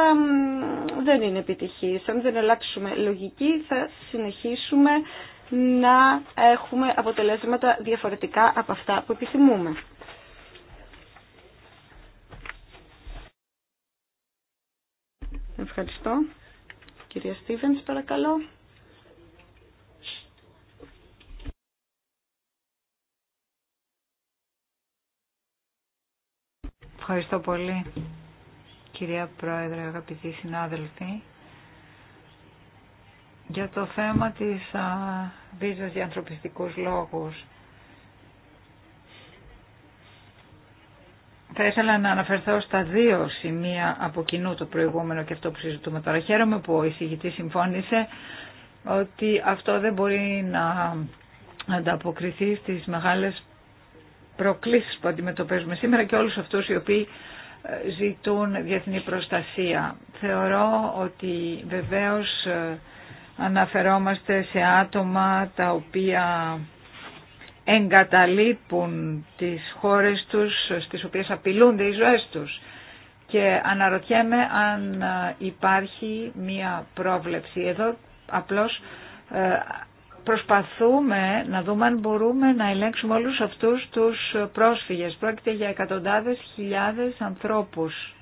δεν είναι επιτυχής. Αν δεν αλλάξουμε λογική θα συνεχίσουμε να έχουμε αποτελέσματα διαφορετικά από αυτά που επιθυμούμε. Ευχαριστώ. Κυρία Στίβενς, παρακαλώ. Ευχαριστώ πολύ, κυρία Πρόεδρε, αγαπητοί συνάδελφοι. Για το θέμα της α, βίζας για ανθρωπιστικούς λόγους, Θα ήθελα να αναφερθώ στα δύο σημεία από κοινού το προηγούμενο και αυτό που συζητούμε τώρα. Χαίρομαι που ο εισηγητής συμφώνησε ότι αυτό δεν μπορεί να ανταποκριθεί στις μεγάλες προκλήσεις που αντιμετωπίζουμε σήμερα και όλους αυτούς οι οποίοι ε, ζητούν διεθνή προστασία. Θεωρώ ότι βεβαίως ε, αναφερόμαστε σε άτομα τα οποία εγκαταλείπουν τις χώρες τους στις οποίες απειλούνται οι ζωές τους. Και αναρωτιέμαι αν ε, υπάρχει μία πρόβλεψη. Εδώ απλώς ε, προσπαθούμε να δούμε αν μπορούμε να ελέγξουμε όλους αυτούς τους πρόσφυγες. Πρόκειται για εκατοντάδες χιλιάδες ανθρώπους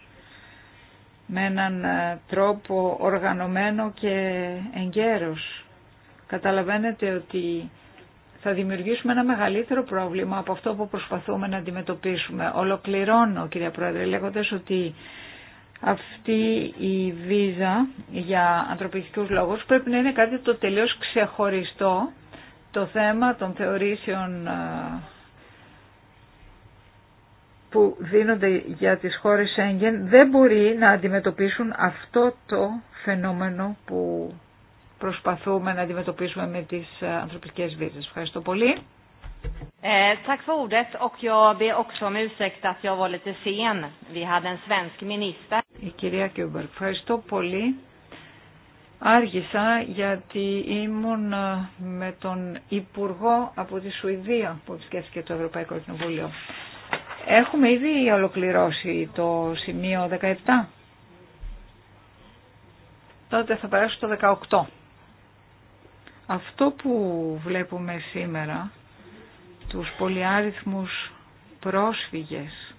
με έναν ε, τρόπο οργανωμένο και εγκαίρος. Καταλαβαίνετε ότι θα δημιουργήσουμε ένα μεγαλύτερο πρόβλημα από αυτό που προσπαθούμε να αντιμετωπίσουμε. Ολοκληρώνω, κυρία Πρόεδρε, λέγοντας ότι αυτή η βίζα για ανθρωπιστικούς λόγους πρέπει να είναι κάτι το τελείως ξεχωριστό το θέμα των θεωρήσεων που δίνονται για τις χώρες Σέγγεν δεν μπορεί να αντιμετωπίσουν αυτό το φαινόμενο που προσπαθούμε να αντιμετωπίσουμε με τις ε, ανθρωπικές βίζες. Ευχαριστώ πολύ. Η κυρία Κιούμπερ, ευχαριστώ πολύ. Άργησα γιατί ήμουν ε, με τον Υπουργό από τη Σουηδία που επισκέφθηκε το Ευρωπαϊκό Κοινοβούλιο. Έχουμε ήδη ολοκληρώσει το σημείο 17. Τότε θα περάσω το 18. Αυτό που βλέπουμε σήμερα, τους πολυάριθμους πρόσφυγες,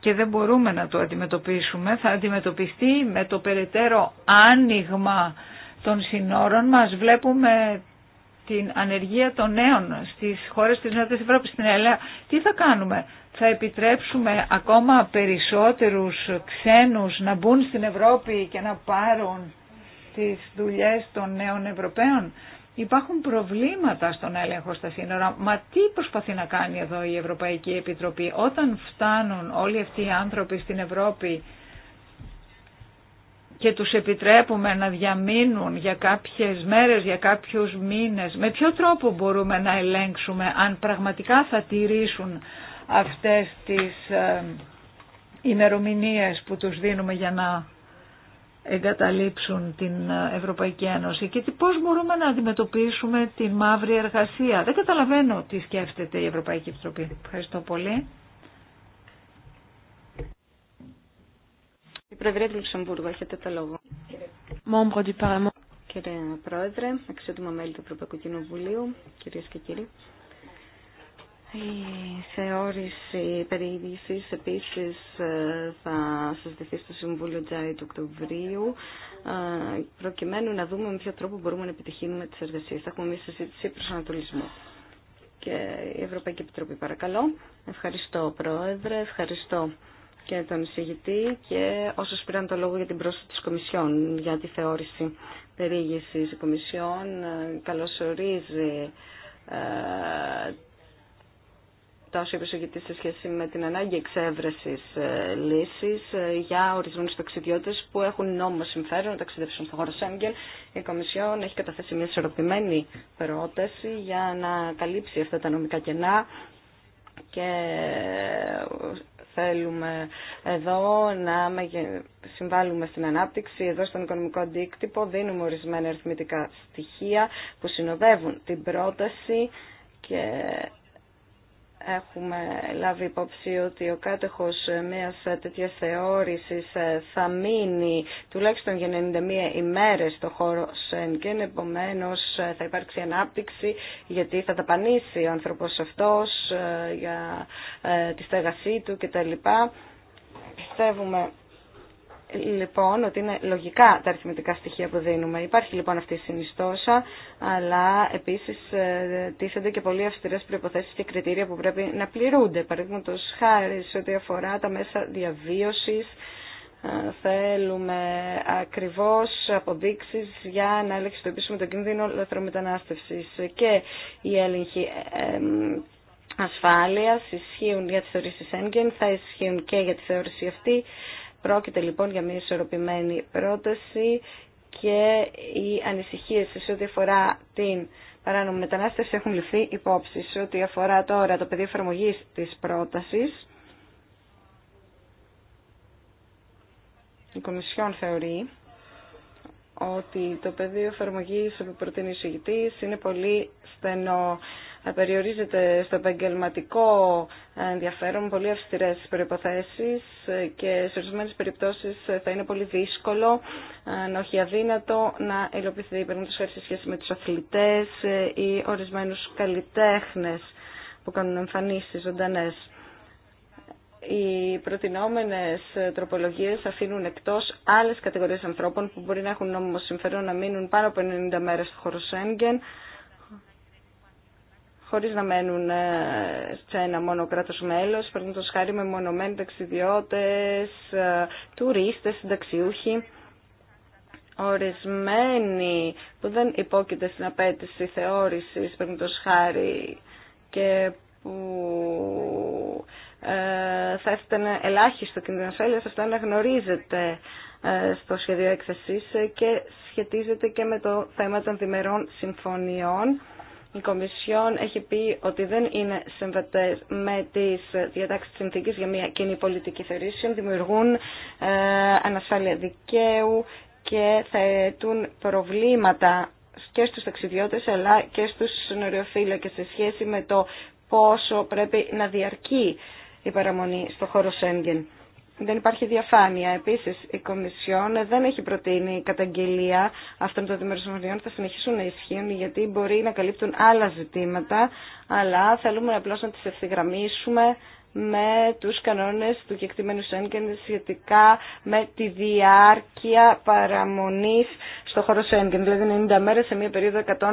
και δεν μπορούμε να το αντιμετωπίσουμε, θα αντιμετωπιστεί με το περαιτέρω άνοιγμα των συνόρων μας. Βλέπουμε την ανεργία των νέων στις χώρες της Νότιας Ευρώπης, στην Ελλάδα. Τι θα κάνουμε, θα επιτρέψουμε ακόμα περισσότερους ξένους να μπουν στην Ευρώπη και να πάρουν τις δουλειές των νέων Ευρωπαίων. Υπάρχουν προβλήματα στον έλεγχο στα σύνορα. Μα τι προσπαθεί να κάνει εδώ η Ευρωπαϊκή Επιτροπή όταν φτάνουν όλοι αυτοί οι άνθρωποι στην Ευρώπη και τους επιτρέπουμε να διαμείνουν για κάποιες μέρες, για κάποιους μήνες. Με ποιο τρόπο μπορούμε να ελέγξουμε αν πραγματικά θα τηρήσουν αυτές τις ε, ημερομηνίες που τους δίνουμε για να εγκαταλείψουν την ε, Ευρωπαϊκή Ένωση και τι πώς μπορούμε να αντιμετωπίσουμε τη μαύρη εργασία. Δεν καταλαβαίνω τι σκέφτεται η Ευρωπαϊκή Επιτροπή. Ευχαριστώ πολύ. Η Προεδρία του Λουξεμβούργου, έχετε το λόγο. Κύριε Πρόεδρε, αξιότιμα μέλη του Ευρωπαϊκού Κοινοβουλίου, κυρίες και κύριοι. Η θεώρηση περιήγησης επίσης ε, θα συζητηθεί στο Συμβούλιο Τζάι του Οκτωβρίου ε, προκειμένου να δούμε με ποιο τρόπο μπορούμε να επιτυχύνουμε τις εργασίες. Θα έχουμε μια συζήτηση ανατολισμό. Και η Ευρωπαϊκή Επιτροπή παρακαλώ. Ευχαριστώ Πρόεδρε, ευχαριστώ και τον εισηγητή και όσους πήραν το λόγο για την πρόσθεση της Κομισιόν για τη θεώρηση περιήγησης. Η Κομισιόν ε, καλωσορίζει τόσο όσα σε σχέση με την ανάγκη εξέβρεση ε, λύση ε, για ορισμένου ταξιδιώτε που έχουν νόμο συμφέρον να ταξιδεύσουν στο χώρο Σέγγελ. Η Κομισιόν έχει καταθέσει μια ισορροπημένη πρόταση για να καλύψει αυτά τα νομικά κενά και ε, θέλουμε εδώ να συμβάλλουμε στην ανάπτυξη. Εδώ στον οικονομικό αντίκτυπο δίνουμε ορισμένα αριθμητικά στοιχεία που συνοδεύουν την πρόταση και έχουμε λάβει υπόψη ότι ο κάτοχος μιας τέτοια θεώρησης ε, θα μείνει τουλάχιστον για 91 ημέρες στο χώρο και επομένως ε, θα υπάρξει ανάπτυξη γιατί θα ταπανίσει ο άνθρωπος αυτός ε, για τη στέγασή του κτλ. Πιστεύουμε λοιπόν ότι είναι λογικά τα αριθμητικά στοιχεία που δίνουμε. Υπάρχει λοιπόν αυτή η συνιστόσα, αλλά επίσης ε, τίθενται και πολύ αυστηρές προϋποθέσεις και κριτήρια που πρέπει να πληρούνται. Παραδείγματο χάρη σε ό,τι αφορά τα μέσα διαβίωσης, ε, θέλουμε ακριβώς αποδείξεις για να ελεγχιστοποιήσουμε τον κίνδυνο λαθρομετανάστευσης και η έλεγχη ε, ασφάλειας ισχύουν για τις θεωρήσεις Schengen, θα ισχύουν και για τη θεώρηση αυτή Πρόκειται λοιπόν για μια ισορροπημένη πρόταση και οι ανησυχίες σε ό,τι αφορά την παράνομη μετανάστευση έχουν ληφθεί υπόψη. Σε ό,τι αφορά τώρα το πεδίο εφαρμογή της πρότασης, η Κομισιόν θεωρεί ότι το πεδίο εφαρμογή που προτείνει ο είναι πολύ στενό περιορίζεται στο επαγγελματικό ενδιαφέρον, πολύ αυστηρές προϋποθέσεις και σε ορισμένε περιπτώσεις θα είναι πολύ δύσκολο, αν όχι αδύνατο, να υλοποιηθεί παραδείγματος χάρη σε σχέση με τους αθλητές ή ορισμένους καλλιτέχνες που κάνουν εμφανίσεις ζωντανέ. Οι προτινόμενες τροπολογίες αφήνουν εκτός άλλες κατηγορίες ανθρώπων που μπορεί να έχουν νόμιμο συμφέρον να μείνουν πάνω από 90 μέρες στο χώρο Σέγγεν, χωρί να μένουν ε, σε ένα μόνο μέλο, μέλος, το χάρη με μονομένοι ταξιδιώτε, ε, τουρίστε, συνταξιούχοι. Ορισμένοι που δεν υπόκειται στην απέτηση θεώρηση, το χάρη, και που ε, θα έφτανε ελάχιστο κίνδυνο ασφάλεια, να γνωρίζετε στο σχέδιο έκθεση και σχετίζεται και με το θέμα των διμερών συμφωνιών η Κομισιόν έχει πει ότι δεν είναι συμβατέ με τι διατάξει τη συνθήκη για μια κοινή πολιτική θεωρήσεων, δημιουργούν ε, ανασφάλεια δικαίου και θέτουν προβλήματα και στους ταξιδιώτες αλλά και στους και σε σχέση με το πόσο πρέπει να διαρκεί η παραμονή στο χώρο Σέγγεν δεν υπάρχει διαφάνεια. Επίση, η Κομισιόν δεν έχει προτείνει καταγγελία αυτών των δημοσιογραφιών θα συνεχίσουν να ισχύουν γιατί μπορεί να καλύπτουν άλλα ζητήματα, αλλά θέλουμε απλώ να τι ευθυγραμμίσουμε με τους κανόνες του κεκτημένου Σέγγεν σχετικά με τη διάρκεια παραμονής στο χώρο Σέγγεν, δηλαδή 90 μέρες σε μια περίοδο 180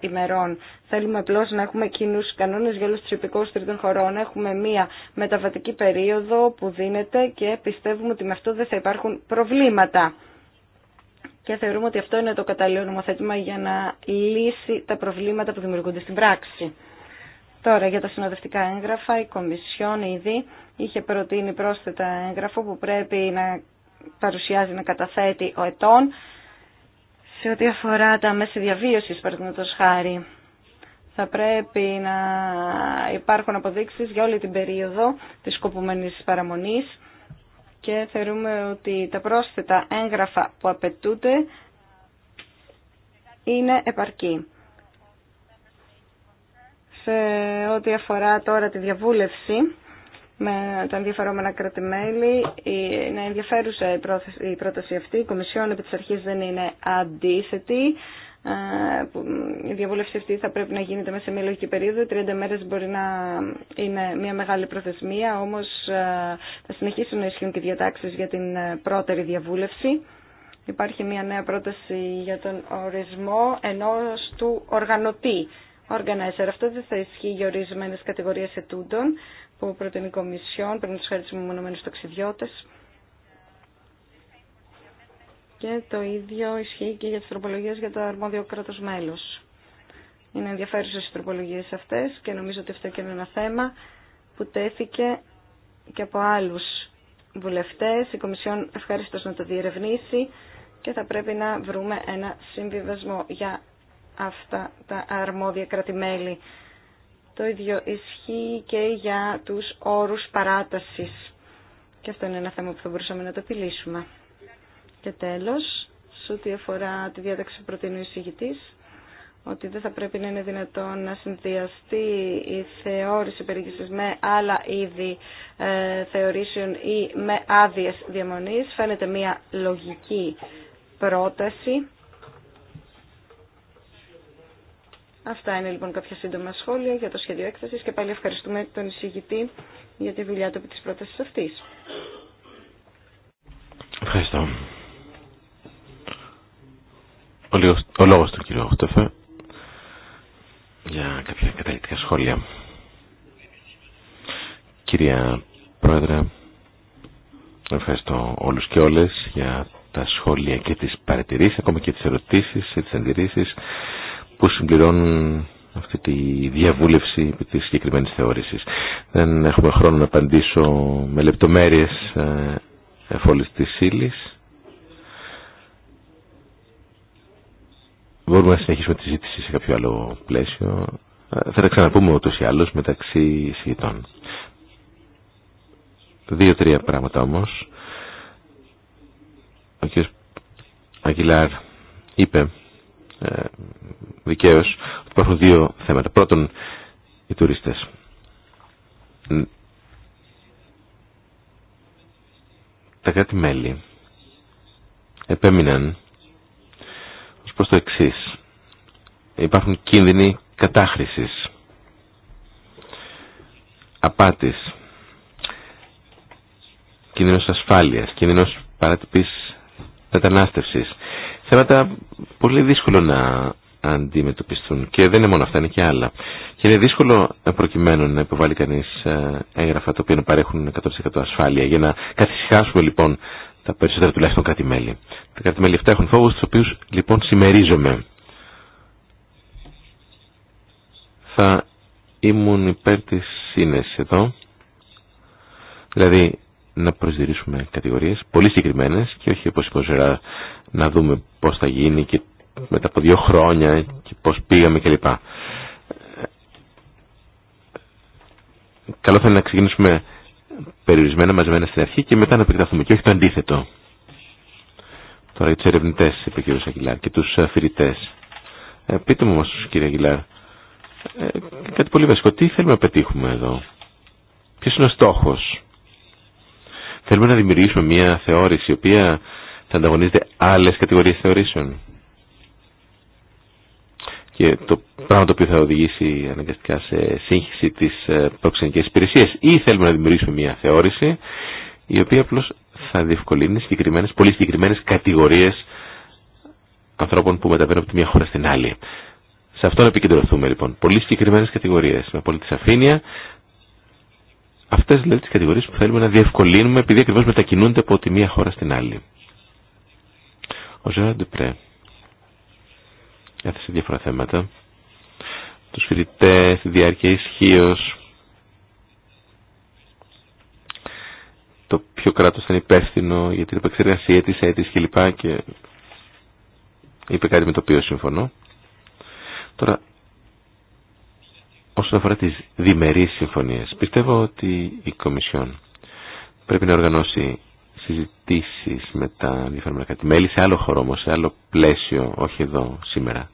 ημερών. Θέλουμε απλώ να έχουμε κοινού κανόνε για όλου του υπηκόους τρίτων χωρών. Έχουμε μια μεταβατική περίοδο που δίνεται και πιστεύουμε ότι με αυτό δεν θα υπάρχουν προβλήματα. Και θεωρούμε ότι αυτό είναι το κατάλληλο νομοθέτημα για να λύσει τα προβλήματα που δημιουργούνται στην πράξη. Τώρα για τα συνοδευτικά έγγραφα, η Κομισιόν ήδη είχε προτείνει πρόσθετα έγγραφο που πρέπει να παρουσιάζει, να καταθέτει ο ετών σε ό,τι αφορά τα μέση διαβίωσης, παραδείγματο χάρη. Θα πρέπει να υπάρχουν αποδείξεις για όλη την περίοδο της σκοπουμένης παραμονής και θεωρούμε ότι τα πρόσθετα έγγραφα που απαιτούνται είναι επαρκή σε ό,τι αφορά τώρα τη διαβούλευση με τα ενδιαφερόμενα κρατημέλη. Είναι ενδιαφέρουσα η, η πρόταση αυτή. Η Κομισιόν επί της αρχής δεν είναι αντίθετη. Ε, η διαβούλευση αυτή θα πρέπει να γίνεται μέσα σε μια λογική περίοδο. 30 μέρες μπορεί να είναι μια μεγάλη προθεσμία, όμως ε, θα συνεχίσουν να ισχύουν και διατάξεις για την ε, πρώτερη διαβούλευση. Υπάρχει μια νέα πρόταση για τον ορισμό ενός του οργανωτή organizer. Αυτό δεν θα ισχύει για ορισμένε κατηγορίε ετούντων που προτείνει η Κομισιόν, πριν του χάρη μονομένου ταξιδιώτε. Και το ίδιο ισχύει και για τι τροπολογίε για το αρμόδιο κράτο μέλο. Είναι ενδιαφέρουσε οι τροπολογίε αυτέ και νομίζω ότι αυτό και είναι ένα θέμα που τέθηκε και από άλλου βουλευτέ. Η Κομισιόν ευχαρίστω να το διερευνήσει και θα πρέπει να βρούμε ένα συμβιβασμό για αυτά τα αρμόδια κρατημέλη. Το ίδιο ισχύει και για τους όρους παράτασης. Και αυτό είναι ένα θέμα που θα μπορούσαμε να το επιλύσουμε. Και τέλος, σε ό,τι αφορά τη διάταξη που προτείνει ο εισηγητής, ότι δεν θα πρέπει να είναι δυνατόν να συνδυαστεί η θεώρηση περιήγησης με άλλα είδη ε, θεωρήσεων ή με άδειες διαμονής. Φαίνεται μια λογική πρόταση Αυτά είναι λοιπόν κάποια σύντομα σχόλια για το σχέδιο έκτασης και πάλι ευχαριστούμε τον εισηγητή για τη δουλειά του επί της πρότασης αυτής. Ευχαριστώ. Ο, λίγος, ο λόγος του κύριου Χτεφέ για κάποια καταλητικά σχόλια. Κυρία Πρόεδρε, ευχαριστώ όλους και όλες για τα σχόλια και τις παρατηρήσεις, ακόμα και τις ερωτήσεις, τις αντιρρήσεις που συμπληρώνουν αυτή τη διαβούλευση επί της συγκεκριμένης Δεν έχουμε χρόνο να απαντήσω με λεπτομέρειες ε, εφ' τη της Μπορούμε να συνεχίσουμε τη ζήτηση σε κάποιο άλλο πλαίσιο. Ε, θα τα ξαναπουμε ουτω ούτως ή άλλως μεταξύ συγητών. Δύο-τρία πράγματα όμω. Ο κ. Αγγιλάρ είπε ε, δικαίως ότι υπάρχουν δύο θέματα. Πρώτον, οι τουρίστες. Τα κράτη-μέλη επέμειναν ως προς το εξής. Υπάρχουν κίνδυνοι κατάχρησης, απάτης, κίνδυνος ασφάλειας, κίνδυνος παρατυπής μετανάστευσης θέματα πολύ δύσκολο να αντιμετωπιστούν. Και δεν είναι μόνο αυτά, είναι και άλλα. Και είναι δύσκολο ε, προκειμένου να υποβάλει κανεί ε, έγγραφα τα οποία να παρέχουν 100% ασφάλεια. Για να καθησυχάσουμε λοιπόν τα περισσότερα κάτι κράτη-μέλη. Τα κάτι μελη αυτά έχουν φόβου, του οποίου λοιπόν συμμερίζομαι. Θα ήμουν υπέρ τη σύνεση εδώ. Δηλαδή, να προσδιορίσουμε κατηγορίες πολύ συγκεκριμένες και όχι όπως να δούμε πώς θα γίνει και μετά από δύο χρόνια και πώς πήγαμε κλπ. Καλό θα είναι να ξεκινήσουμε περιορισμένα μαζεμένα στην αρχή και μετά να επεκταθούμε και όχι το αντίθετο. Τώρα για τους ερευνητές, είπε ο κ. Αγγιλάρ, και τους αφηρητές ε, ε, πείτε μου όμως, κύριε Αγγιλάρ, ε, κάτι πολύ βασικό, τι θέλουμε να πετύχουμε εδώ. Ποιος είναι ο στόχος. Θέλουμε να δημιουργήσουμε μια θεώρηση η οποία θα ανταγωνίζεται άλλες κατηγορίες θεωρήσεων. Και το πράγμα το οποίο θα οδηγήσει αναγκαστικά σε σύγχυση της ε, προξενικής υπηρεσίας. Ή θέλουμε να δημιουργήσουμε μια θεώρηση, η οποία απλώ θα διευκολύνει συγκεκριμένες, πολύ συγκεκριμένες κατηγορίες ανθρώπων που μεταβαίνουν από τη μία χώρα στην άλλη. Σε αυτό να επικεντρωθούμε λοιπόν. Πολύ συγκεκριμένε κατηγορίε με πολυ τη σαφήνεια Αυτές δηλαδή τις κατηγορίες που θέλουμε να διευκολύνουμε επειδή ακριβώ μετακινούνται από τη μία χώρα στην άλλη. Ο Ζεράν Ντεπρέ έθεσε διάφορα θέματα. Τους φοιτητέ, τη διάρκεια ισχύω. το ποιο κράτος ήταν υπεύθυνο για την επεξεργασία τη αίτης κλπ. Και, είπε κάτι με το οποίο συμφωνώ. Τώρα όσον αφορά τις διμερείς συμφωνίες. Πιστεύω ότι η Κομισιόν πρέπει να οργανώσει συζητήσεις με τα τη μέλη σε άλλο χώρο όμως, σε άλλο πλαίσιο, όχι εδώ σήμερα.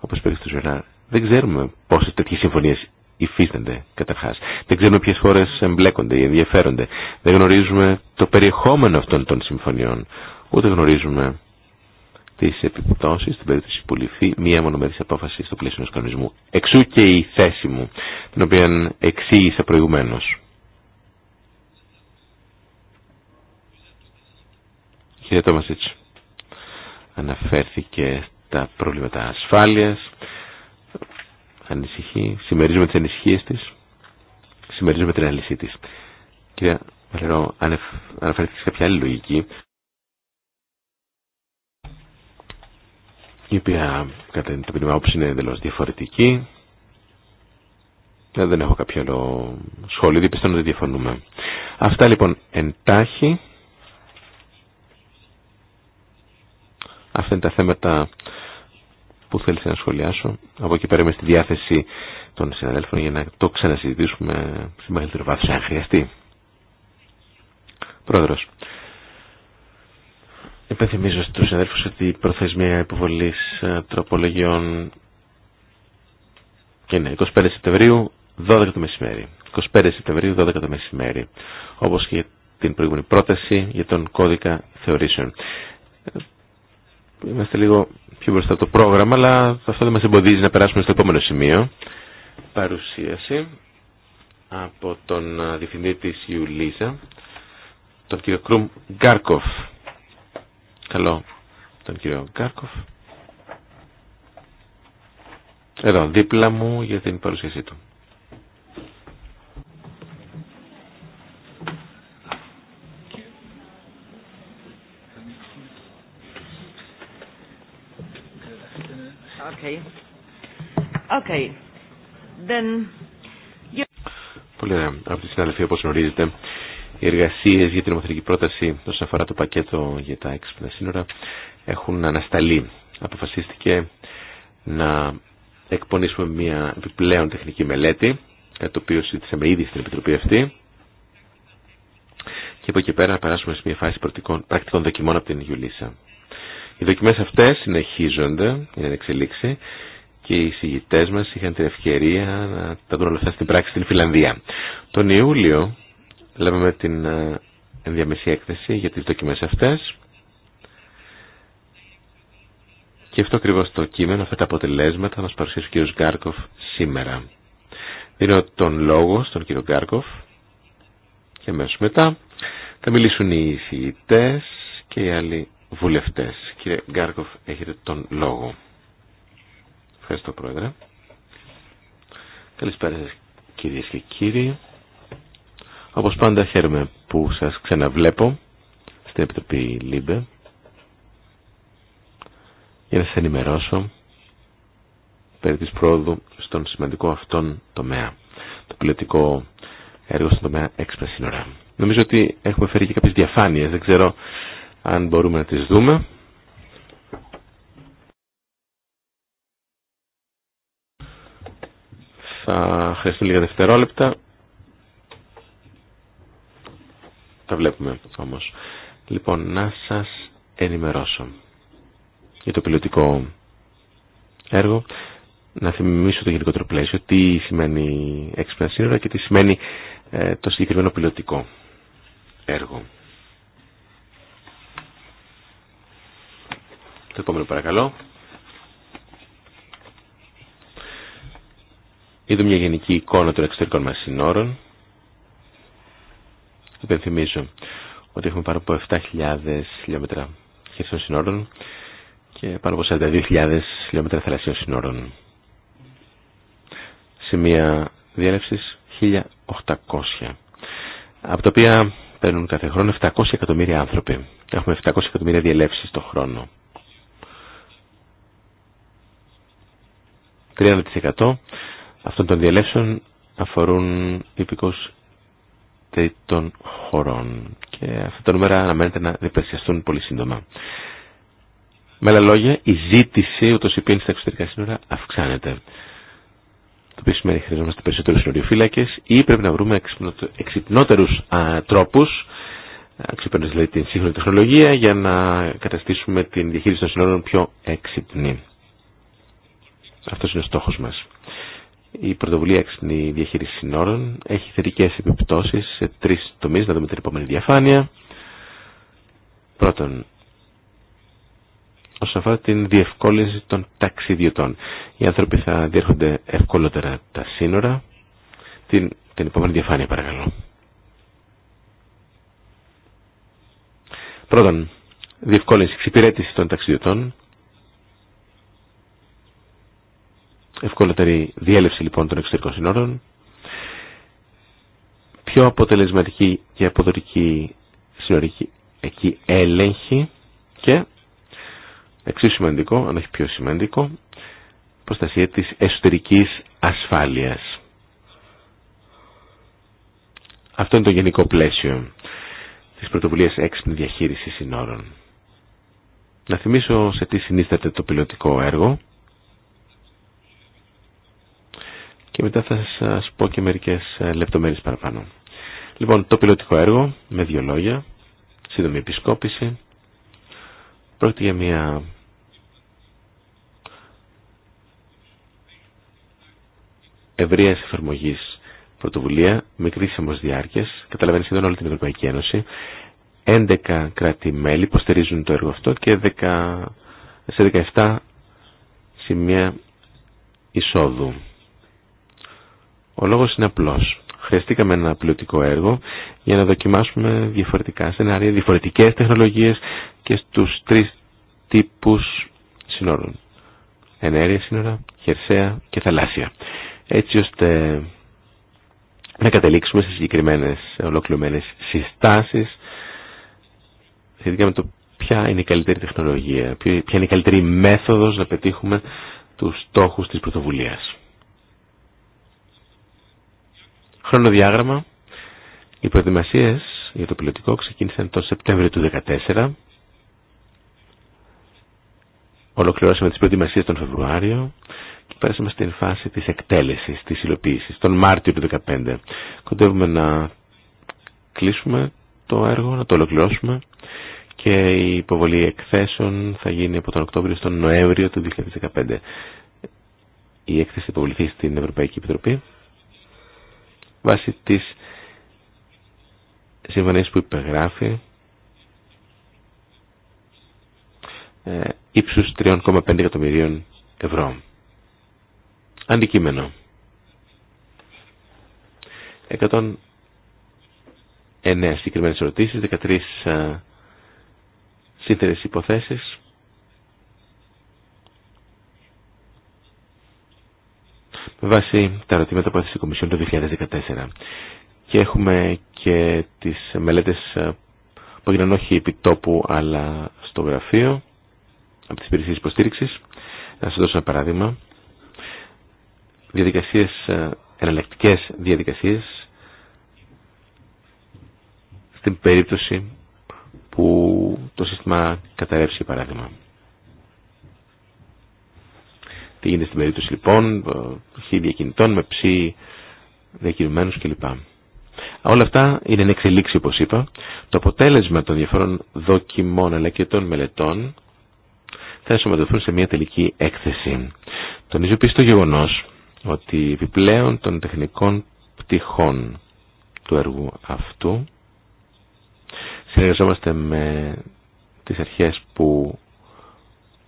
Όπως είπε του Ζεράρ, δεν ξέρουμε πόσες τέτοιες συμφωνίες υφίστανται καταρχά. Δεν ξέρουμε ποιες χώρε εμπλέκονται ή ενδιαφέρονται. Δεν γνωρίζουμε το περιεχόμενο αυτών των συμφωνιών. Ούτε γνωρίζουμε τι επιπτώσει, στην περίπτωση που ληφθεί μία μονομερής απόφαση στο πλαίσιο ενό κανονισμού. Εξού και η θέση μου, την οποία εξήγησα προηγουμένως. Κύριε Τόμασιτ, αναφέρθηκε στα προβλήματα ασφάλειας, ανησυχεί, συμμερίζουμε τι ανησυχίες τη, συμμερίζουμε την αλυσή της. Κύριε Βαλερό, αναφέρθηκε σε κάποια άλλη λογική, η οποία κατά την τοπική άποψη είναι εντελώ διαφορετική. Ε, δεν έχω κάποιο άλλο σχόλιο, δεν πιστεύω ότι διαφωνούμε. Αυτά λοιπόν εντάχει. Αυτά είναι τα θέματα που θέλησα να σχολιάσω. Από εκεί πέρα στη διάθεση των συναδέλφων για να το ξανασυζητήσουμε στην μεγαλύτερη βάθος αν χρειαστεί. Πρόεδρος, Υπενθυμίζω στους συναδέλφους ότι η προθεσμία υποβολής ε, τροπολογιών είναι 25 Σεπτεμβρίου, 12 το μεσημέρι. 25 Σεπτεμβρίου, 12 το μεσημέρι. Όπως και την προηγούμενη πρόταση για τον κώδικα θεωρήσεων. Ε, είμαστε λίγο πιο μπροστά από το πρόγραμμα, αλλά αυτό δεν μας εμποδίζει να περάσουμε στο επόμενο σημείο. Παρουσίαση από τον ε, διευθυντή τη Ιουλίζα, τον κύριο Κρουμ Γκάρκοφ. Καλό τον κύριο Γκάρκοφ. Εδώ, δίπλα μου για την παρουσίασή του. Okay. Okay. Then... Πολύ ωραία. Από τη συνάδελφη, όπως γνωρίζετε, οι εργασίε για την νομοθετική πρόταση όσον αφορά το πακέτο για τα έξυπνα σύνορα έχουν ανασταλεί. Αποφασίστηκε να εκπονήσουμε μια επιπλέον τεχνική μελέτη, κάτι το οποίο συζήτησαμε ήδη στην Επιτροπή αυτή, και από εκεί πέρα να περάσουμε σε μια φάση πρακτικών δοκιμών από την Ιουλίσσα. Οι δοκιμέ αυτέ συνεχίζονται, είναι εξελίξη, και οι συγητέ μα είχαν την ευκαιρία να τα δουν όλα αυτά στην πράξη στην Φιλανδία. Τον Ιούλιο με την ε, ενδιαμεσή έκθεση για τις δοκιμές αυτές και αυτό ακριβώ το κείμενο, αυτά τα αποτελέσματα θα μας παρουσιάσει ο κ. Γκάρκοφ σήμερα. Δίνω τον λόγο στον κύριο Γκάρκοφ και αμέσω μετά θα μιλήσουν οι φοιητές και οι άλλοι βουλευτές. Κύριε Γκάρκοφ, έχετε τον λόγο. Ευχαριστώ, Πρόεδρε. Καλησπέρα σας, κυρίες και κύριοι. Όπως πάντα χαίρομαι που σας ξαναβλέπω στην Επιτροπή ΛΥΜΠΕ για να σας ενημερώσω περί της πρόοδου στον σημαντικό αυτόν τομέα, το πιλωτικό έργο στον τομέα έξυπνα σύνορα. Νομίζω ότι έχουμε φέρει και κάποιες διαφάνειες, δεν ξέρω αν μπορούμε να τις δούμε. Θα χρειαστούν λίγα δευτερόλεπτα Τα βλέπουμε όμως. Λοιπόν, να σας ενημερώσω για το πιλωτικό έργο. Να θυμίσω το γενικότερο πλαίσιο, τι σημαίνει έξυπνα σύνορα και τι σημαίνει ε, το συγκεκριμένο πιλωτικό έργο. Το επόμενο παρακαλώ. Είδαμε μια γενική εικόνα των εξωτερικών μας συνόρων. Υπενθυμίζω ότι έχουμε πάνω από 7.000 χιλιόμετρα χερσών συνόρων και πάνω από 42.000 χιλιόμετρα θαλασσίων συνόρων. Σημεία διέλευσης 1.800 από τα οποία παίρνουν κάθε χρόνο 700 εκατομμύρια άνθρωποι. Έχουμε 700 εκατομμύρια διελεύσεις το χρόνο. 30% αυτών των διελεύσεων αφορούν υπηκούς τρίτων χωρών. Και αυτά τα νούμερα αναμένεται να διπλασιαστούν πολύ σύντομα. Με άλλα λόγια, η ζήτηση ούτως υπήρχε στα εξωτερικά σύνορα αυξάνεται. Το οποίο σημαίνει χρειαζόμαστε περισσότερους συνοριοφύλακες ή πρέπει να βρούμε εξυπνότερους τρόπου, τρόπους δηλαδή την σύγχρονη τεχνολογία για να καταστήσουμε την διαχείριση των συνόρων πιο έξυπνη. Αυτός είναι ο στόχος μας. Η πρωτοβουλία έξυπνη διαχείριση συνόρων έχει θετικέ επιπτώσει σε τρει τομεί. Να δούμε την επόμενη διαφάνεια. Πρώτον, όσον αφορά την διευκόλυνση των ταξιδιωτών. Οι άνθρωποι θα διέρχονται ευκολότερα τα σύνορα. Την, την επόμενη διαφάνεια, παρακαλώ. Πρώτον, διευκόλυνση εξυπηρέτηση των ταξιδιωτών ευκολότερη διέλευση λοιπόν των εξωτερικών συνόρων, πιο αποτελεσματική και αποδοτική συνορική εκεί έλεγχη και εξίσου σημαντικό, αν όχι πιο σημαντικό, προστασία της εσωτερικής ασφάλειας. Αυτό είναι το γενικό πλαίσιο της πρωτοβουλίας έξυπνη διαχείρισης συνόρων. Να θυμίσω σε τι συνίσταται το πιλωτικό έργο. και μετά θα σας πω και μερικές ε, λεπτομέρειες παραπάνω. Λοιπόν, το πιλωτικό έργο, με δύο λόγια, σύντομη επισκόπηση, πρόκειται για μια ευρεία εφαρμογή πρωτοβουλία, μικρή όμω διάρκεια, καταλαβαίνει σχεδόν όλη την Ευρωπαϊκή Ένωση. 11 κράτη-μέλη υποστηρίζουν το έργο αυτό και 10, σε 17 σημεία εισόδου. Ο λόγος είναι απλός. Χρειαστήκαμε ένα πλειοτικό έργο για να δοκιμάσουμε διαφορετικά σενάρια, διαφορετικές τεχνολογίες και στους τρεις τύπους συνόρων. Ενέργεια σύνορα, χερσαία και θαλάσσια. Έτσι ώστε να καταλήξουμε σε συγκεκριμένες ολοκληρωμένες συστάσεις σχετικά με το ποια είναι η καλύτερη τεχνολογία, ποια είναι η καλύτερη μέθοδος να πετύχουμε τους στόχους της πρωτοβουλίας. Χρονοδιάγραμμα. Οι προετοιμασίε για το πιλωτικό ξεκίνησαν το Σεπτέμβριο του 2014. Ολοκληρώσαμε τι προετοιμασίε τον Φεβρουάριο και πέρασαμε στην φάση της εκτέλεσης, της υλοποίησης, τον Μάρτιο του 2015. Κοντεύουμε να κλείσουμε το έργο, να το ολοκληρώσουμε και η υποβολή εκθέσεων θα γίνει από τον Οκτώβριο στον Νοέμβριο του 2015. Η έκθεση υποβληθεί στην Ευρωπαϊκή Επιτροπή βάσει της συμφωνίας που υπεγράφει ε, ύψους 3,5 εκατομμυρίων ευρώ. Αντικείμενο. 109 συγκεκριμένες ερωτήσεις, 13 ε, σύνθετες υποθέσεις βάση τα ερωτήματα που έθεσε η Κομισιόν το 2014. Και έχουμε και τις μελέτες ε, που έγιναν όχι επί τόπου αλλά στο γραφείο από τις υπηρεσίες υποστήριξη. Να σας δώσω ένα παράδειγμα. Διαδικασίες, ε, εναλλακτικέ διαδικασίες στην περίπτωση που το σύστημα καταρρεύσει παράδειγμα. Τι γίνεται στην περίπτωση λοιπόν χ ε, διακινητών με ψί διακινημένου κλπ. Όλα αυτά είναι εν εξελίξη όπως είπα. Το αποτέλεσμα των διαφόρων δοκιμών αλλά και των μελετών θα ενσωματωθούν σε μια τελική έκθεση. Τονίζω επίση το γεγονό ότι επιπλέον των τεχνικών πτυχών του έργου αυτού συνεργαζόμαστε με τις αρχές που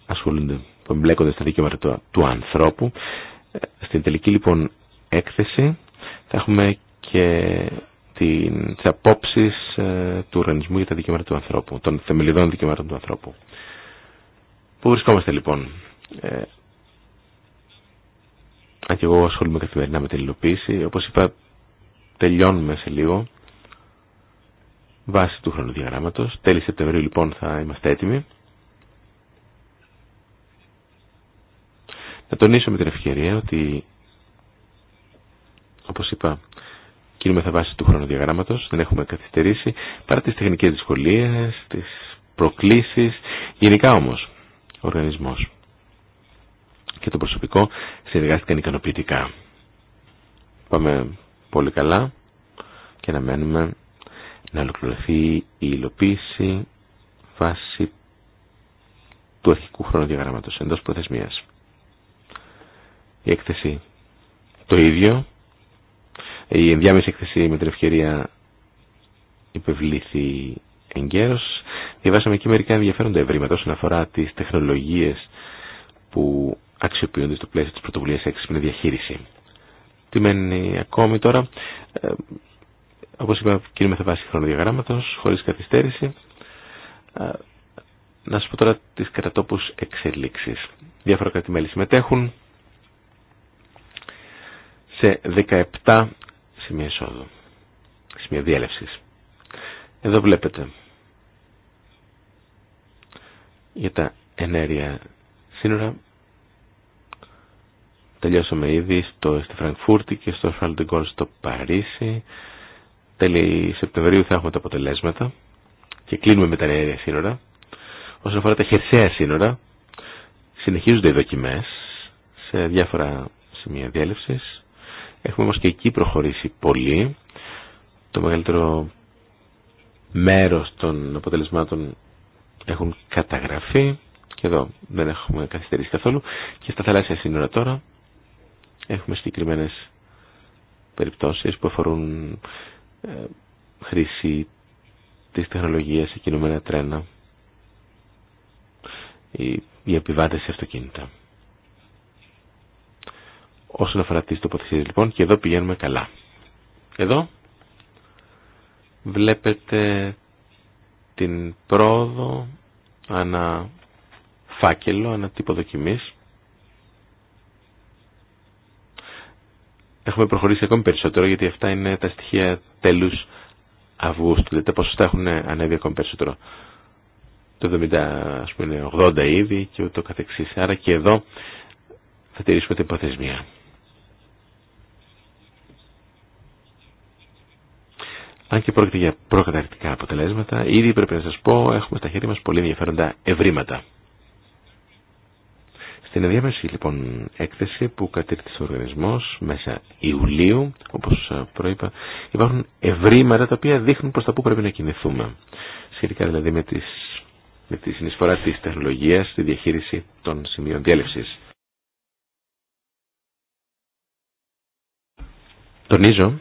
ασχολούνται που εμπλέκονται στα δικαιώματα του ανθρώπου. Ε, στην τελική λοιπόν έκθεση θα έχουμε και τις απόψεις ε, του οργανισμού για τα δικαιώματα του ανθρώπου, των θεμελιδών δικαιωμάτων του ανθρώπου. Πού βρισκόμαστε λοιπόν. Ε, αν και εγώ ασχολούμαι καθημερινά με την υλοποίηση, όπως είπα τελειώνουμε σε λίγο Βάση του χρονοδιαγράμματος. Τέλη Σεπτεμβρίου λοιπόν θα είμαστε έτοιμοι. Να τονίσω με την ευκαιρία ότι, όπως είπα, κινούμεθα βάση του χρονοδιαγράμματος, δεν έχουμε καθυστερήσει, παρά τις τεχνικές δυσκολίες, τις προκλήσεις, γενικά όμως ο οργανισμός και το προσωπικό συνεργάστηκαν ικανοποιητικά. Πάμε πολύ καλά και να μένουμε να ολοκληρωθεί η υλοποίηση βάση του αρχικού χρονοδιαγράμματος εντός προθεσμίας η έκθεση το ίδιο. Η ενδιάμεση έκθεση με την ευκαιρία υπευλήθη εγκαίρως. Διαβάσαμε και μερικά ενδιαφέροντα ευρήματα όσον αφορά τις τεχνολογίες που αξιοποιούνται στο πλαίσιο της πρωτοβουλίας έξυπνη διαχείριση. Τι μένει ακόμη τώρα, ε, όπως είπα, θα βάση χρονοδιαγράμματος, χωρίς καθυστέρηση. Ε, να σας πω τώρα τις κατατόπους εξελίξεις. Διάφορα κράτη-μέλη συμμετέχουν, σε 17 σημεία εισόδου, σημεία διέλευσης. Εδώ βλέπετε για τα ενέργεια σύνορα τελειώσαμε ήδη στο, στη Φραγκφούρτη και στο Φραλντεγκόλ στο Παρίσι. Τέλη Σεπτεμβρίου θα έχουμε τα αποτελέσματα και κλείνουμε με τα ενέργεια σύνορα. Όσον αφορά τα χερσαία σύνορα, συνεχίζονται οι δοκιμές σε διάφορα σημεία διέλευσης. Έχουμε όμως και εκεί προχωρήσει πολύ. Το μεγαλύτερο μέρος των αποτελεσμάτων έχουν καταγραφεί και εδώ δεν έχουμε καθυστερήσει καθόλου και στα θαλάσσια σύνορα τώρα έχουμε συγκεκριμένε περιπτώσεις που αφορούν ε, χρήση της τεχνολογίας σε κινούμενα τρένα ή οι επιβάτες σε αυτοκίνητα όσον αφορά τις τοποθεσίες λοιπόν και εδώ πηγαίνουμε καλά. Εδώ βλέπετε την πρόοδο ανά φάκελο, ανά τύπο δοκιμής. Έχουμε προχωρήσει ακόμη περισσότερο γιατί αυτά είναι τα στοιχεία τέλους Αυγούστου, δηλαδή τα ποσοστά έχουν ανέβει ακόμη περισσότερο. Το 70 ας πούμε 80 ήδη και ούτω καθεξής. Άρα και εδώ θα τηρήσουμε την υποθεσμία. Αν και πρόκειται για προκαταρκτικά αποτελέσματα, ήδη πρέπει να σας πω έχουμε στα χέρια μας πολύ ενδιαφέροντα ευρήματα. Στην ενδιάμεση λοιπόν έκθεση που κατήρθησε ο οργανισμός μέσα Ιουλίου, όπως ε, προείπα, υπάρχουν ευρήματα τα οποία δείχνουν προς τα που πρέπει να κινηθούμε. Σχετικά δηλαδή με, τις, με τη συνεισφορά της τεχνολογίας στη διαχείριση των σημείων διέλευσης. Τονίζω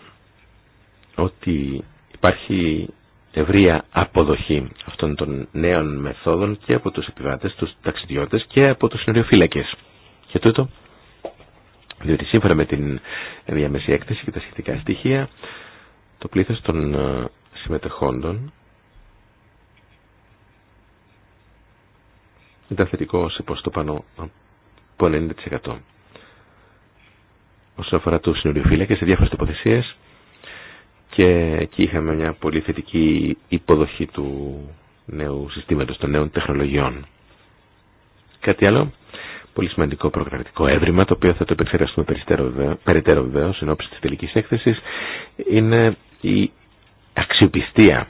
ότι Υπάρχει ευρεία αποδοχή αυτών των νέων μεθόδων και από τους επιβάτες, τους ταξιδιώτες και από τους συνοριοφύλακες. Και τούτο, διότι σύμφωνα με την διαμεσή έκθεση και τα σχετικά στοιχεία, το πλήθος των ε, συμμετεχόντων ήταν θετικό σε το πάνω από 90%. Όσον αφορά τους συνοριοφύλακες, σε διάφορες τοποθεσίες, και εκεί είχαμε μια πολύ θετική υποδοχή του νέου συστήματος, των νέων τεχνολογιών. Κάτι άλλο, πολύ σημαντικό προγραμματικό έβριμα, το οποίο θα το επεξεργαστούμε περαιτέρω βεβαίω εν της τελικής έκθεσης, είναι η αξιοπιστία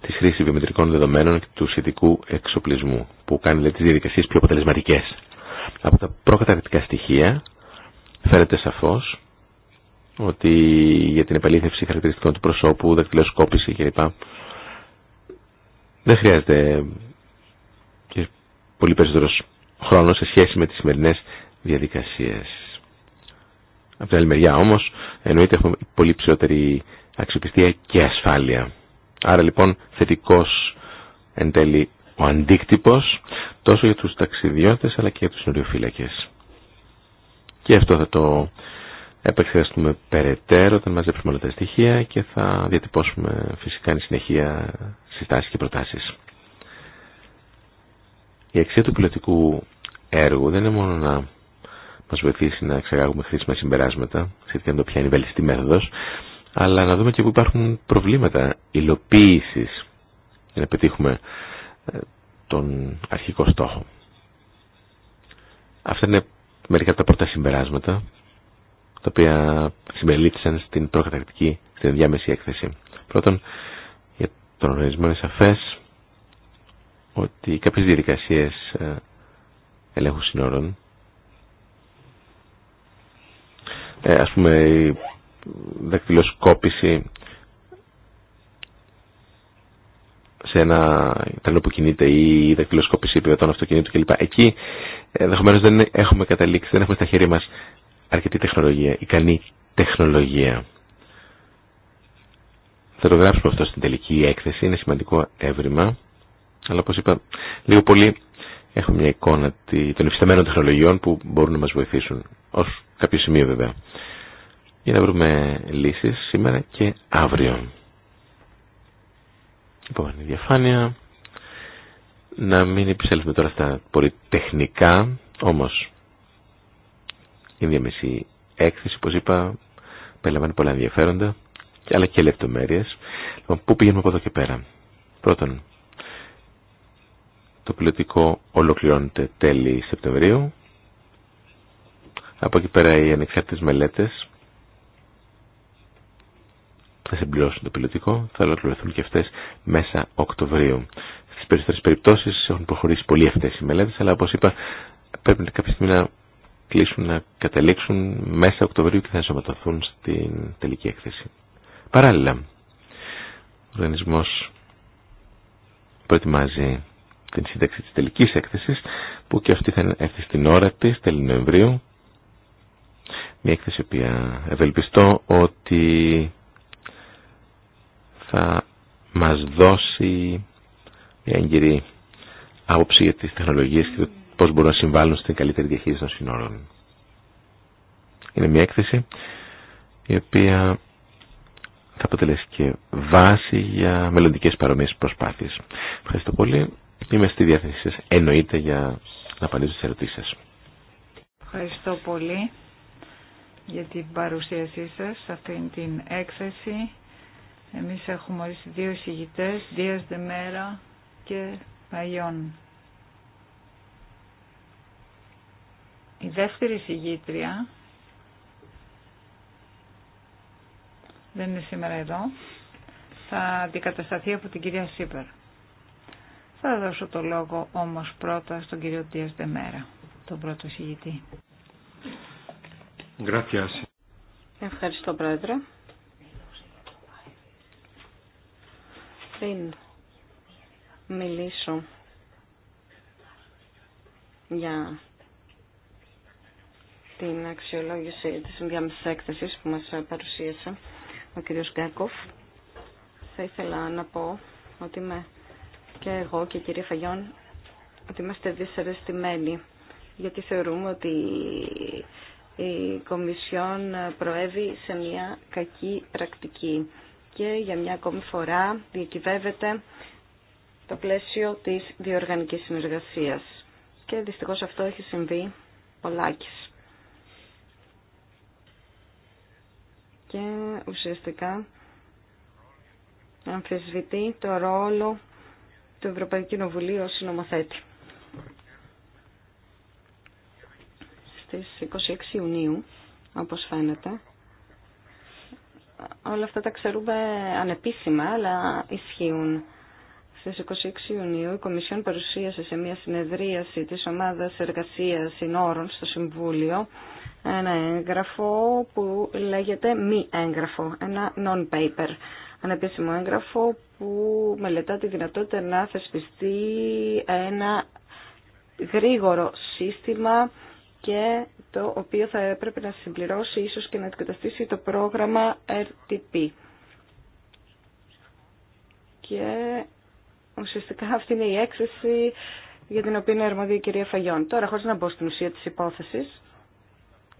της χρήσης βιομητρικών δεδομένων και του σχετικού εξοπλισμού, που κάνει δηλαδή, τις διαδικασίες πιο αποτελεσματικές. Από τα προκαταρκτικά στοιχεία φέρεται σαφώς ότι για την επαλήθευση χαρακτηριστικών του προσώπου, δακτυλοσκόπηση κλπ. Δεν χρειάζεται και πολύ περισσότερο χρόνο σε σχέση με τις σημερινέ διαδικασίες. Από την άλλη μεριά όμως εννοείται έχουμε πολύ ψηλότερη αξιοπιστία και ασφάλεια. Άρα λοιπόν θετικός εν τέλει ο αντίκτυπος τόσο για τους ταξιδιώτες αλλά και για τους νοριοφύλακες. Και αυτό θα το επεξεργαστούμε περαιτέρω, θα μαζέψουμε όλα τα στοιχεία και θα διατυπώσουμε φυσικά εν συνεχεία συστάσεις και προτάσεις. Η αξία του πιλωτικού έργου δεν είναι μόνο να μας βοηθήσει να εξαγάγουμε χρήσιμα συμπεράσματα, σχετικά με το ποια είναι η βέλτιστη μέθοδος, αλλά να δούμε και που υπάρχουν προβλήματα υλοποίηση για να πετύχουμε ε, τον αρχικό στόχο. Αυτά είναι μερικά από τα πρώτα συμπεράσματα τα οποία συμπεριλήφθησαν στην προκαταρκτική, στην διάμεση έκθεση. Πρώτον, για τον οργανισμό είναι σαφές ότι κάποιες διαδικασίες ε, ελέγχου συνόρων, ε, ας πούμε η δακτυλοσκόπηση σε ένα τρένο που κινείται ή η δακτυλοσκόπηση επιβατών αυτοκινήτου κλπ. Εκεί ε, ενδεχομένω δεν έχουμε καταλήξει, δεν έχουμε στα χέρια μα αρκετή τεχνολογία, ικανή τεχνολογία. Θα το γράψουμε αυτό στην τελική έκθεση, είναι σημαντικό έβριμα, αλλά όπως είπα, λίγο πολύ έχουμε μια εικόνα των υφισταμένων τεχνολογιών που μπορούν να μας βοηθήσουν, ως κάποιο σημείο βέβαια, για να βρούμε λύσεις σήμερα και αύριο. Λοιπόν, η διαφάνεια, να μην επισέλθουμε τώρα στα πολύ τεχνικά, όμως η ενδιαμεσή έκθεση, όπω είπα, περιλαμβάνει πολλά ενδιαφέροντα, αλλά και λεπτομέρειε λοιπόν, πού πηγαίνουμε από εδώ και πέρα. Πρώτον, το πιλωτικό ολοκληρώνεται τέλη Σεπτεμβρίου. Από εκεί πέρα οι ανεξάρτητες μελέτες θα συμπληρώσουν το πιλωτικό, θα ολοκληρωθούν και αυτές μέσα Οκτωβρίου. Στις περισσότερες περιπτώσεις έχουν προχωρήσει πολύ αυτές οι μελέτες, αλλά όπως είπα πρέπει κάποια στιγμή να κλείσουν να καταλήξουν μέσα Οκτωβρίου και θα ενσωματωθούν στην τελική έκθεση. Παράλληλα, ο οργανισμός προετοιμάζει την σύνταξη της τελικής έκθεσης που και αυτή θα έρθει στην ώρα της, τέλη Νοεμβρίου. Μια έκθεση που ευελπιστώ ότι θα μας δώσει μια έγκυρη άποψη για τις τεχνολογίες και το πώς μπορούν να συμβάλλουν στην καλύτερη διαχείριση των συνόρων. Είναι μια έκθεση η οποία θα αποτελέσει και βάση για μελλοντικές παρομοίες προσπάθειες. Ευχαριστώ πολύ. Είμαι στη διάθεσή σας. Εννοείται για να απαντήσω στις ερωτήσεις σας. Ευχαριστώ πολύ για την παρουσίασή σας σε αυτήν την έκθεση. Εμείς έχουμε ορίσει δύο συγητές, Δίας Δεμέρα και Παϊόν. Η δεύτερη συγγήτρια δεν είναι σήμερα εδώ. Θα αντικατασταθεί από την κυρία Σίπερ. Θα δώσω το λόγο όμως πρώτα στον κύριο Τίας Δεμέρα, τον πρώτο συγητή. Ευχαριστώ πρόεδρε. Πριν μιλήσω για την αξιολόγηση της ενδιάμεσης έκθεσης που μας παρουσίασε ο κ. Γκάκοφ. Θα ήθελα να πω ότι και εγώ και η κυρία Φαγιόν ότι είμαστε δυσαρεστημένοι γιατί θεωρούμε ότι η Κομισιόν προέβη σε μια κακή πρακτική και για μια ακόμη φορά διακυβεύεται το πλαίσιο της διοργανικής συνεργασίας. Και δυστυχώς αυτό έχει συμβεί πολλάκις. και ουσιαστικά αμφισβητεί το ρόλο του Ευρωπαϊκού Κοινοβουλίου ως συνομοθέτη. Στις 26 Ιουνίου, όπως φαίνεται, όλα αυτά τα ξέρουμε ανεπίσημα, αλλά ισχύουν. Στις 26 Ιουνίου η Κομισιόν παρουσίασε σε μια συνεδρίαση της Ομάδας Εργασίας Συνόρων στο Συμβούλιο ένα έγγραφο που λέγεται μη έγγραφο, ένα non-paper, επίσημο έγγραφο που μελετά τη δυνατότητα να θεσπιστεί ένα γρήγορο σύστημα και το οποίο θα έπρεπε να συμπληρώσει ίσως και να αντικαταστήσει το πρόγραμμα RTP. Και ουσιαστικά αυτή είναι η έκθεση για την οποία είναι αρμόδια η κυρία Φαγιών. Τώρα, χωρίς να μπω στην ουσία της υπόθεσης,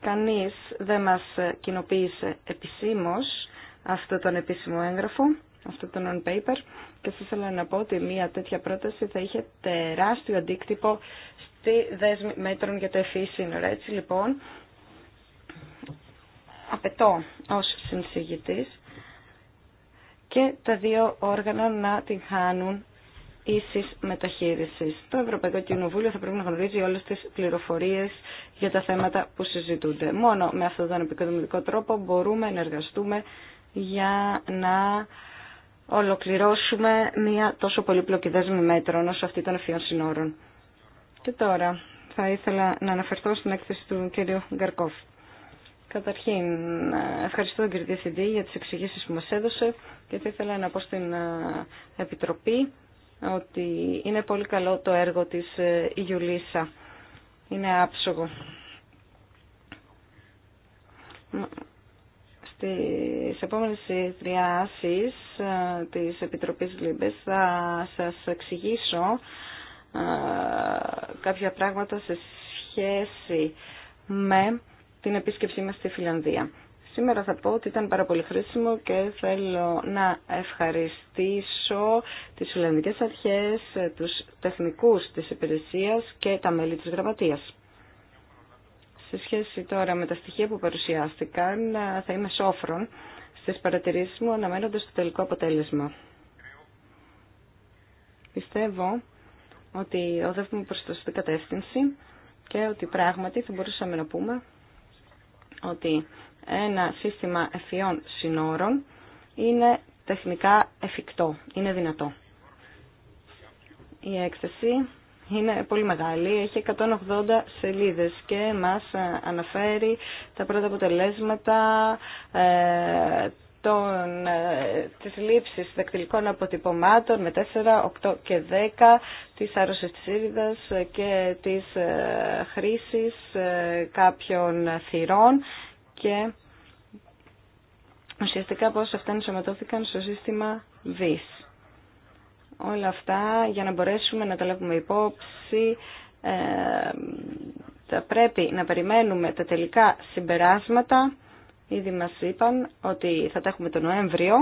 Κανείς δεν μας κοινοποίησε επισήμως αυτό τον επίσημο έγγραφο, αυτό το non-paper και σας ήθελα να πω ότι μια τέτοια πρόταση θα είχε τεράστιο αντίκτυπο στη δέσμη μέτρων για το εφή e σύνορα. Έτσι λοιπόν, απαιτώ ως συνσηγητής και τα δύο όργανα να την χάνουν ίση μεταχείρισης. Το Ευρωπαϊκό Κοινοβούλιο θα πρέπει να γνωρίζει όλε τι πληροφορίε για τα θέματα που συζητούνται. Μόνο με αυτόν τον επικοδομητικό τρόπο μπορούμε να εργαστούμε για να ολοκληρώσουμε μια τόσο πολύπλοκη δέσμη μέτρων όσο αυτή των ευφυών συνόρων. Και τώρα θα ήθελα να αναφερθώ στην έκθεση του κ. Γκαρκόφ. Καταρχήν, ευχαριστώ τον κ. Διευθυντή για τι εξηγήσει που μα έδωσε και θα ήθελα να πω στην ε, Επιτροπή ότι είναι πολύ καλό το έργο της ε, Ιουλίσσα. Είναι άψογο. Στις επόμενες τριάσεις ε, της Επιτροπής Λίμπες θα σας εξηγήσω ε, κάποια πράγματα σε σχέση με την επίσκεψή μας στη Φιλανδία. Σήμερα θα πω ότι ήταν πάρα πολύ χρήσιμο και θέλω να ευχαριστήσω τις Ολλανδικές Αρχές, τους τεχνικούς της υπηρεσίας και τα μέλη της Γραμματείας. Σε σχέση τώρα με τα στοιχεία που παρουσιάστηκαν, θα είμαι σόφρον στις παρατηρήσεις μου αναμένοντας το τελικό αποτέλεσμα. Πιστεύω ότι οδεύουμε προς τη σωστή κατεύθυνση και ότι πράγματι θα μπορούσαμε να πούμε ότι ένα σύστημα ευφυών συνόρων είναι τεχνικά εφικτό, είναι δυνατό. Η έκθεση είναι πολύ μεγάλη, έχει 180 σελίδες και μας αναφέρει τα πρώτα αποτελέσματα ε, των, ε, της λήψης δακτυλικών αποτυπωμάτων με 4, 8 και 10, της άρρωσης της και της ε, χρήσης ε, κάποιων θυρών και ουσιαστικά πώς αυτά ενσωματώθηκαν στο σύστημα ΒΙΣ. Όλα αυτά για να μπορέσουμε να τα λάβουμε υπόψη θα πρέπει να περιμένουμε τα τελικά συμπεράσματα. Ήδη μας είπαν ότι θα τα έχουμε το Νοέμβριο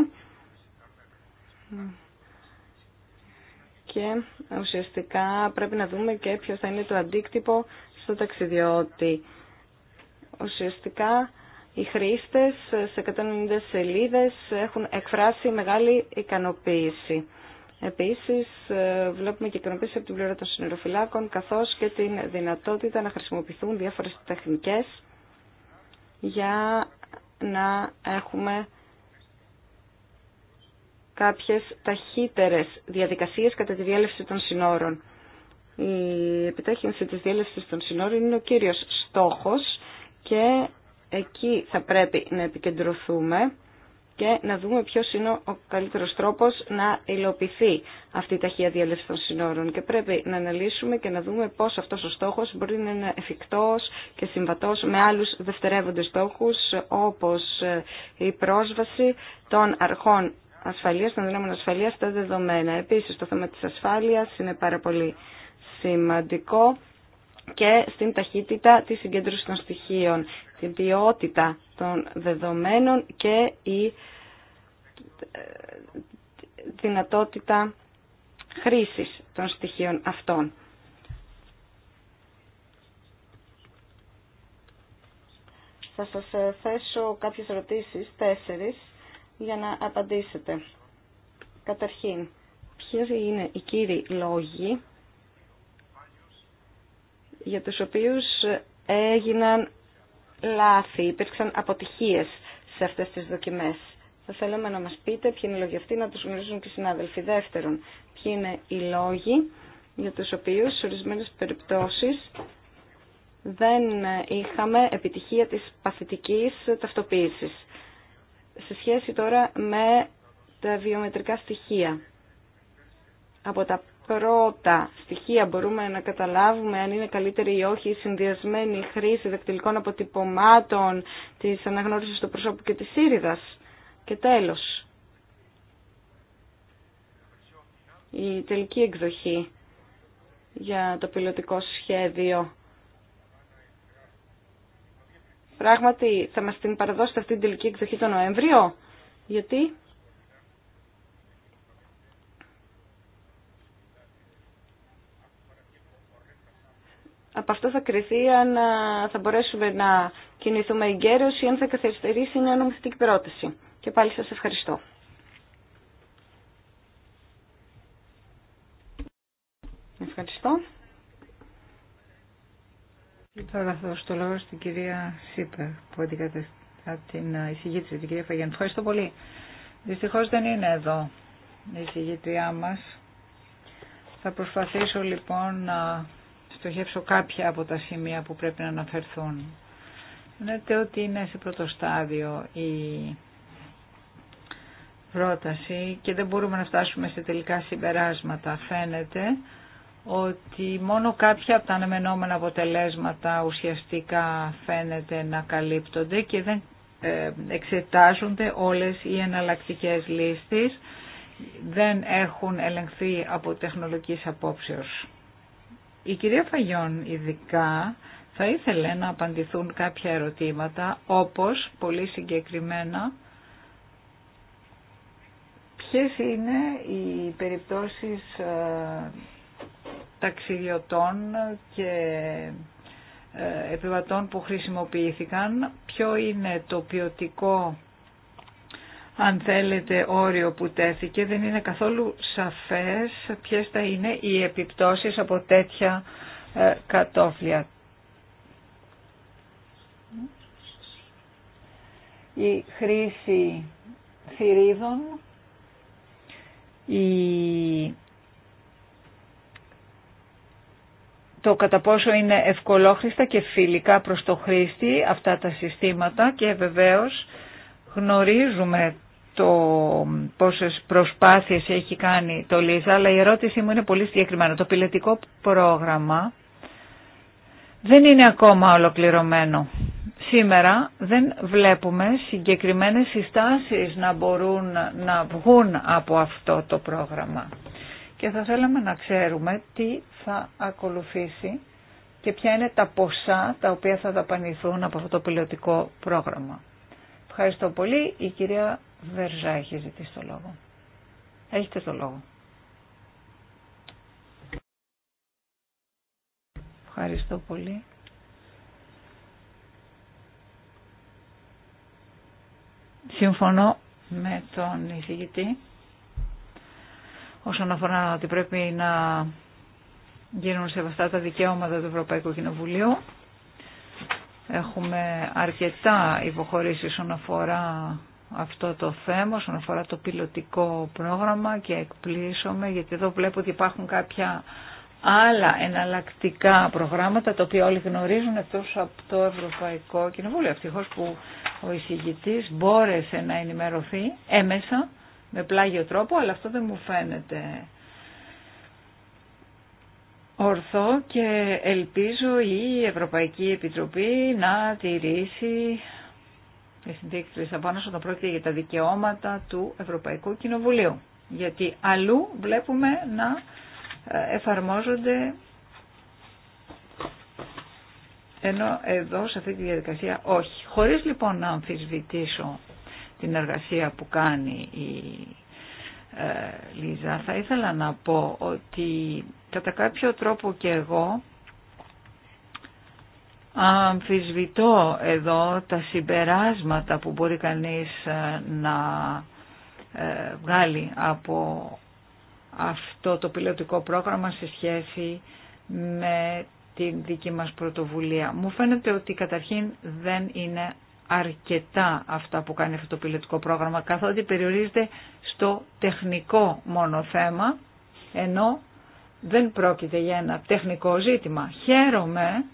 και ουσιαστικά πρέπει να δούμε και ποιο θα είναι το αντίκτυπο στο ταξιδιώτη. Ουσιαστικά οι χρήστες σε 190 σελίδες έχουν εκφράσει μεγάλη ικανοποίηση. Επίσης ε, βλέπουμε και ικανοποίηση από την πλευρά των συνεροφυλάκων καθώς και την δυνατότητα να χρησιμοποιηθούν διάφορες τεχνικές για να έχουμε κάποιες ταχύτερες διαδικασίες κατά τη διέλευση των συνόρων. Η επιτέχυνση της διέλευσης των συνόρων είναι ο κύριος στόχος και Εκεί θα πρέπει να επικεντρωθούμε και να δούμε ποιος είναι ο καλύτερος τρόπος να υλοποιηθεί αυτή η ταχεία διέλευση των συνόρων και πρέπει να αναλύσουμε και να δούμε πώς αυτός ο στόχος μπορεί να είναι εφικτός και συμβατός με άλλους δευτερεύοντες στόχους όπως η πρόσβαση των αρχών ασφαλείας, των δυνάμεων ασφαλείας στα δεδομένα. Επίσης το θέμα της ασφάλειας είναι πάρα πολύ σημαντικό και στην ταχύτητα της συγκέντρωσης των στοιχείων την ποιότητα των δεδομένων και η ε, δυνατότητα χρήσης των στοιχείων αυτών. Θα σας ε, θέσω κάποιες ερωτήσεις, τέσσερις, για να απαντήσετε. Καταρχήν, ποιες είναι οι κύριοι λόγοι για τους οποίους ε, έγιναν λάθη, υπήρξαν αποτυχίες σε αυτές τις δοκιμές. Θα θέλαμε να μας πείτε ποιοι είναι οι λόγοι αυτοί, να τους γνωρίζουν και οι συνάδελφοι. Δεύτερον, ποιοι είναι οι λόγοι για τους οποίους σε ορισμένες περιπτώσεις δεν είχαμε επιτυχία της παθητικής ταυτοποίησης. Σε σχέση τώρα με τα βιομετρικά στοιχεία από τα πρώτα στοιχεία μπορούμε να καταλάβουμε αν είναι καλύτερη ή όχι η συνδυασμένη χρήση χρηση δεκτυλικων αποτυπωμάτων, της αναγνώρισης του προσώπου και της σύριδας. Και τέλος, η τελική εκδοχή για το πιλωτικό σχέδιο. Πράγματι θα μας την παραδώσετε αυτή την τελική εκδοχή το Νοέμβριο, γιατί από αυτό θα κρυθεί αν θα μπορέσουμε να κινηθούμε εγκαίρως ή αν θα καθυστερήσει μια νομιστική πρόταση. Και πάλι σας ευχαριστώ. Ευχαριστώ. Τώρα θα δώσω το λόγο στην κυρία Σίπερ που αντικατεστα την εισηγήτρια, την κυρία Φαγιάννη. Ευχαριστώ πολύ. Δυστυχώς δεν είναι εδώ η εισηγήτριά μας. Θα προσπαθήσω λοιπόν να στοχεύσω κάποια από τα σημεία που πρέπει να αναφερθούν. Φαίνεται ότι είναι σε πρώτο στάδιο η πρόταση και δεν μπορούμε να φτάσουμε σε τελικά συμπεράσματα. Φαίνεται ότι μόνο κάποια από τα αναμενόμενα αποτελέσματα ουσιαστικά φαίνεται να καλύπτονται και δεν ε, εξετάζονται όλες οι εναλλακτικές λίστες, δεν έχουν ελεγχθεί από τεχνολογικής απόψεως. Η κυρία Φαγιών ειδικά θα ήθελε να απαντηθούν κάποια ερωτήματα όπως πολύ συγκεκριμένα ποιες είναι οι περιπτώσεις ε, ταξιδιωτών και ε, επιβατών που χρησιμοποιήθηκαν, ποιο είναι το ποιοτικό αν θέλετε, όριο που τέθηκε. Δεν είναι καθόλου σαφές ποιες θα είναι οι επιπτώσεις από τέτοια ε, κατόφλια. Η χρήση θηρίδων, η... το κατά πόσο είναι ευκολόχρηστα και φιλικά προς το χρήστη αυτά τα συστήματα και βεβαίως γνωρίζουμε το πόσες προσπάθειες έχει κάνει το ΛΙΖΑ, αλλά η ερώτησή μου είναι πολύ συγκεκριμένη. Το πιλετικό πρόγραμμα δεν είναι ακόμα ολοκληρωμένο. Σήμερα δεν βλέπουμε συγκεκριμένες συστάσεις να μπορούν να βγουν από αυτό το πρόγραμμα. Και θα θέλαμε να ξέρουμε τι θα ακολουθήσει και ποια είναι τα ποσά τα οποία θα δαπανηθούν από αυτό το πιλωτικό πρόγραμμα. Ευχαριστώ πολύ. Η κυρία Βερζά έχει ζητήσει το λόγο. Έχετε το λόγο. Ευχαριστώ πολύ. Συμφωνώ με τον εισηγητή όσον αφορά ότι πρέπει να γίνουν σεβαστά τα δικαιώματα του Ευρωπαϊκού Κοινοβουλίου. Έχουμε αρκετά υποχωρήσει όσον αφορά αυτό το θέμα όσον αφορά το πιλωτικό πρόγραμμα και εκπλήσωμαι γιατί εδώ βλέπω ότι υπάρχουν κάποια άλλα εναλλακτικά προγράμματα τα οποία όλοι γνωρίζουν εκτός από το Ευρωπαϊκό Κοινοβούλιο. Ευτυχώ που ο εισηγητής μπόρεσε να ενημερωθεί έμεσα με πλάγιο τρόπο αλλά αυτό δεν μου φαίνεται ορθό και ελπίζω η Ευρωπαϊκή Επιτροπή να τηρήσει η συνθήκη του Λισαβόνας όταν πρόκειται για τα δικαιώματα του Ευρωπαϊκού Κοινοβουλίου. Γιατί αλλού βλέπουμε να ε, εφαρμόζονται ενώ εδώ σε αυτή τη διαδικασία όχι. Χωρίς λοιπόν να αμφισβητήσω την εργασία που κάνει η ε, Λίζα, θα ήθελα να πω ότι κατά κάποιο τρόπο και εγώ Αμφισβητώ εδώ τα συμπεράσματα που μπορεί κανείς ε, να ε, βγάλει από αυτό το πιλωτικό πρόγραμμα σε σχέση με την δική μας πρωτοβουλία. Μου φαίνεται ότι καταρχήν δεν είναι αρκετά αυτά που κάνει αυτό το πιλωτικό πρόγραμμα καθότι περιορίζεται στο τεχνικό μόνο θέμα ενώ δεν πρόκειται για ένα τεχνικό ζήτημα. Χαίρομαι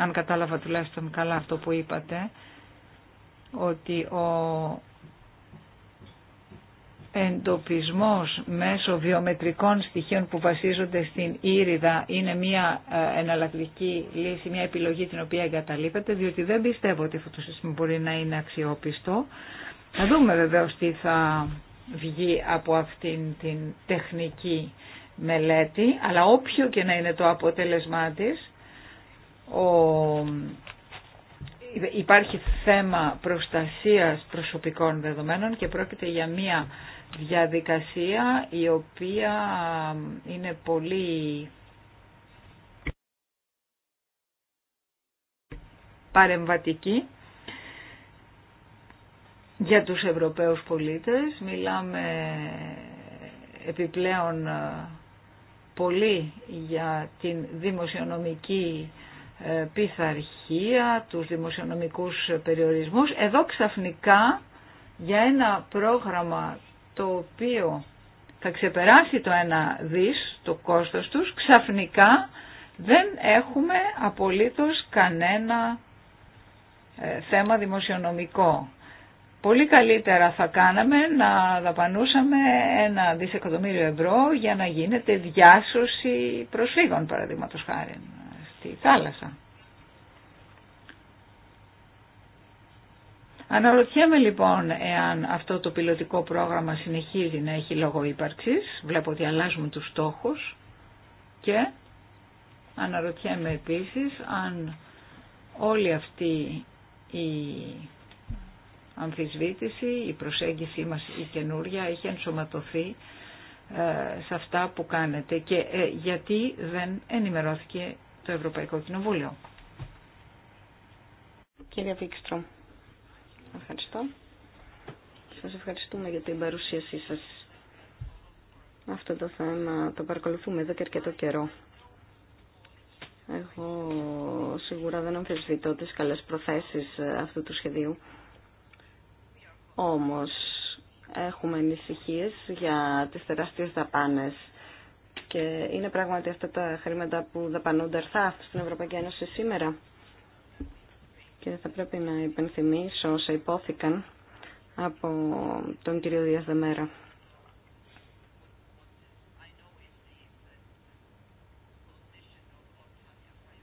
αν κατάλαβα τουλάχιστον καλά αυτό που είπατε, ότι ο εντοπισμός μέσω βιομετρικών στοιχείων που βασίζονται στην ήριδα είναι μια ε, εναλλακτική λύση, μια επιλογή την οποία εγκαταλείπεται, διότι δεν πιστεύω ότι αυτό το σύστημα μπορεί να είναι αξιόπιστο. Θα δούμε βεβαίω τι θα βγει από αυτήν την τεχνική μελέτη, αλλά όποιο και να είναι το αποτέλεσμά της, ο, υπάρχει θέμα προστασίας προσωπικών δεδομένων και πρόκειται για μία διαδικασία η οποία είναι πολύ παρεμβατική για τους Ευρωπαίους πολίτες. Μιλάμε επιπλέον πολύ για την δημοσιονομική ε, πειθαρχία, τους δημοσιονομικούς περιορισμούς. Εδώ ξαφνικά για ένα πρόγραμμα το οποίο θα ξεπεράσει το ένα δις, το κόστος τους, ξαφνικά δεν έχουμε απολύτως κανένα ε, θέμα δημοσιονομικό. Πολύ καλύτερα θα κάναμε να δαπανούσαμε ένα δισεκατομμύριο ευρώ για να γίνεται διάσωση προσφύγων, παραδείγματος χάρη τη θάλασσα. Αναρωτιέμαι λοιπόν εάν αυτό το πιλωτικό πρόγραμμα συνεχίζει να έχει λόγο ύπαρξης, βλέπω ότι αλλάζουμε τους στόχους και αναρωτιέμαι επίσης αν όλη αυτή η αμφισβήτηση, η προσέγγιση μας η καινούρια έχει ενσωματωθεί ε, σε αυτά που κάνετε και ε, γιατί δεν ενημερώθηκε στο Ευρωπαϊκό Κοινοβούλιο. Κύριε Βίξτρο, ευχαριστώ. Σας ευχαριστούμε για την παρουσίασή σας. Αυτό το θέμα το παρακολουθούμε εδώ και αρκετό καιρό. Εγώ σίγουρα δεν αμφισβητώ τις καλές προθέσεις αυτού του σχεδίου. Όμως έχουμε ανησυχίε για τις τεράστιες δαπάνες και είναι πράγματι αυτά τα χρήματα που δαπανούνται αρθά στην Ευρωπαϊκή Ένωση σήμερα. Και θα πρέπει να υπενθυμίσω όσα υπόθηκαν από τον κύριο Δίας Δεμέρα.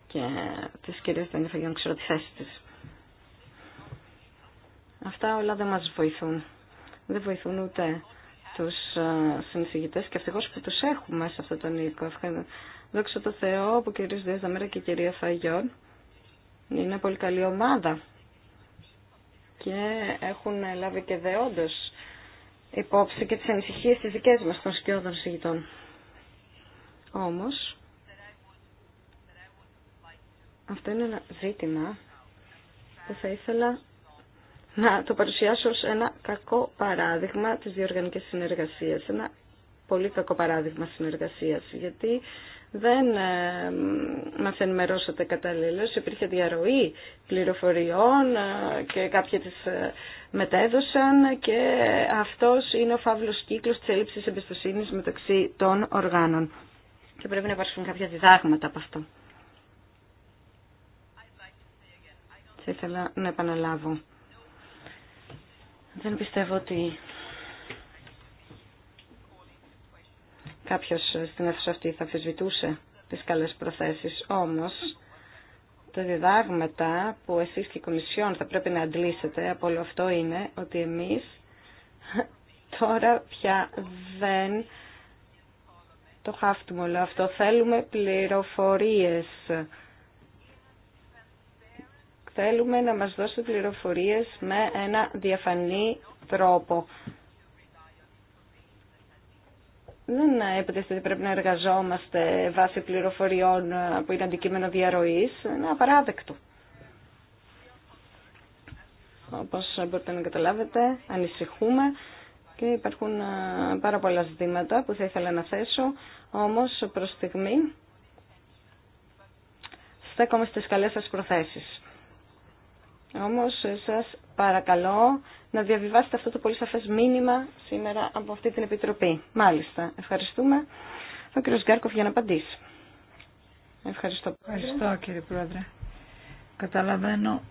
Και της κυρίας Δανήφαγιον ξέρω τη θέση της. Αυτά όλα δεν μας βοηθούν. Δεν βοηθούν ούτε τους ε, συνεισηγητές και ευτυχώς που τους έχουμε σε αυτόν τον οίκο. Δόξα τω Θεώ που ο Διαζαμέρα και η κυρία Φαγιόν είναι πολύ καλή ομάδα και έχουν λάβει και δεόντως υπόψη και τις ανησυχίες της δικές μας των σκιώδων συγητών. Όμως, αυτό είναι ένα ζήτημα που θα ήθελα να το παρουσιάσω ως ένα κακό παράδειγμα της διοργανικής συνεργασίας. Ένα πολύ κακό παράδειγμα συνεργασίας, γιατί δεν ε, μας ενημερώσατε καταλλήλως. υπήρχε διαρροή πληροφοριών ε, και κάποιοι τις ε, μετέδωσαν και αυτός είναι ο φαύλος κύκλος της έλλειψης εμπιστοσύνης μεταξύ των οργάνων. Και πρέπει να υπάρξουν κάποια διδάγματα από αυτό. Θα ήθελα να επαναλάβω δεν πιστεύω ότι κάποιος στην αίθουσα αυτή θα αφισβητούσε τις καλές προθέσεις. Όμως, τα διδάγματα που εσείς και η Κομισιόν θα πρέπει να αντλήσετε από όλο αυτό είναι ότι εμείς τώρα πια δεν το χάφτουμε όλο αυτό. Θέλουμε πληροφορίες θέλουμε να μας δώσει πληροφορίες με ένα διαφανή τρόπο. Δεν ότι πρέπει να εργαζόμαστε βάσει πληροφοριών που είναι αντικείμενο διαρροής. Είναι απαράδεκτο. Όπως μπορείτε να καταλάβετε, ανησυχούμε και υπάρχουν πάρα πολλά ζητήματα που θα ήθελα να θέσω, όμως προς στιγμή στέκομαι στις καλές σας προθέσεις. Όμως σας παρακαλώ να διαβιβάσετε αυτό το πολύ σαφές μήνυμα σήμερα από αυτή την Επιτροπή. Μάλιστα. Ευχαριστούμε. Ο κύριο Γκάρκοφ για να απαντήσει. Ευχαριστώ. Ευχαριστώ κύριε Πρόεδρε. Καταλαβαίνω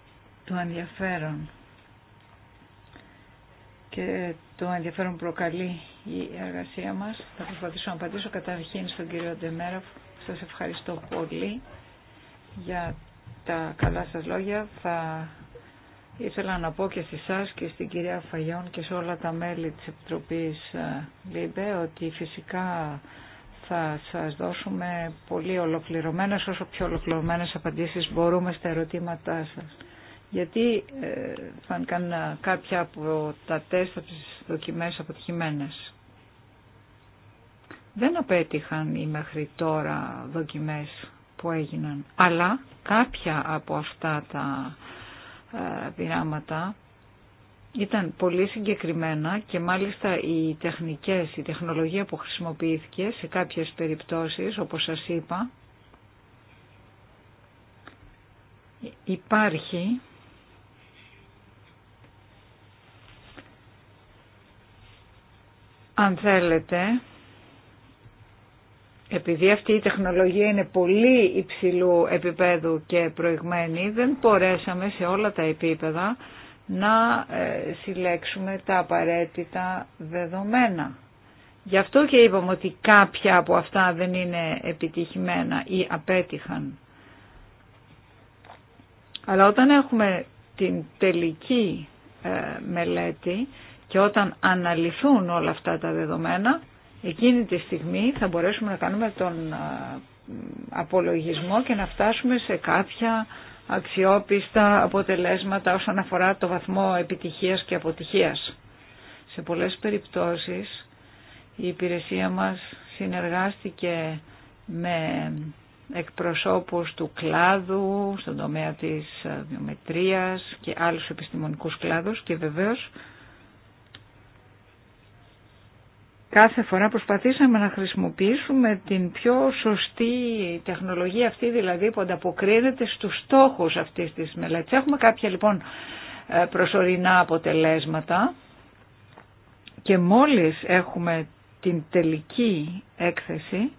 το ενδιαφέρον και το ενδιαφέρον που προκαλεί η εργασία μας. Θα προσπαθήσω να απαντήσω καταρχήν στον κύριο Ντεμέρα. Σας ευχαριστώ πολύ για τα καλά σας λόγια. Θα Ήθελα να πω και σε εσά και στην κυρία Φαγιόν και σε όλα τα μέλη της Επιτροπής ε, ΛΥΜΠΕ ότι φυσικά θα σας δώσουμε πολύ ολοκληρωμένες, όσο πιο ολοκληρωμένες απαντήσεις μπορούμε στα ερωτήματά σας. Γιατί ε, θα κάποια από τα τεστ, από τις δοκιμές αποτυχημένες. Δεν απέτυχαν οι μέχρι τώρα δοκιμές που έγιναν, αλλά κάποια από αυτά τα πειράματα ήταν πολύ συγκεκριμένα και μάλιστα οι τεχνικές, η τεχνολογία που χρησιμοποιήθηκε σε κάποιες περιπτώσεις, όπως σας είπα, υπάρχει αν θέλετε επειδή αυτή η τεχνολογία είναι πολύ υψηλού επίπεδου και προηγμένη, δεν μπορέσαμε σε όλα τα επίπεδα να ε, συλλέξουμε τα απαραίτητα δεδομένα. Γι' αυτό και είπαμε ότι κάποια από αυτά δεν είναι επιτυχημένα ή απέτυχαν. Αλλά όταν έχουμε την τελική ε, μελέτη και όταν αναλυθούν όλα αυτά τα δεδομένα, Εκείνη τη στιγμή θα μπορέσουμε να κάνουμε τον απολογισμό και να φτάσουμε σε κάποια αξιόπιστα αποτελέσματα όσον αφορά το βαθμό επιτυχίας και αποτυχίας. Σε πολλές περιπτώσεις η υπηρεσία μας συνεργάστηκε με εκπροσώπους του κλάδου, στον τομέα της βιομετρίας και άλλους επιστημονικούς κλάδους και βεβαίως κάθε φορά προσπαθήσαμε να χρησιμοποιήσουμε την πιο σωστή τεχνολογία αυτή δηλαδή που ανταποκρίνεται στους στόχους αυτής της μελέτης. Έχουμε κάποια λοιπόν ε, προσωρινά αποτελέσματα και μόλις έχουμε την τελική έκθεση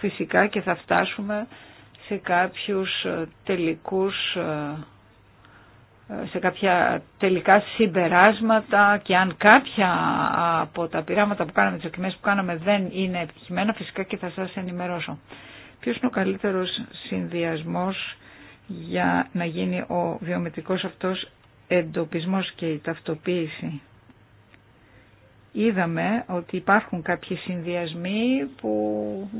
φυσικά και θα φτάσουμε σε κάποιους τελικούς ε, σε κάποια τελικά συμπεράσματα και αν κάποια από τα πειράματα που κάναμε, τις δοκιμές που κάναμε δεν είναι επιτυχημένα, φυσικά και θα σας ενημερώσω. Ποιος είναι ο καλύτερος συνδυασμός για να γίνει ο βιομετρικός αυτός εντοπισμός και η ταυτοποίηση. Είδαμε ότι υπάρχουν κάποιοι συνδυασμοί που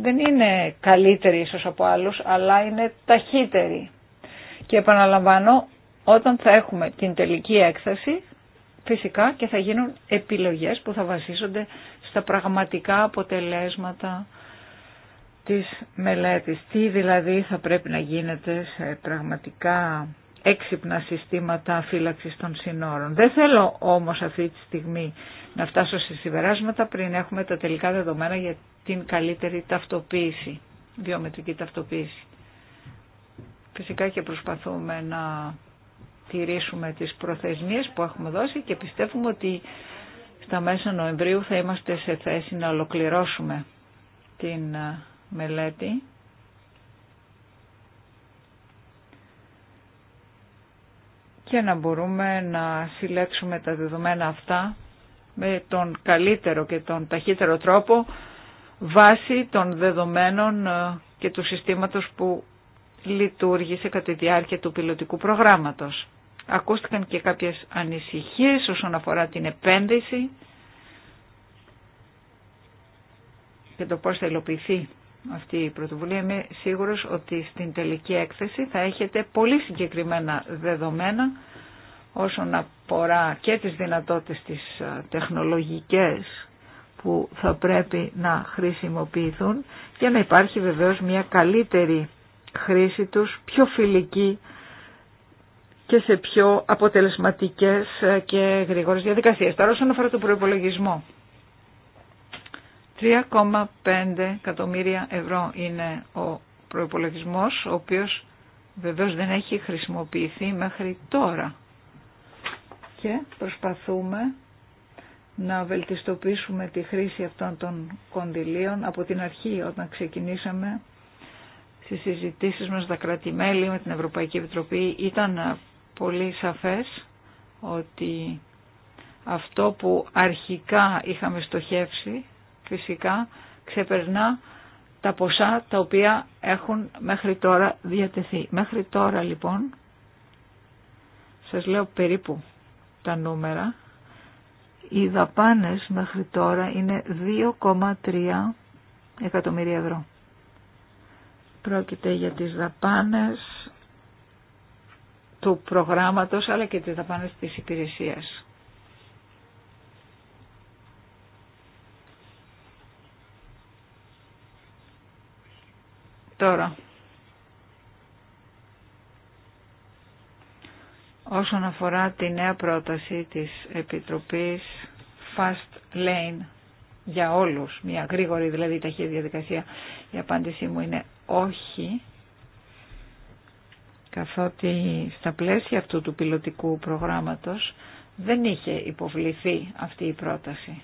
δεν είναι καλύτεροι ίσως από άλλους, αλλά είναι ταχύτεροι. Και επαναλαμβάνω, όταν θα έχουμε την τελική έκθεση, φυσικά και θα γίνουν επιλογές που θα βασίζονται στα πραγματικά αποτελέσματα της μελέτης. Τι δηλαδή θα πρέπει να γίνεται σε πραγματικά έξυπνα συστήματα φύλαξης των συνόρων. Δεν θέλω όμως αυτή τη στιγμή να φτάσω σε συμπεράσματα πριν έχουμε τα τελικά δεδομένα για την καλύτερη ταυτοποίηση, βιομετρική ταυτοποίηση. Φυσικά και προσπαθούμε να τηρήσουμε τις προθεσμίες που έχουμε δώσει και πιστεύουμε ότι στα μέσα Νοεμβρίου θα είμαστε σε θέση να ολοκληρώσουμε την ε, μελέτη. και να μπορούμε να συλλέξουμε τα δεδομένα αυτά με τον καλύτερο και τον ταχύτερο τρόπο βάσει των δεδομένων ε, και του συστήματος που λειτουργήσε κατά τη διάρκεια του πιλωτικού προγράμματος. Ακούστηκαν και κάποιες ανησυχίες όσον αφορά την επένδυση και το πώς θα υλοποιηθεί αυτή η πρωτοβουλία. Είμαι σίγουρος ότι στην τελική έκθεση θα έχετε πολύ συγκεκριμένα δεδομένα όσον αφορά και τις δυνατότητες τις τεχνολογικές που θα πρέπει να χρησιμοποιηθούν για να υπάρχει βεβαίως μια καλύτερη χρήση τους, πιο φιλική και σε πιο αποτελεσματικές και γρήγορες διαδικασίες. Τώρα όσον αφορά τον προϋπολογισμό. 3,5 εκατομμύρια ευρώ είναι ο προϋπολογισμός, ο οποίος βεβαίως δεν έχει χρησιμοποιηθεί μέχρι τώρα. Και προσπαθούμε να βελτιστοποιήσουμε τη χρήση αυτών των κονδυλίων από την αρχή όταν ξεκινήσαμε στις συζητήσεις μας τα κρατημέλη με την Ευρωπαϊκή Επιτροπή ήταν πολύ σαφές ότι αυτό που αρχικά είχαμε στοχεύσει φυσικά ξεπερνά τα ποσά τα οποία έχουν μέχρι τώρα διατεθεί. Μέχρι τώρα λοιπόν, σας λέω περίπου τα νούμερα, οι δαπάνες μέχρι τώρα είναι 2,3 εκατομμύρια ευρώ. Πρόκειται για τις δαπάνες του προγράμματος αλλά και της δαπάνες της υπηρεσίας. Τώρα, όσον αφορά τη νέα πρόταση της Επιτροπής Fast Lane για όλους, μια γρήγορη δηλαδή ταχύτητα διαδικασία, η απάντησή μου είναι όχι καθότι στα πλαίσια αυτού του πιλωτικού προγράμματος δεν είχε υποβληθεί αυτή η πρόταση.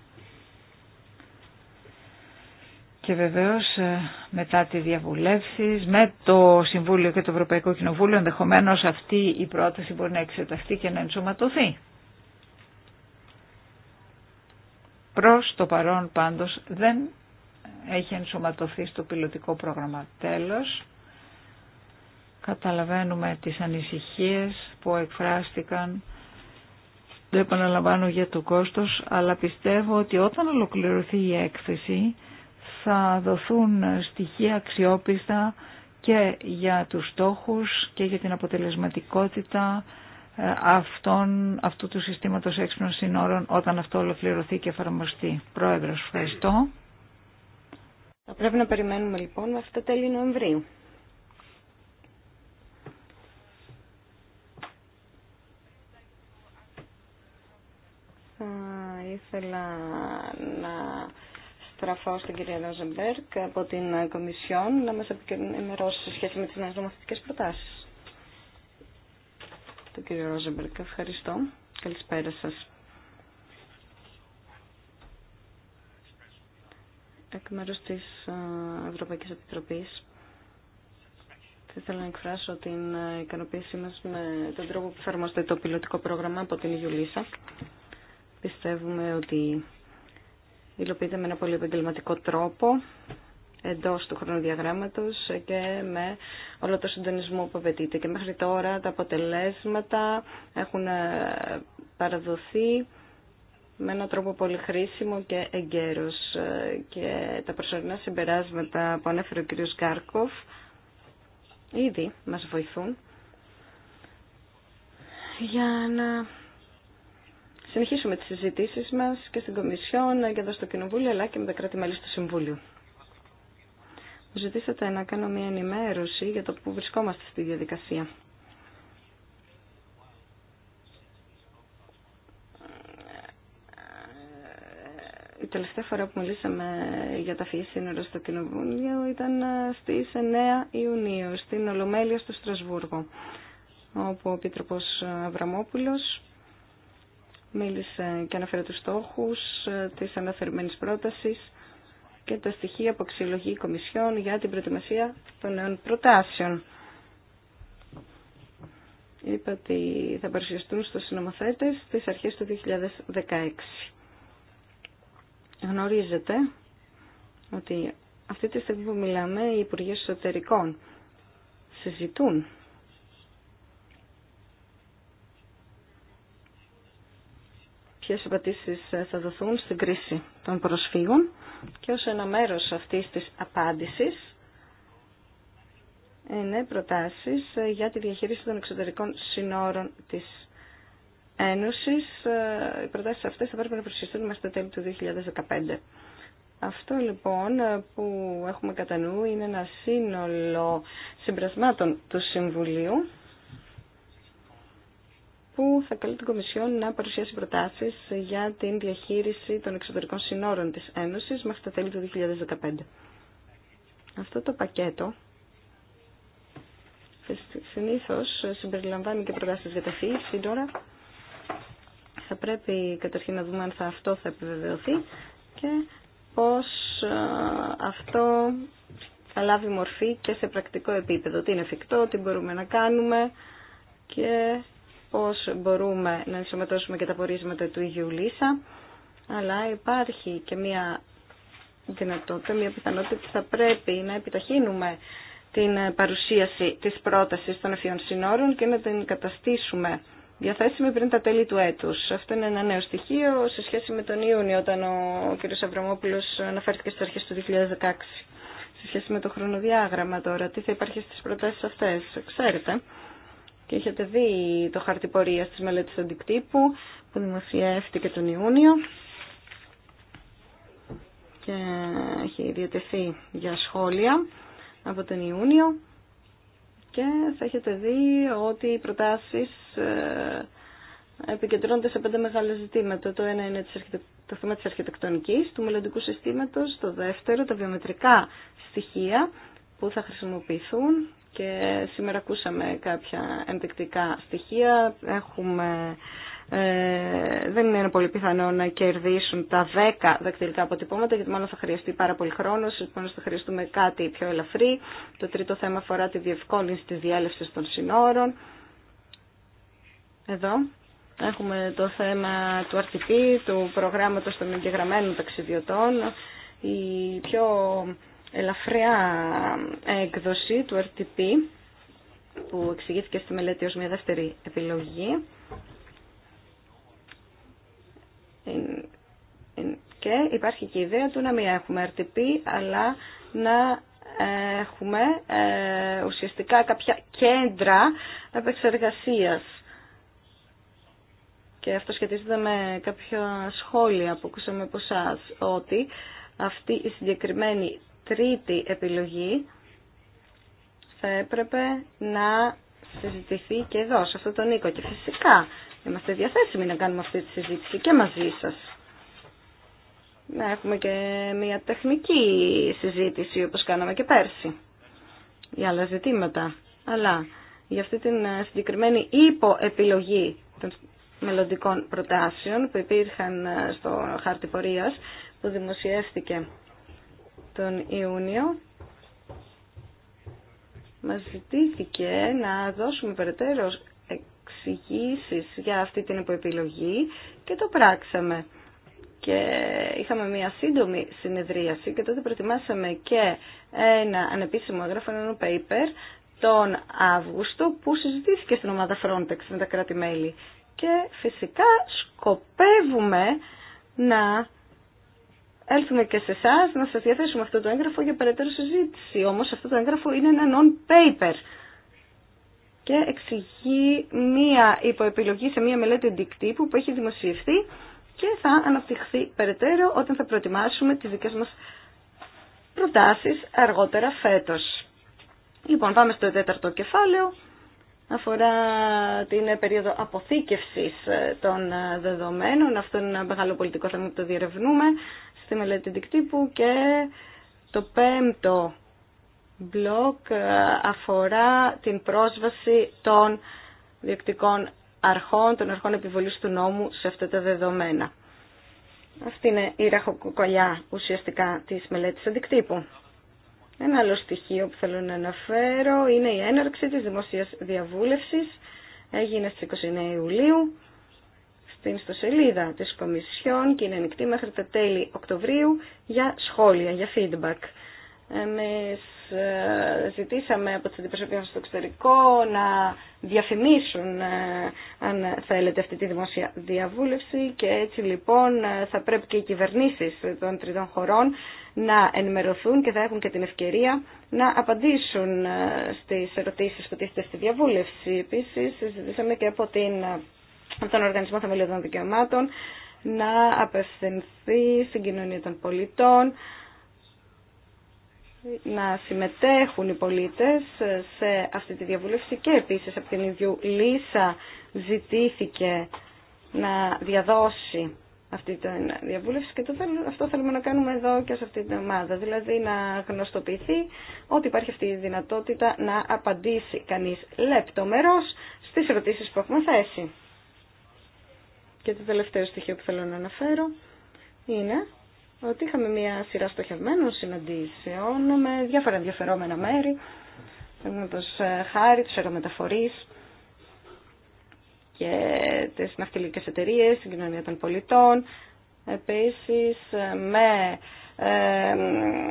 Και βεβαίως ε, μετά τη διαβουλεύσεις με το Συμβούλιο και το Ευρωπαϊκό Κοινοβούλιο ενδεχομένως αυτή η πρόταση μπορεί να εξεταστεί και να ενσωματωθεί. Προς το παρόν πάντως δεν έχει ενσωματωθεί στο πιλωτικό πρόγραμμα. Τέλος, Καταλαβαίνουμε τις ανησυχίες που εκφράστηκαν, δεν επαναλαμβάνω για το κόστος, αλλά πιστεύω ότι όταν ολοκληρωθεί η έκθεση θα δοθούν στοιχεία αξιόπιστα και για τους στόχους και για την αποτελεσματικότητα ε, αυτών, αυτού του συστήματος έξυπνων συνόρων όταν αυτό ολοκληρωθεί και εφαρμοστεί. Πρόεδρος, ευχαριστώ. Θα πρέπει να περιμένουμε λοιπόν μέχρι τέλη Νοεμβρίου. Θα ήθελα να στραφώ στην κύριο Ρόζεμπερκ από την Κομισιόν να μας ενημερώσει σε σχέση με τις νέες νομοθετικές προτάσεις. Το κύριο Ρόζεμπερκ, ευχαριστώ. Καλησπέρα σας. Εκ μέρους της Ευρωπαϊκής Επιτροπής θα ήθελα να εκφράσω την ικανοποίησή μας με τον τρόπο που εφαρμόζεται το πιλωτικό πρόγραμμα από την Ιουλίσα Πιστεύουμε ότι υλοποιείται με ένα πολύ επαγγελματικό τρόπο εντός του χρονοδιαγράμματος και με όλο το συντονισμό που απαιτείται. Και μέχρι τώρα τα αποτελέσματα έχουν ε, παραδοθεί με έναν τρόπο πολύ χρήσιμο και εγκαίρος. Ε, και τα προσωρινά συμπεράσματα που ανέφερε ο κ. Κάρκοφ ήδη μας βοηθούν για να συνεχίσουμε τις συζητήσεις μας και στην Κομισιόν και εδώ στο Κοινοβούλιο αλλά και με τα κράτη-μέλη στο Συμβούλιο. Μου ζητήσατε να κάνω μια ενημέρωση για το που βρισκόμαστε στη διαδικασία. Η τελευταία φορά που μιλήσαμε για τα φύση σύνορα στο Κοινοβούλιο ήταν στις 9 Ιουνίου, στην Ολομέλεια στο Στρασβούργο, όπου ο Επίτροπος Αβραμόπουλος μίλησε και αναφέρεται τους στόχους ε, της αναφερμένης πρότασης και τα στοιχεία από αξιολογή κομισιών για την προετοιμασία των νέων προτάσεων. Είπα ότι θα παρουσιαστούν στους συνομοθέτες στις αρχές του 2016. Γνωρίζετε ότι αυτή τη στιγμή που μιλάμε οι Υπουργοί Εσωτερικών συζητούν ποιες απαντήσει ε, θα δοθούν στην κρίση των προσφύγων και ως ένα μέρος αυτής της απάντησης είναι προτάσεις ε, για τη διαχείριση των εξωτερικών συνόρων της Ένωσης. Ε, οι προτάσεις αυτές θα πρέπει να προσχεστούν μέσα το τέλη του 2015. Αυτό λοιπόν που έχουμε κατά νου είναι ένα σύνολο συμπρασμάτων του Συμβουλίου που θα καλεί την Κομισιόν να παρουσιάσει προτάσει για την διαχείριση των εξωτερικών συνόρων της Ένωσης μέχρι τα τέλη του 2015. Αυτό το πακέτο συνήθω συμπεριλαμβάνει και προτάσεις για τα ΦΥΙ, θα πρέπει καταρχήν να δούμε αν θα αυτό θα επιβεβαιωθεί και πώς ε, αυτό θα λάβει μορφή και σε πρακτικό επίπεδο. Τι είναι εφικτό, τι μπορούμε να κάνουμε και πώς μπορούμε να ενσωματώσουμε και τα πορίσματα του Υγιού αλλά υπάρχει και μια δυνατότητα, μια πιθανότητα ότι θα πρέπει να επιταχύνουμε την παρουσίαση της πρότασης των ευφυών συνόρων και να την καταστήσουμε διαθέσιμη πριν τα τέλη του έτους. Αυτό είναι ένα νέο στοιχείο σε σχέση με τον Ιούνιο όταν ο κ. Αβραμόπουλος αναφέρθηκε στις αρχές του 2016. Σε σχέση με το χρονοδιάγραμμα τώρα, τι θα υπάρχει στις προτάσεις αυτές. Ξέρετε, και έχετε δει το χαρτιπορία πορείας της μελέτης αντικτύπου που δημοσιεύτηκε τον Ιούνιο και έχει διατεθεί για σχόλια από τον Ιούνιο και θα έχετε δει ότι οι προτάσεις ε, επικεντρώνονται σε πέντε μεγάλα ζητήματα. Το ένα είναι το θέμα της αρχιτεκτονικής, του μελλοντικού συστήματος, το δεύτερο τα βιομετρικά στοιχεία που θα χρησιμοποιηθούν και σήμερα ακούσαμε κάποια ενδεικτικά στοιχεία. Έχουμε, ε, δεν είναι πολύ πιθανό να κερδίσουν τα 10 δακτυλικά αποτυπώματα γιατί μόνο θα χρειαστεί πάρα πολύ χρόνο, μόνο θα χρειαστούμε κάτι πιο ελαφρύ. Το τρίτο θέμα αφορά τη διευκόλυνση τη διέλευση των συνόρων. Εδώ έχουμε το θέμα του RTP, του προγράμματος των εγγεγραμμένων ταξιδιωτών. Η πιο ελαφριά έκδοση του RTP που εξηγήθηκε στη μελέτη ως μια δεύτερη επιλογή και υπάρχει και η ιδέα του να μην έχουμε RTP αλλά να έχουμε ε, ουσιαστικά κάποια κέντρα επεξεργασίας και αυτό σχετίζεται με κάποια σχόλια που ακούσαμε από εσά ότι αυτή η συγκεκριμένη τρίτη επιλογή θα έπρεπε να συζητηθεί και εδώ, σε αυτό τον οίκο. Και φυσικά είμαστε διαθέσιμοι να κάνουμε αυτή τη συζήτηση και μαζί σας. Να έχουμε και μια τεχνική συζήτηση όπως κάναμε και πέρσι για άλλα ζητήματα. Αλλά για αυτή την συγκεκριμένη υποεπιλογή των μελλοντικών προτάσεων που υπήρχαν στο χάρτη πορείας που δημοσιεύτηκε τον Ιούνιο μας ζητήθηκε να δώσουμε περαιτέρω εξηγήσει για αυτή την υποεπιλογή και το πράξαμε. Και είχαμε μια σύντομη συνεδρίαση και τότε προετοιμάσαμε και ένα ανεπίσημο έγγραφο, ένα paper, τον Αύγουστο που συζητήθηκε στην ομάδα Frontex με τα κράτη-μέλη. Και φυσικά σκοπεύουμε να έλθουμε και σε εσά να σας διαθέσουμε αυτό το έγγραφο για περαιτέρω συζήτηση. Όμως αυτό το έγγραφο είναι ένα non-paper και εξηγεί μία υποεπιλογή σε μία μελέτη εντυκτύπου που έχει δημοσιευθεί και θα αναπτυχθεί περαιτέρω όταν θα προετοιμάσουμε τις δικές μας προτάσεις αργότερα φέτος. Λοιπόν, πάμε στο τέταρτο κεφάλαιο. Αφορά την περίοδο αποθήκευσης των δεδομένων. Αυτό είναι ένα μεγάλο πολιτικό θέμα που το διερευνούμε στη μελέτη δικτύπου και το πέμπτο μπλοκ ε, αφορά την πρόσβαση των διεκτικών αρχών, των αρχών επιβολής του νόμου σε αυτά τα δεδομένα. Αυτή είναι η ραχοκοκολιά ουσιαστικά της μελέτης αντικτύπου. Ένα άλλο στοιχείο που θέλω να αναφέρω είναι η έναρξη της δημοσίας διαβούλευσης. Έγινε στις 29 Ιουλίου στην ιστοσελίδα της Κομισιόν και είναι ανοιχτή μέχρι τα τέλη Οκτωβρίου για σχόλια, για feedback. Εμείς ε, ζητήσαμε από τις αντιπροσωπείες στο εξωτερικό να διαφημίσουν, ε, αν θέλετε, αυτή τη δημόσια διαβούλευση και έτσι λοιπόν ε, θα πρέπει και οι κυβερνήσεις των τριτών χωρών να ενημερωθούν και θα έχουν και την ευκαιρία να απαντήσουν στις ερωτήσεις που τίθεται στη διαβούλευση. Επίσης, ζητήσαμε και από την από τον Οργανισμό Θεμελιωδών Δικαιωμάτων να απευθυνθεί στην κοινωνία των πολιτών, να συμμετέχουν οι πολίτες σε αυτή τη διαβούλευση και επίσης από την ίδια Λίσα ζητήθηκε να διαδώσει αυτή τη διαβούλευση και το αυτό θέλουμε να κάνουμε εδώ και σε αυτή την ομάδα. Δηλαδή να γνωστοποιηθεί ότι υπάρχει αυτή η δυνατότητα να απαντήσει κανείς λεπτομερώς στις ερωτήσεις που έχουμε θέσει. Και το τελευταίο στοιχείο που θέλω να αναφέρω είναι ότι είχαμε μια σειρά στοχευμένων συναντήσεων με διάφορα ενδιαφερόμενα μέρη, τους ε, χάρη, τους αερομεταφορείς και τις ναυτιλικές εταιρείες, την κοινωνία των πολιτών, επίσης ε, με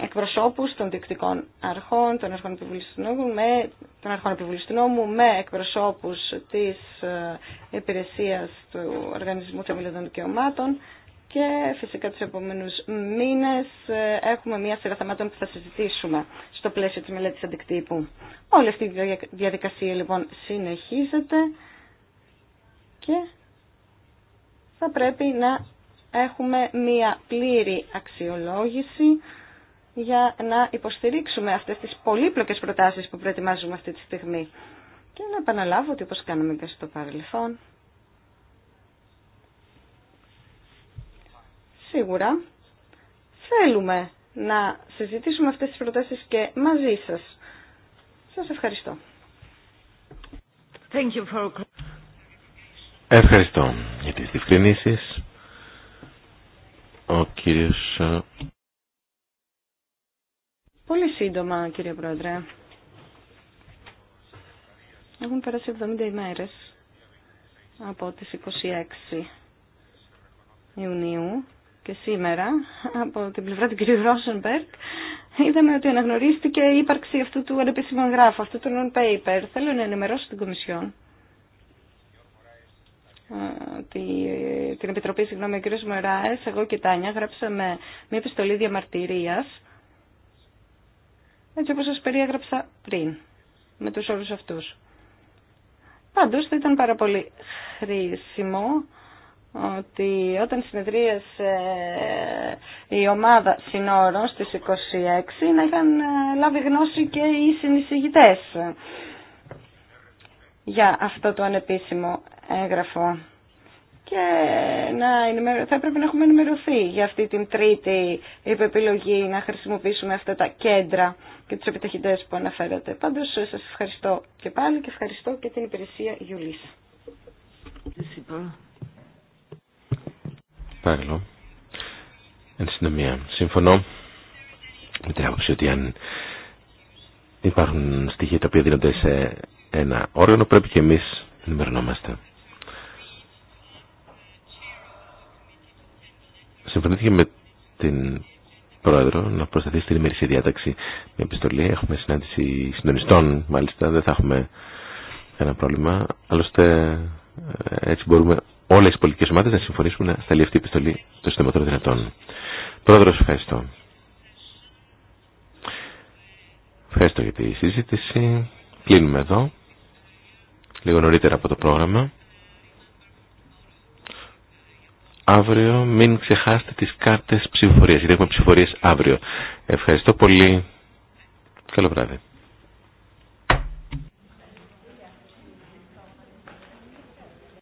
εκπροσώπους των διοικητικών αρχών, των αρχών επιβουλής του νόμου, με, των αρχών επιβουλής του με εκπροσώπους της ε, υπηρεσίας του Οργανισμού Θεμελιωδών Δικαιωμάτων και φυσικά τους επόμενους μήνες ε, έχουμε μία σειρά θεμάτων που θα συζητήσουμε στο πλαίσιο της μελέτης αντικτύπου. Όλη αυτή η διαδικασία λοιπόν συνεχίζεται και θα πρέπει να έχουμε μία πλήρη αξιολόγηση για να υποστηρίξουμε αυτές τις πολύπλοκες προτάσεις που προετοιμάζουμε αυτή τη στιγμή. Και να επαναλάβω ότι όπως κάναμε και στο παρελθόν, σίγουρα θέλουμε να συζητήσουμε αυτές τις προτάσεις και μαζί σας. Σας ευχαριστώ. Thank you for... Ευχαριστώ για τις διευκρινήσεις. Ο κύριος... Ε, Πολύ σύντομα, κύριε Πρόεδρε. Έχουν περάσει 70 ημέρες από τις 26 Ιουνίου και σήμερα από την πλευρά του κυρίου Ρόσενμπεργκ είδαμε ότι αναγνωρίστηκε η ύπαρξη αυτού του ανεπίσημου αυτού του non-paper. Θέλω να ενημερώσω την Κομισιόν την Επιτροπή, συγγνώμη, ο κ. Μωράες, εγώ και Τάνια γράψαμε μια επιστολή διαμαρτυρίας, έτσι όπως σας περιέγραψα πριν, με τους όρους αυτούς. Πάντως θα ήταν πάρα πολύ χρήσιμο ότι όταν συνεδρίασε η ομάδα συνόρων στις 26 να είχαν ε, λάβει γνώση και οι συνεισηγητές για αυτό το ανεπίσημο έγγραφο και να θα έπρεπε να έχουμε ενημερωθεί για αυτή την τρίτη επιλογή να χρησιμοποιήσουμε αυτά τα κέντρα και τους επιταχυντές που αναφέρατε. Πάντως σας ευχαριστώ και πάλι και ευχαριστώ και την υπηρεσία Γιουλής. Παρακαλώ. Εν συντομία, συμφωνώ με την άποψη ότι αν υπάρχουν στοιχεία τα οποία δίνονται σε ένα όργανο πρέπει και εμείς ενημερωνόμαστε. Συμφωνήθηκε με την Πρόεδρο να προσταθεί στην ημερήσια διάταξη μια επιστολή. Έχουμε συνάντηση συντονιστών, μάλιστα, δεν θα έχουμε ένα πρόβλημα. Άλλωστε, ε, έτσι μπορούμε όλε οι πολιτικέ ομάδε να συμφωνήσουμε να σταλεί αυτή η επιστολή το συντομότερο Δυνατών. Πρόεδρο, ευχαριστώ. Ευχαριστώ για τη συζήτηση. Κλείνουμε εδώ. Λίγο νωρίτερα από το πρόγραμμα αύριο μην ξεχάσετε τις κάρτες ψηφοφορίας, γιατί έχουμε ψηφοφορίες αύριο. Ευχαριστώ πολύ. Καλό βράδυ.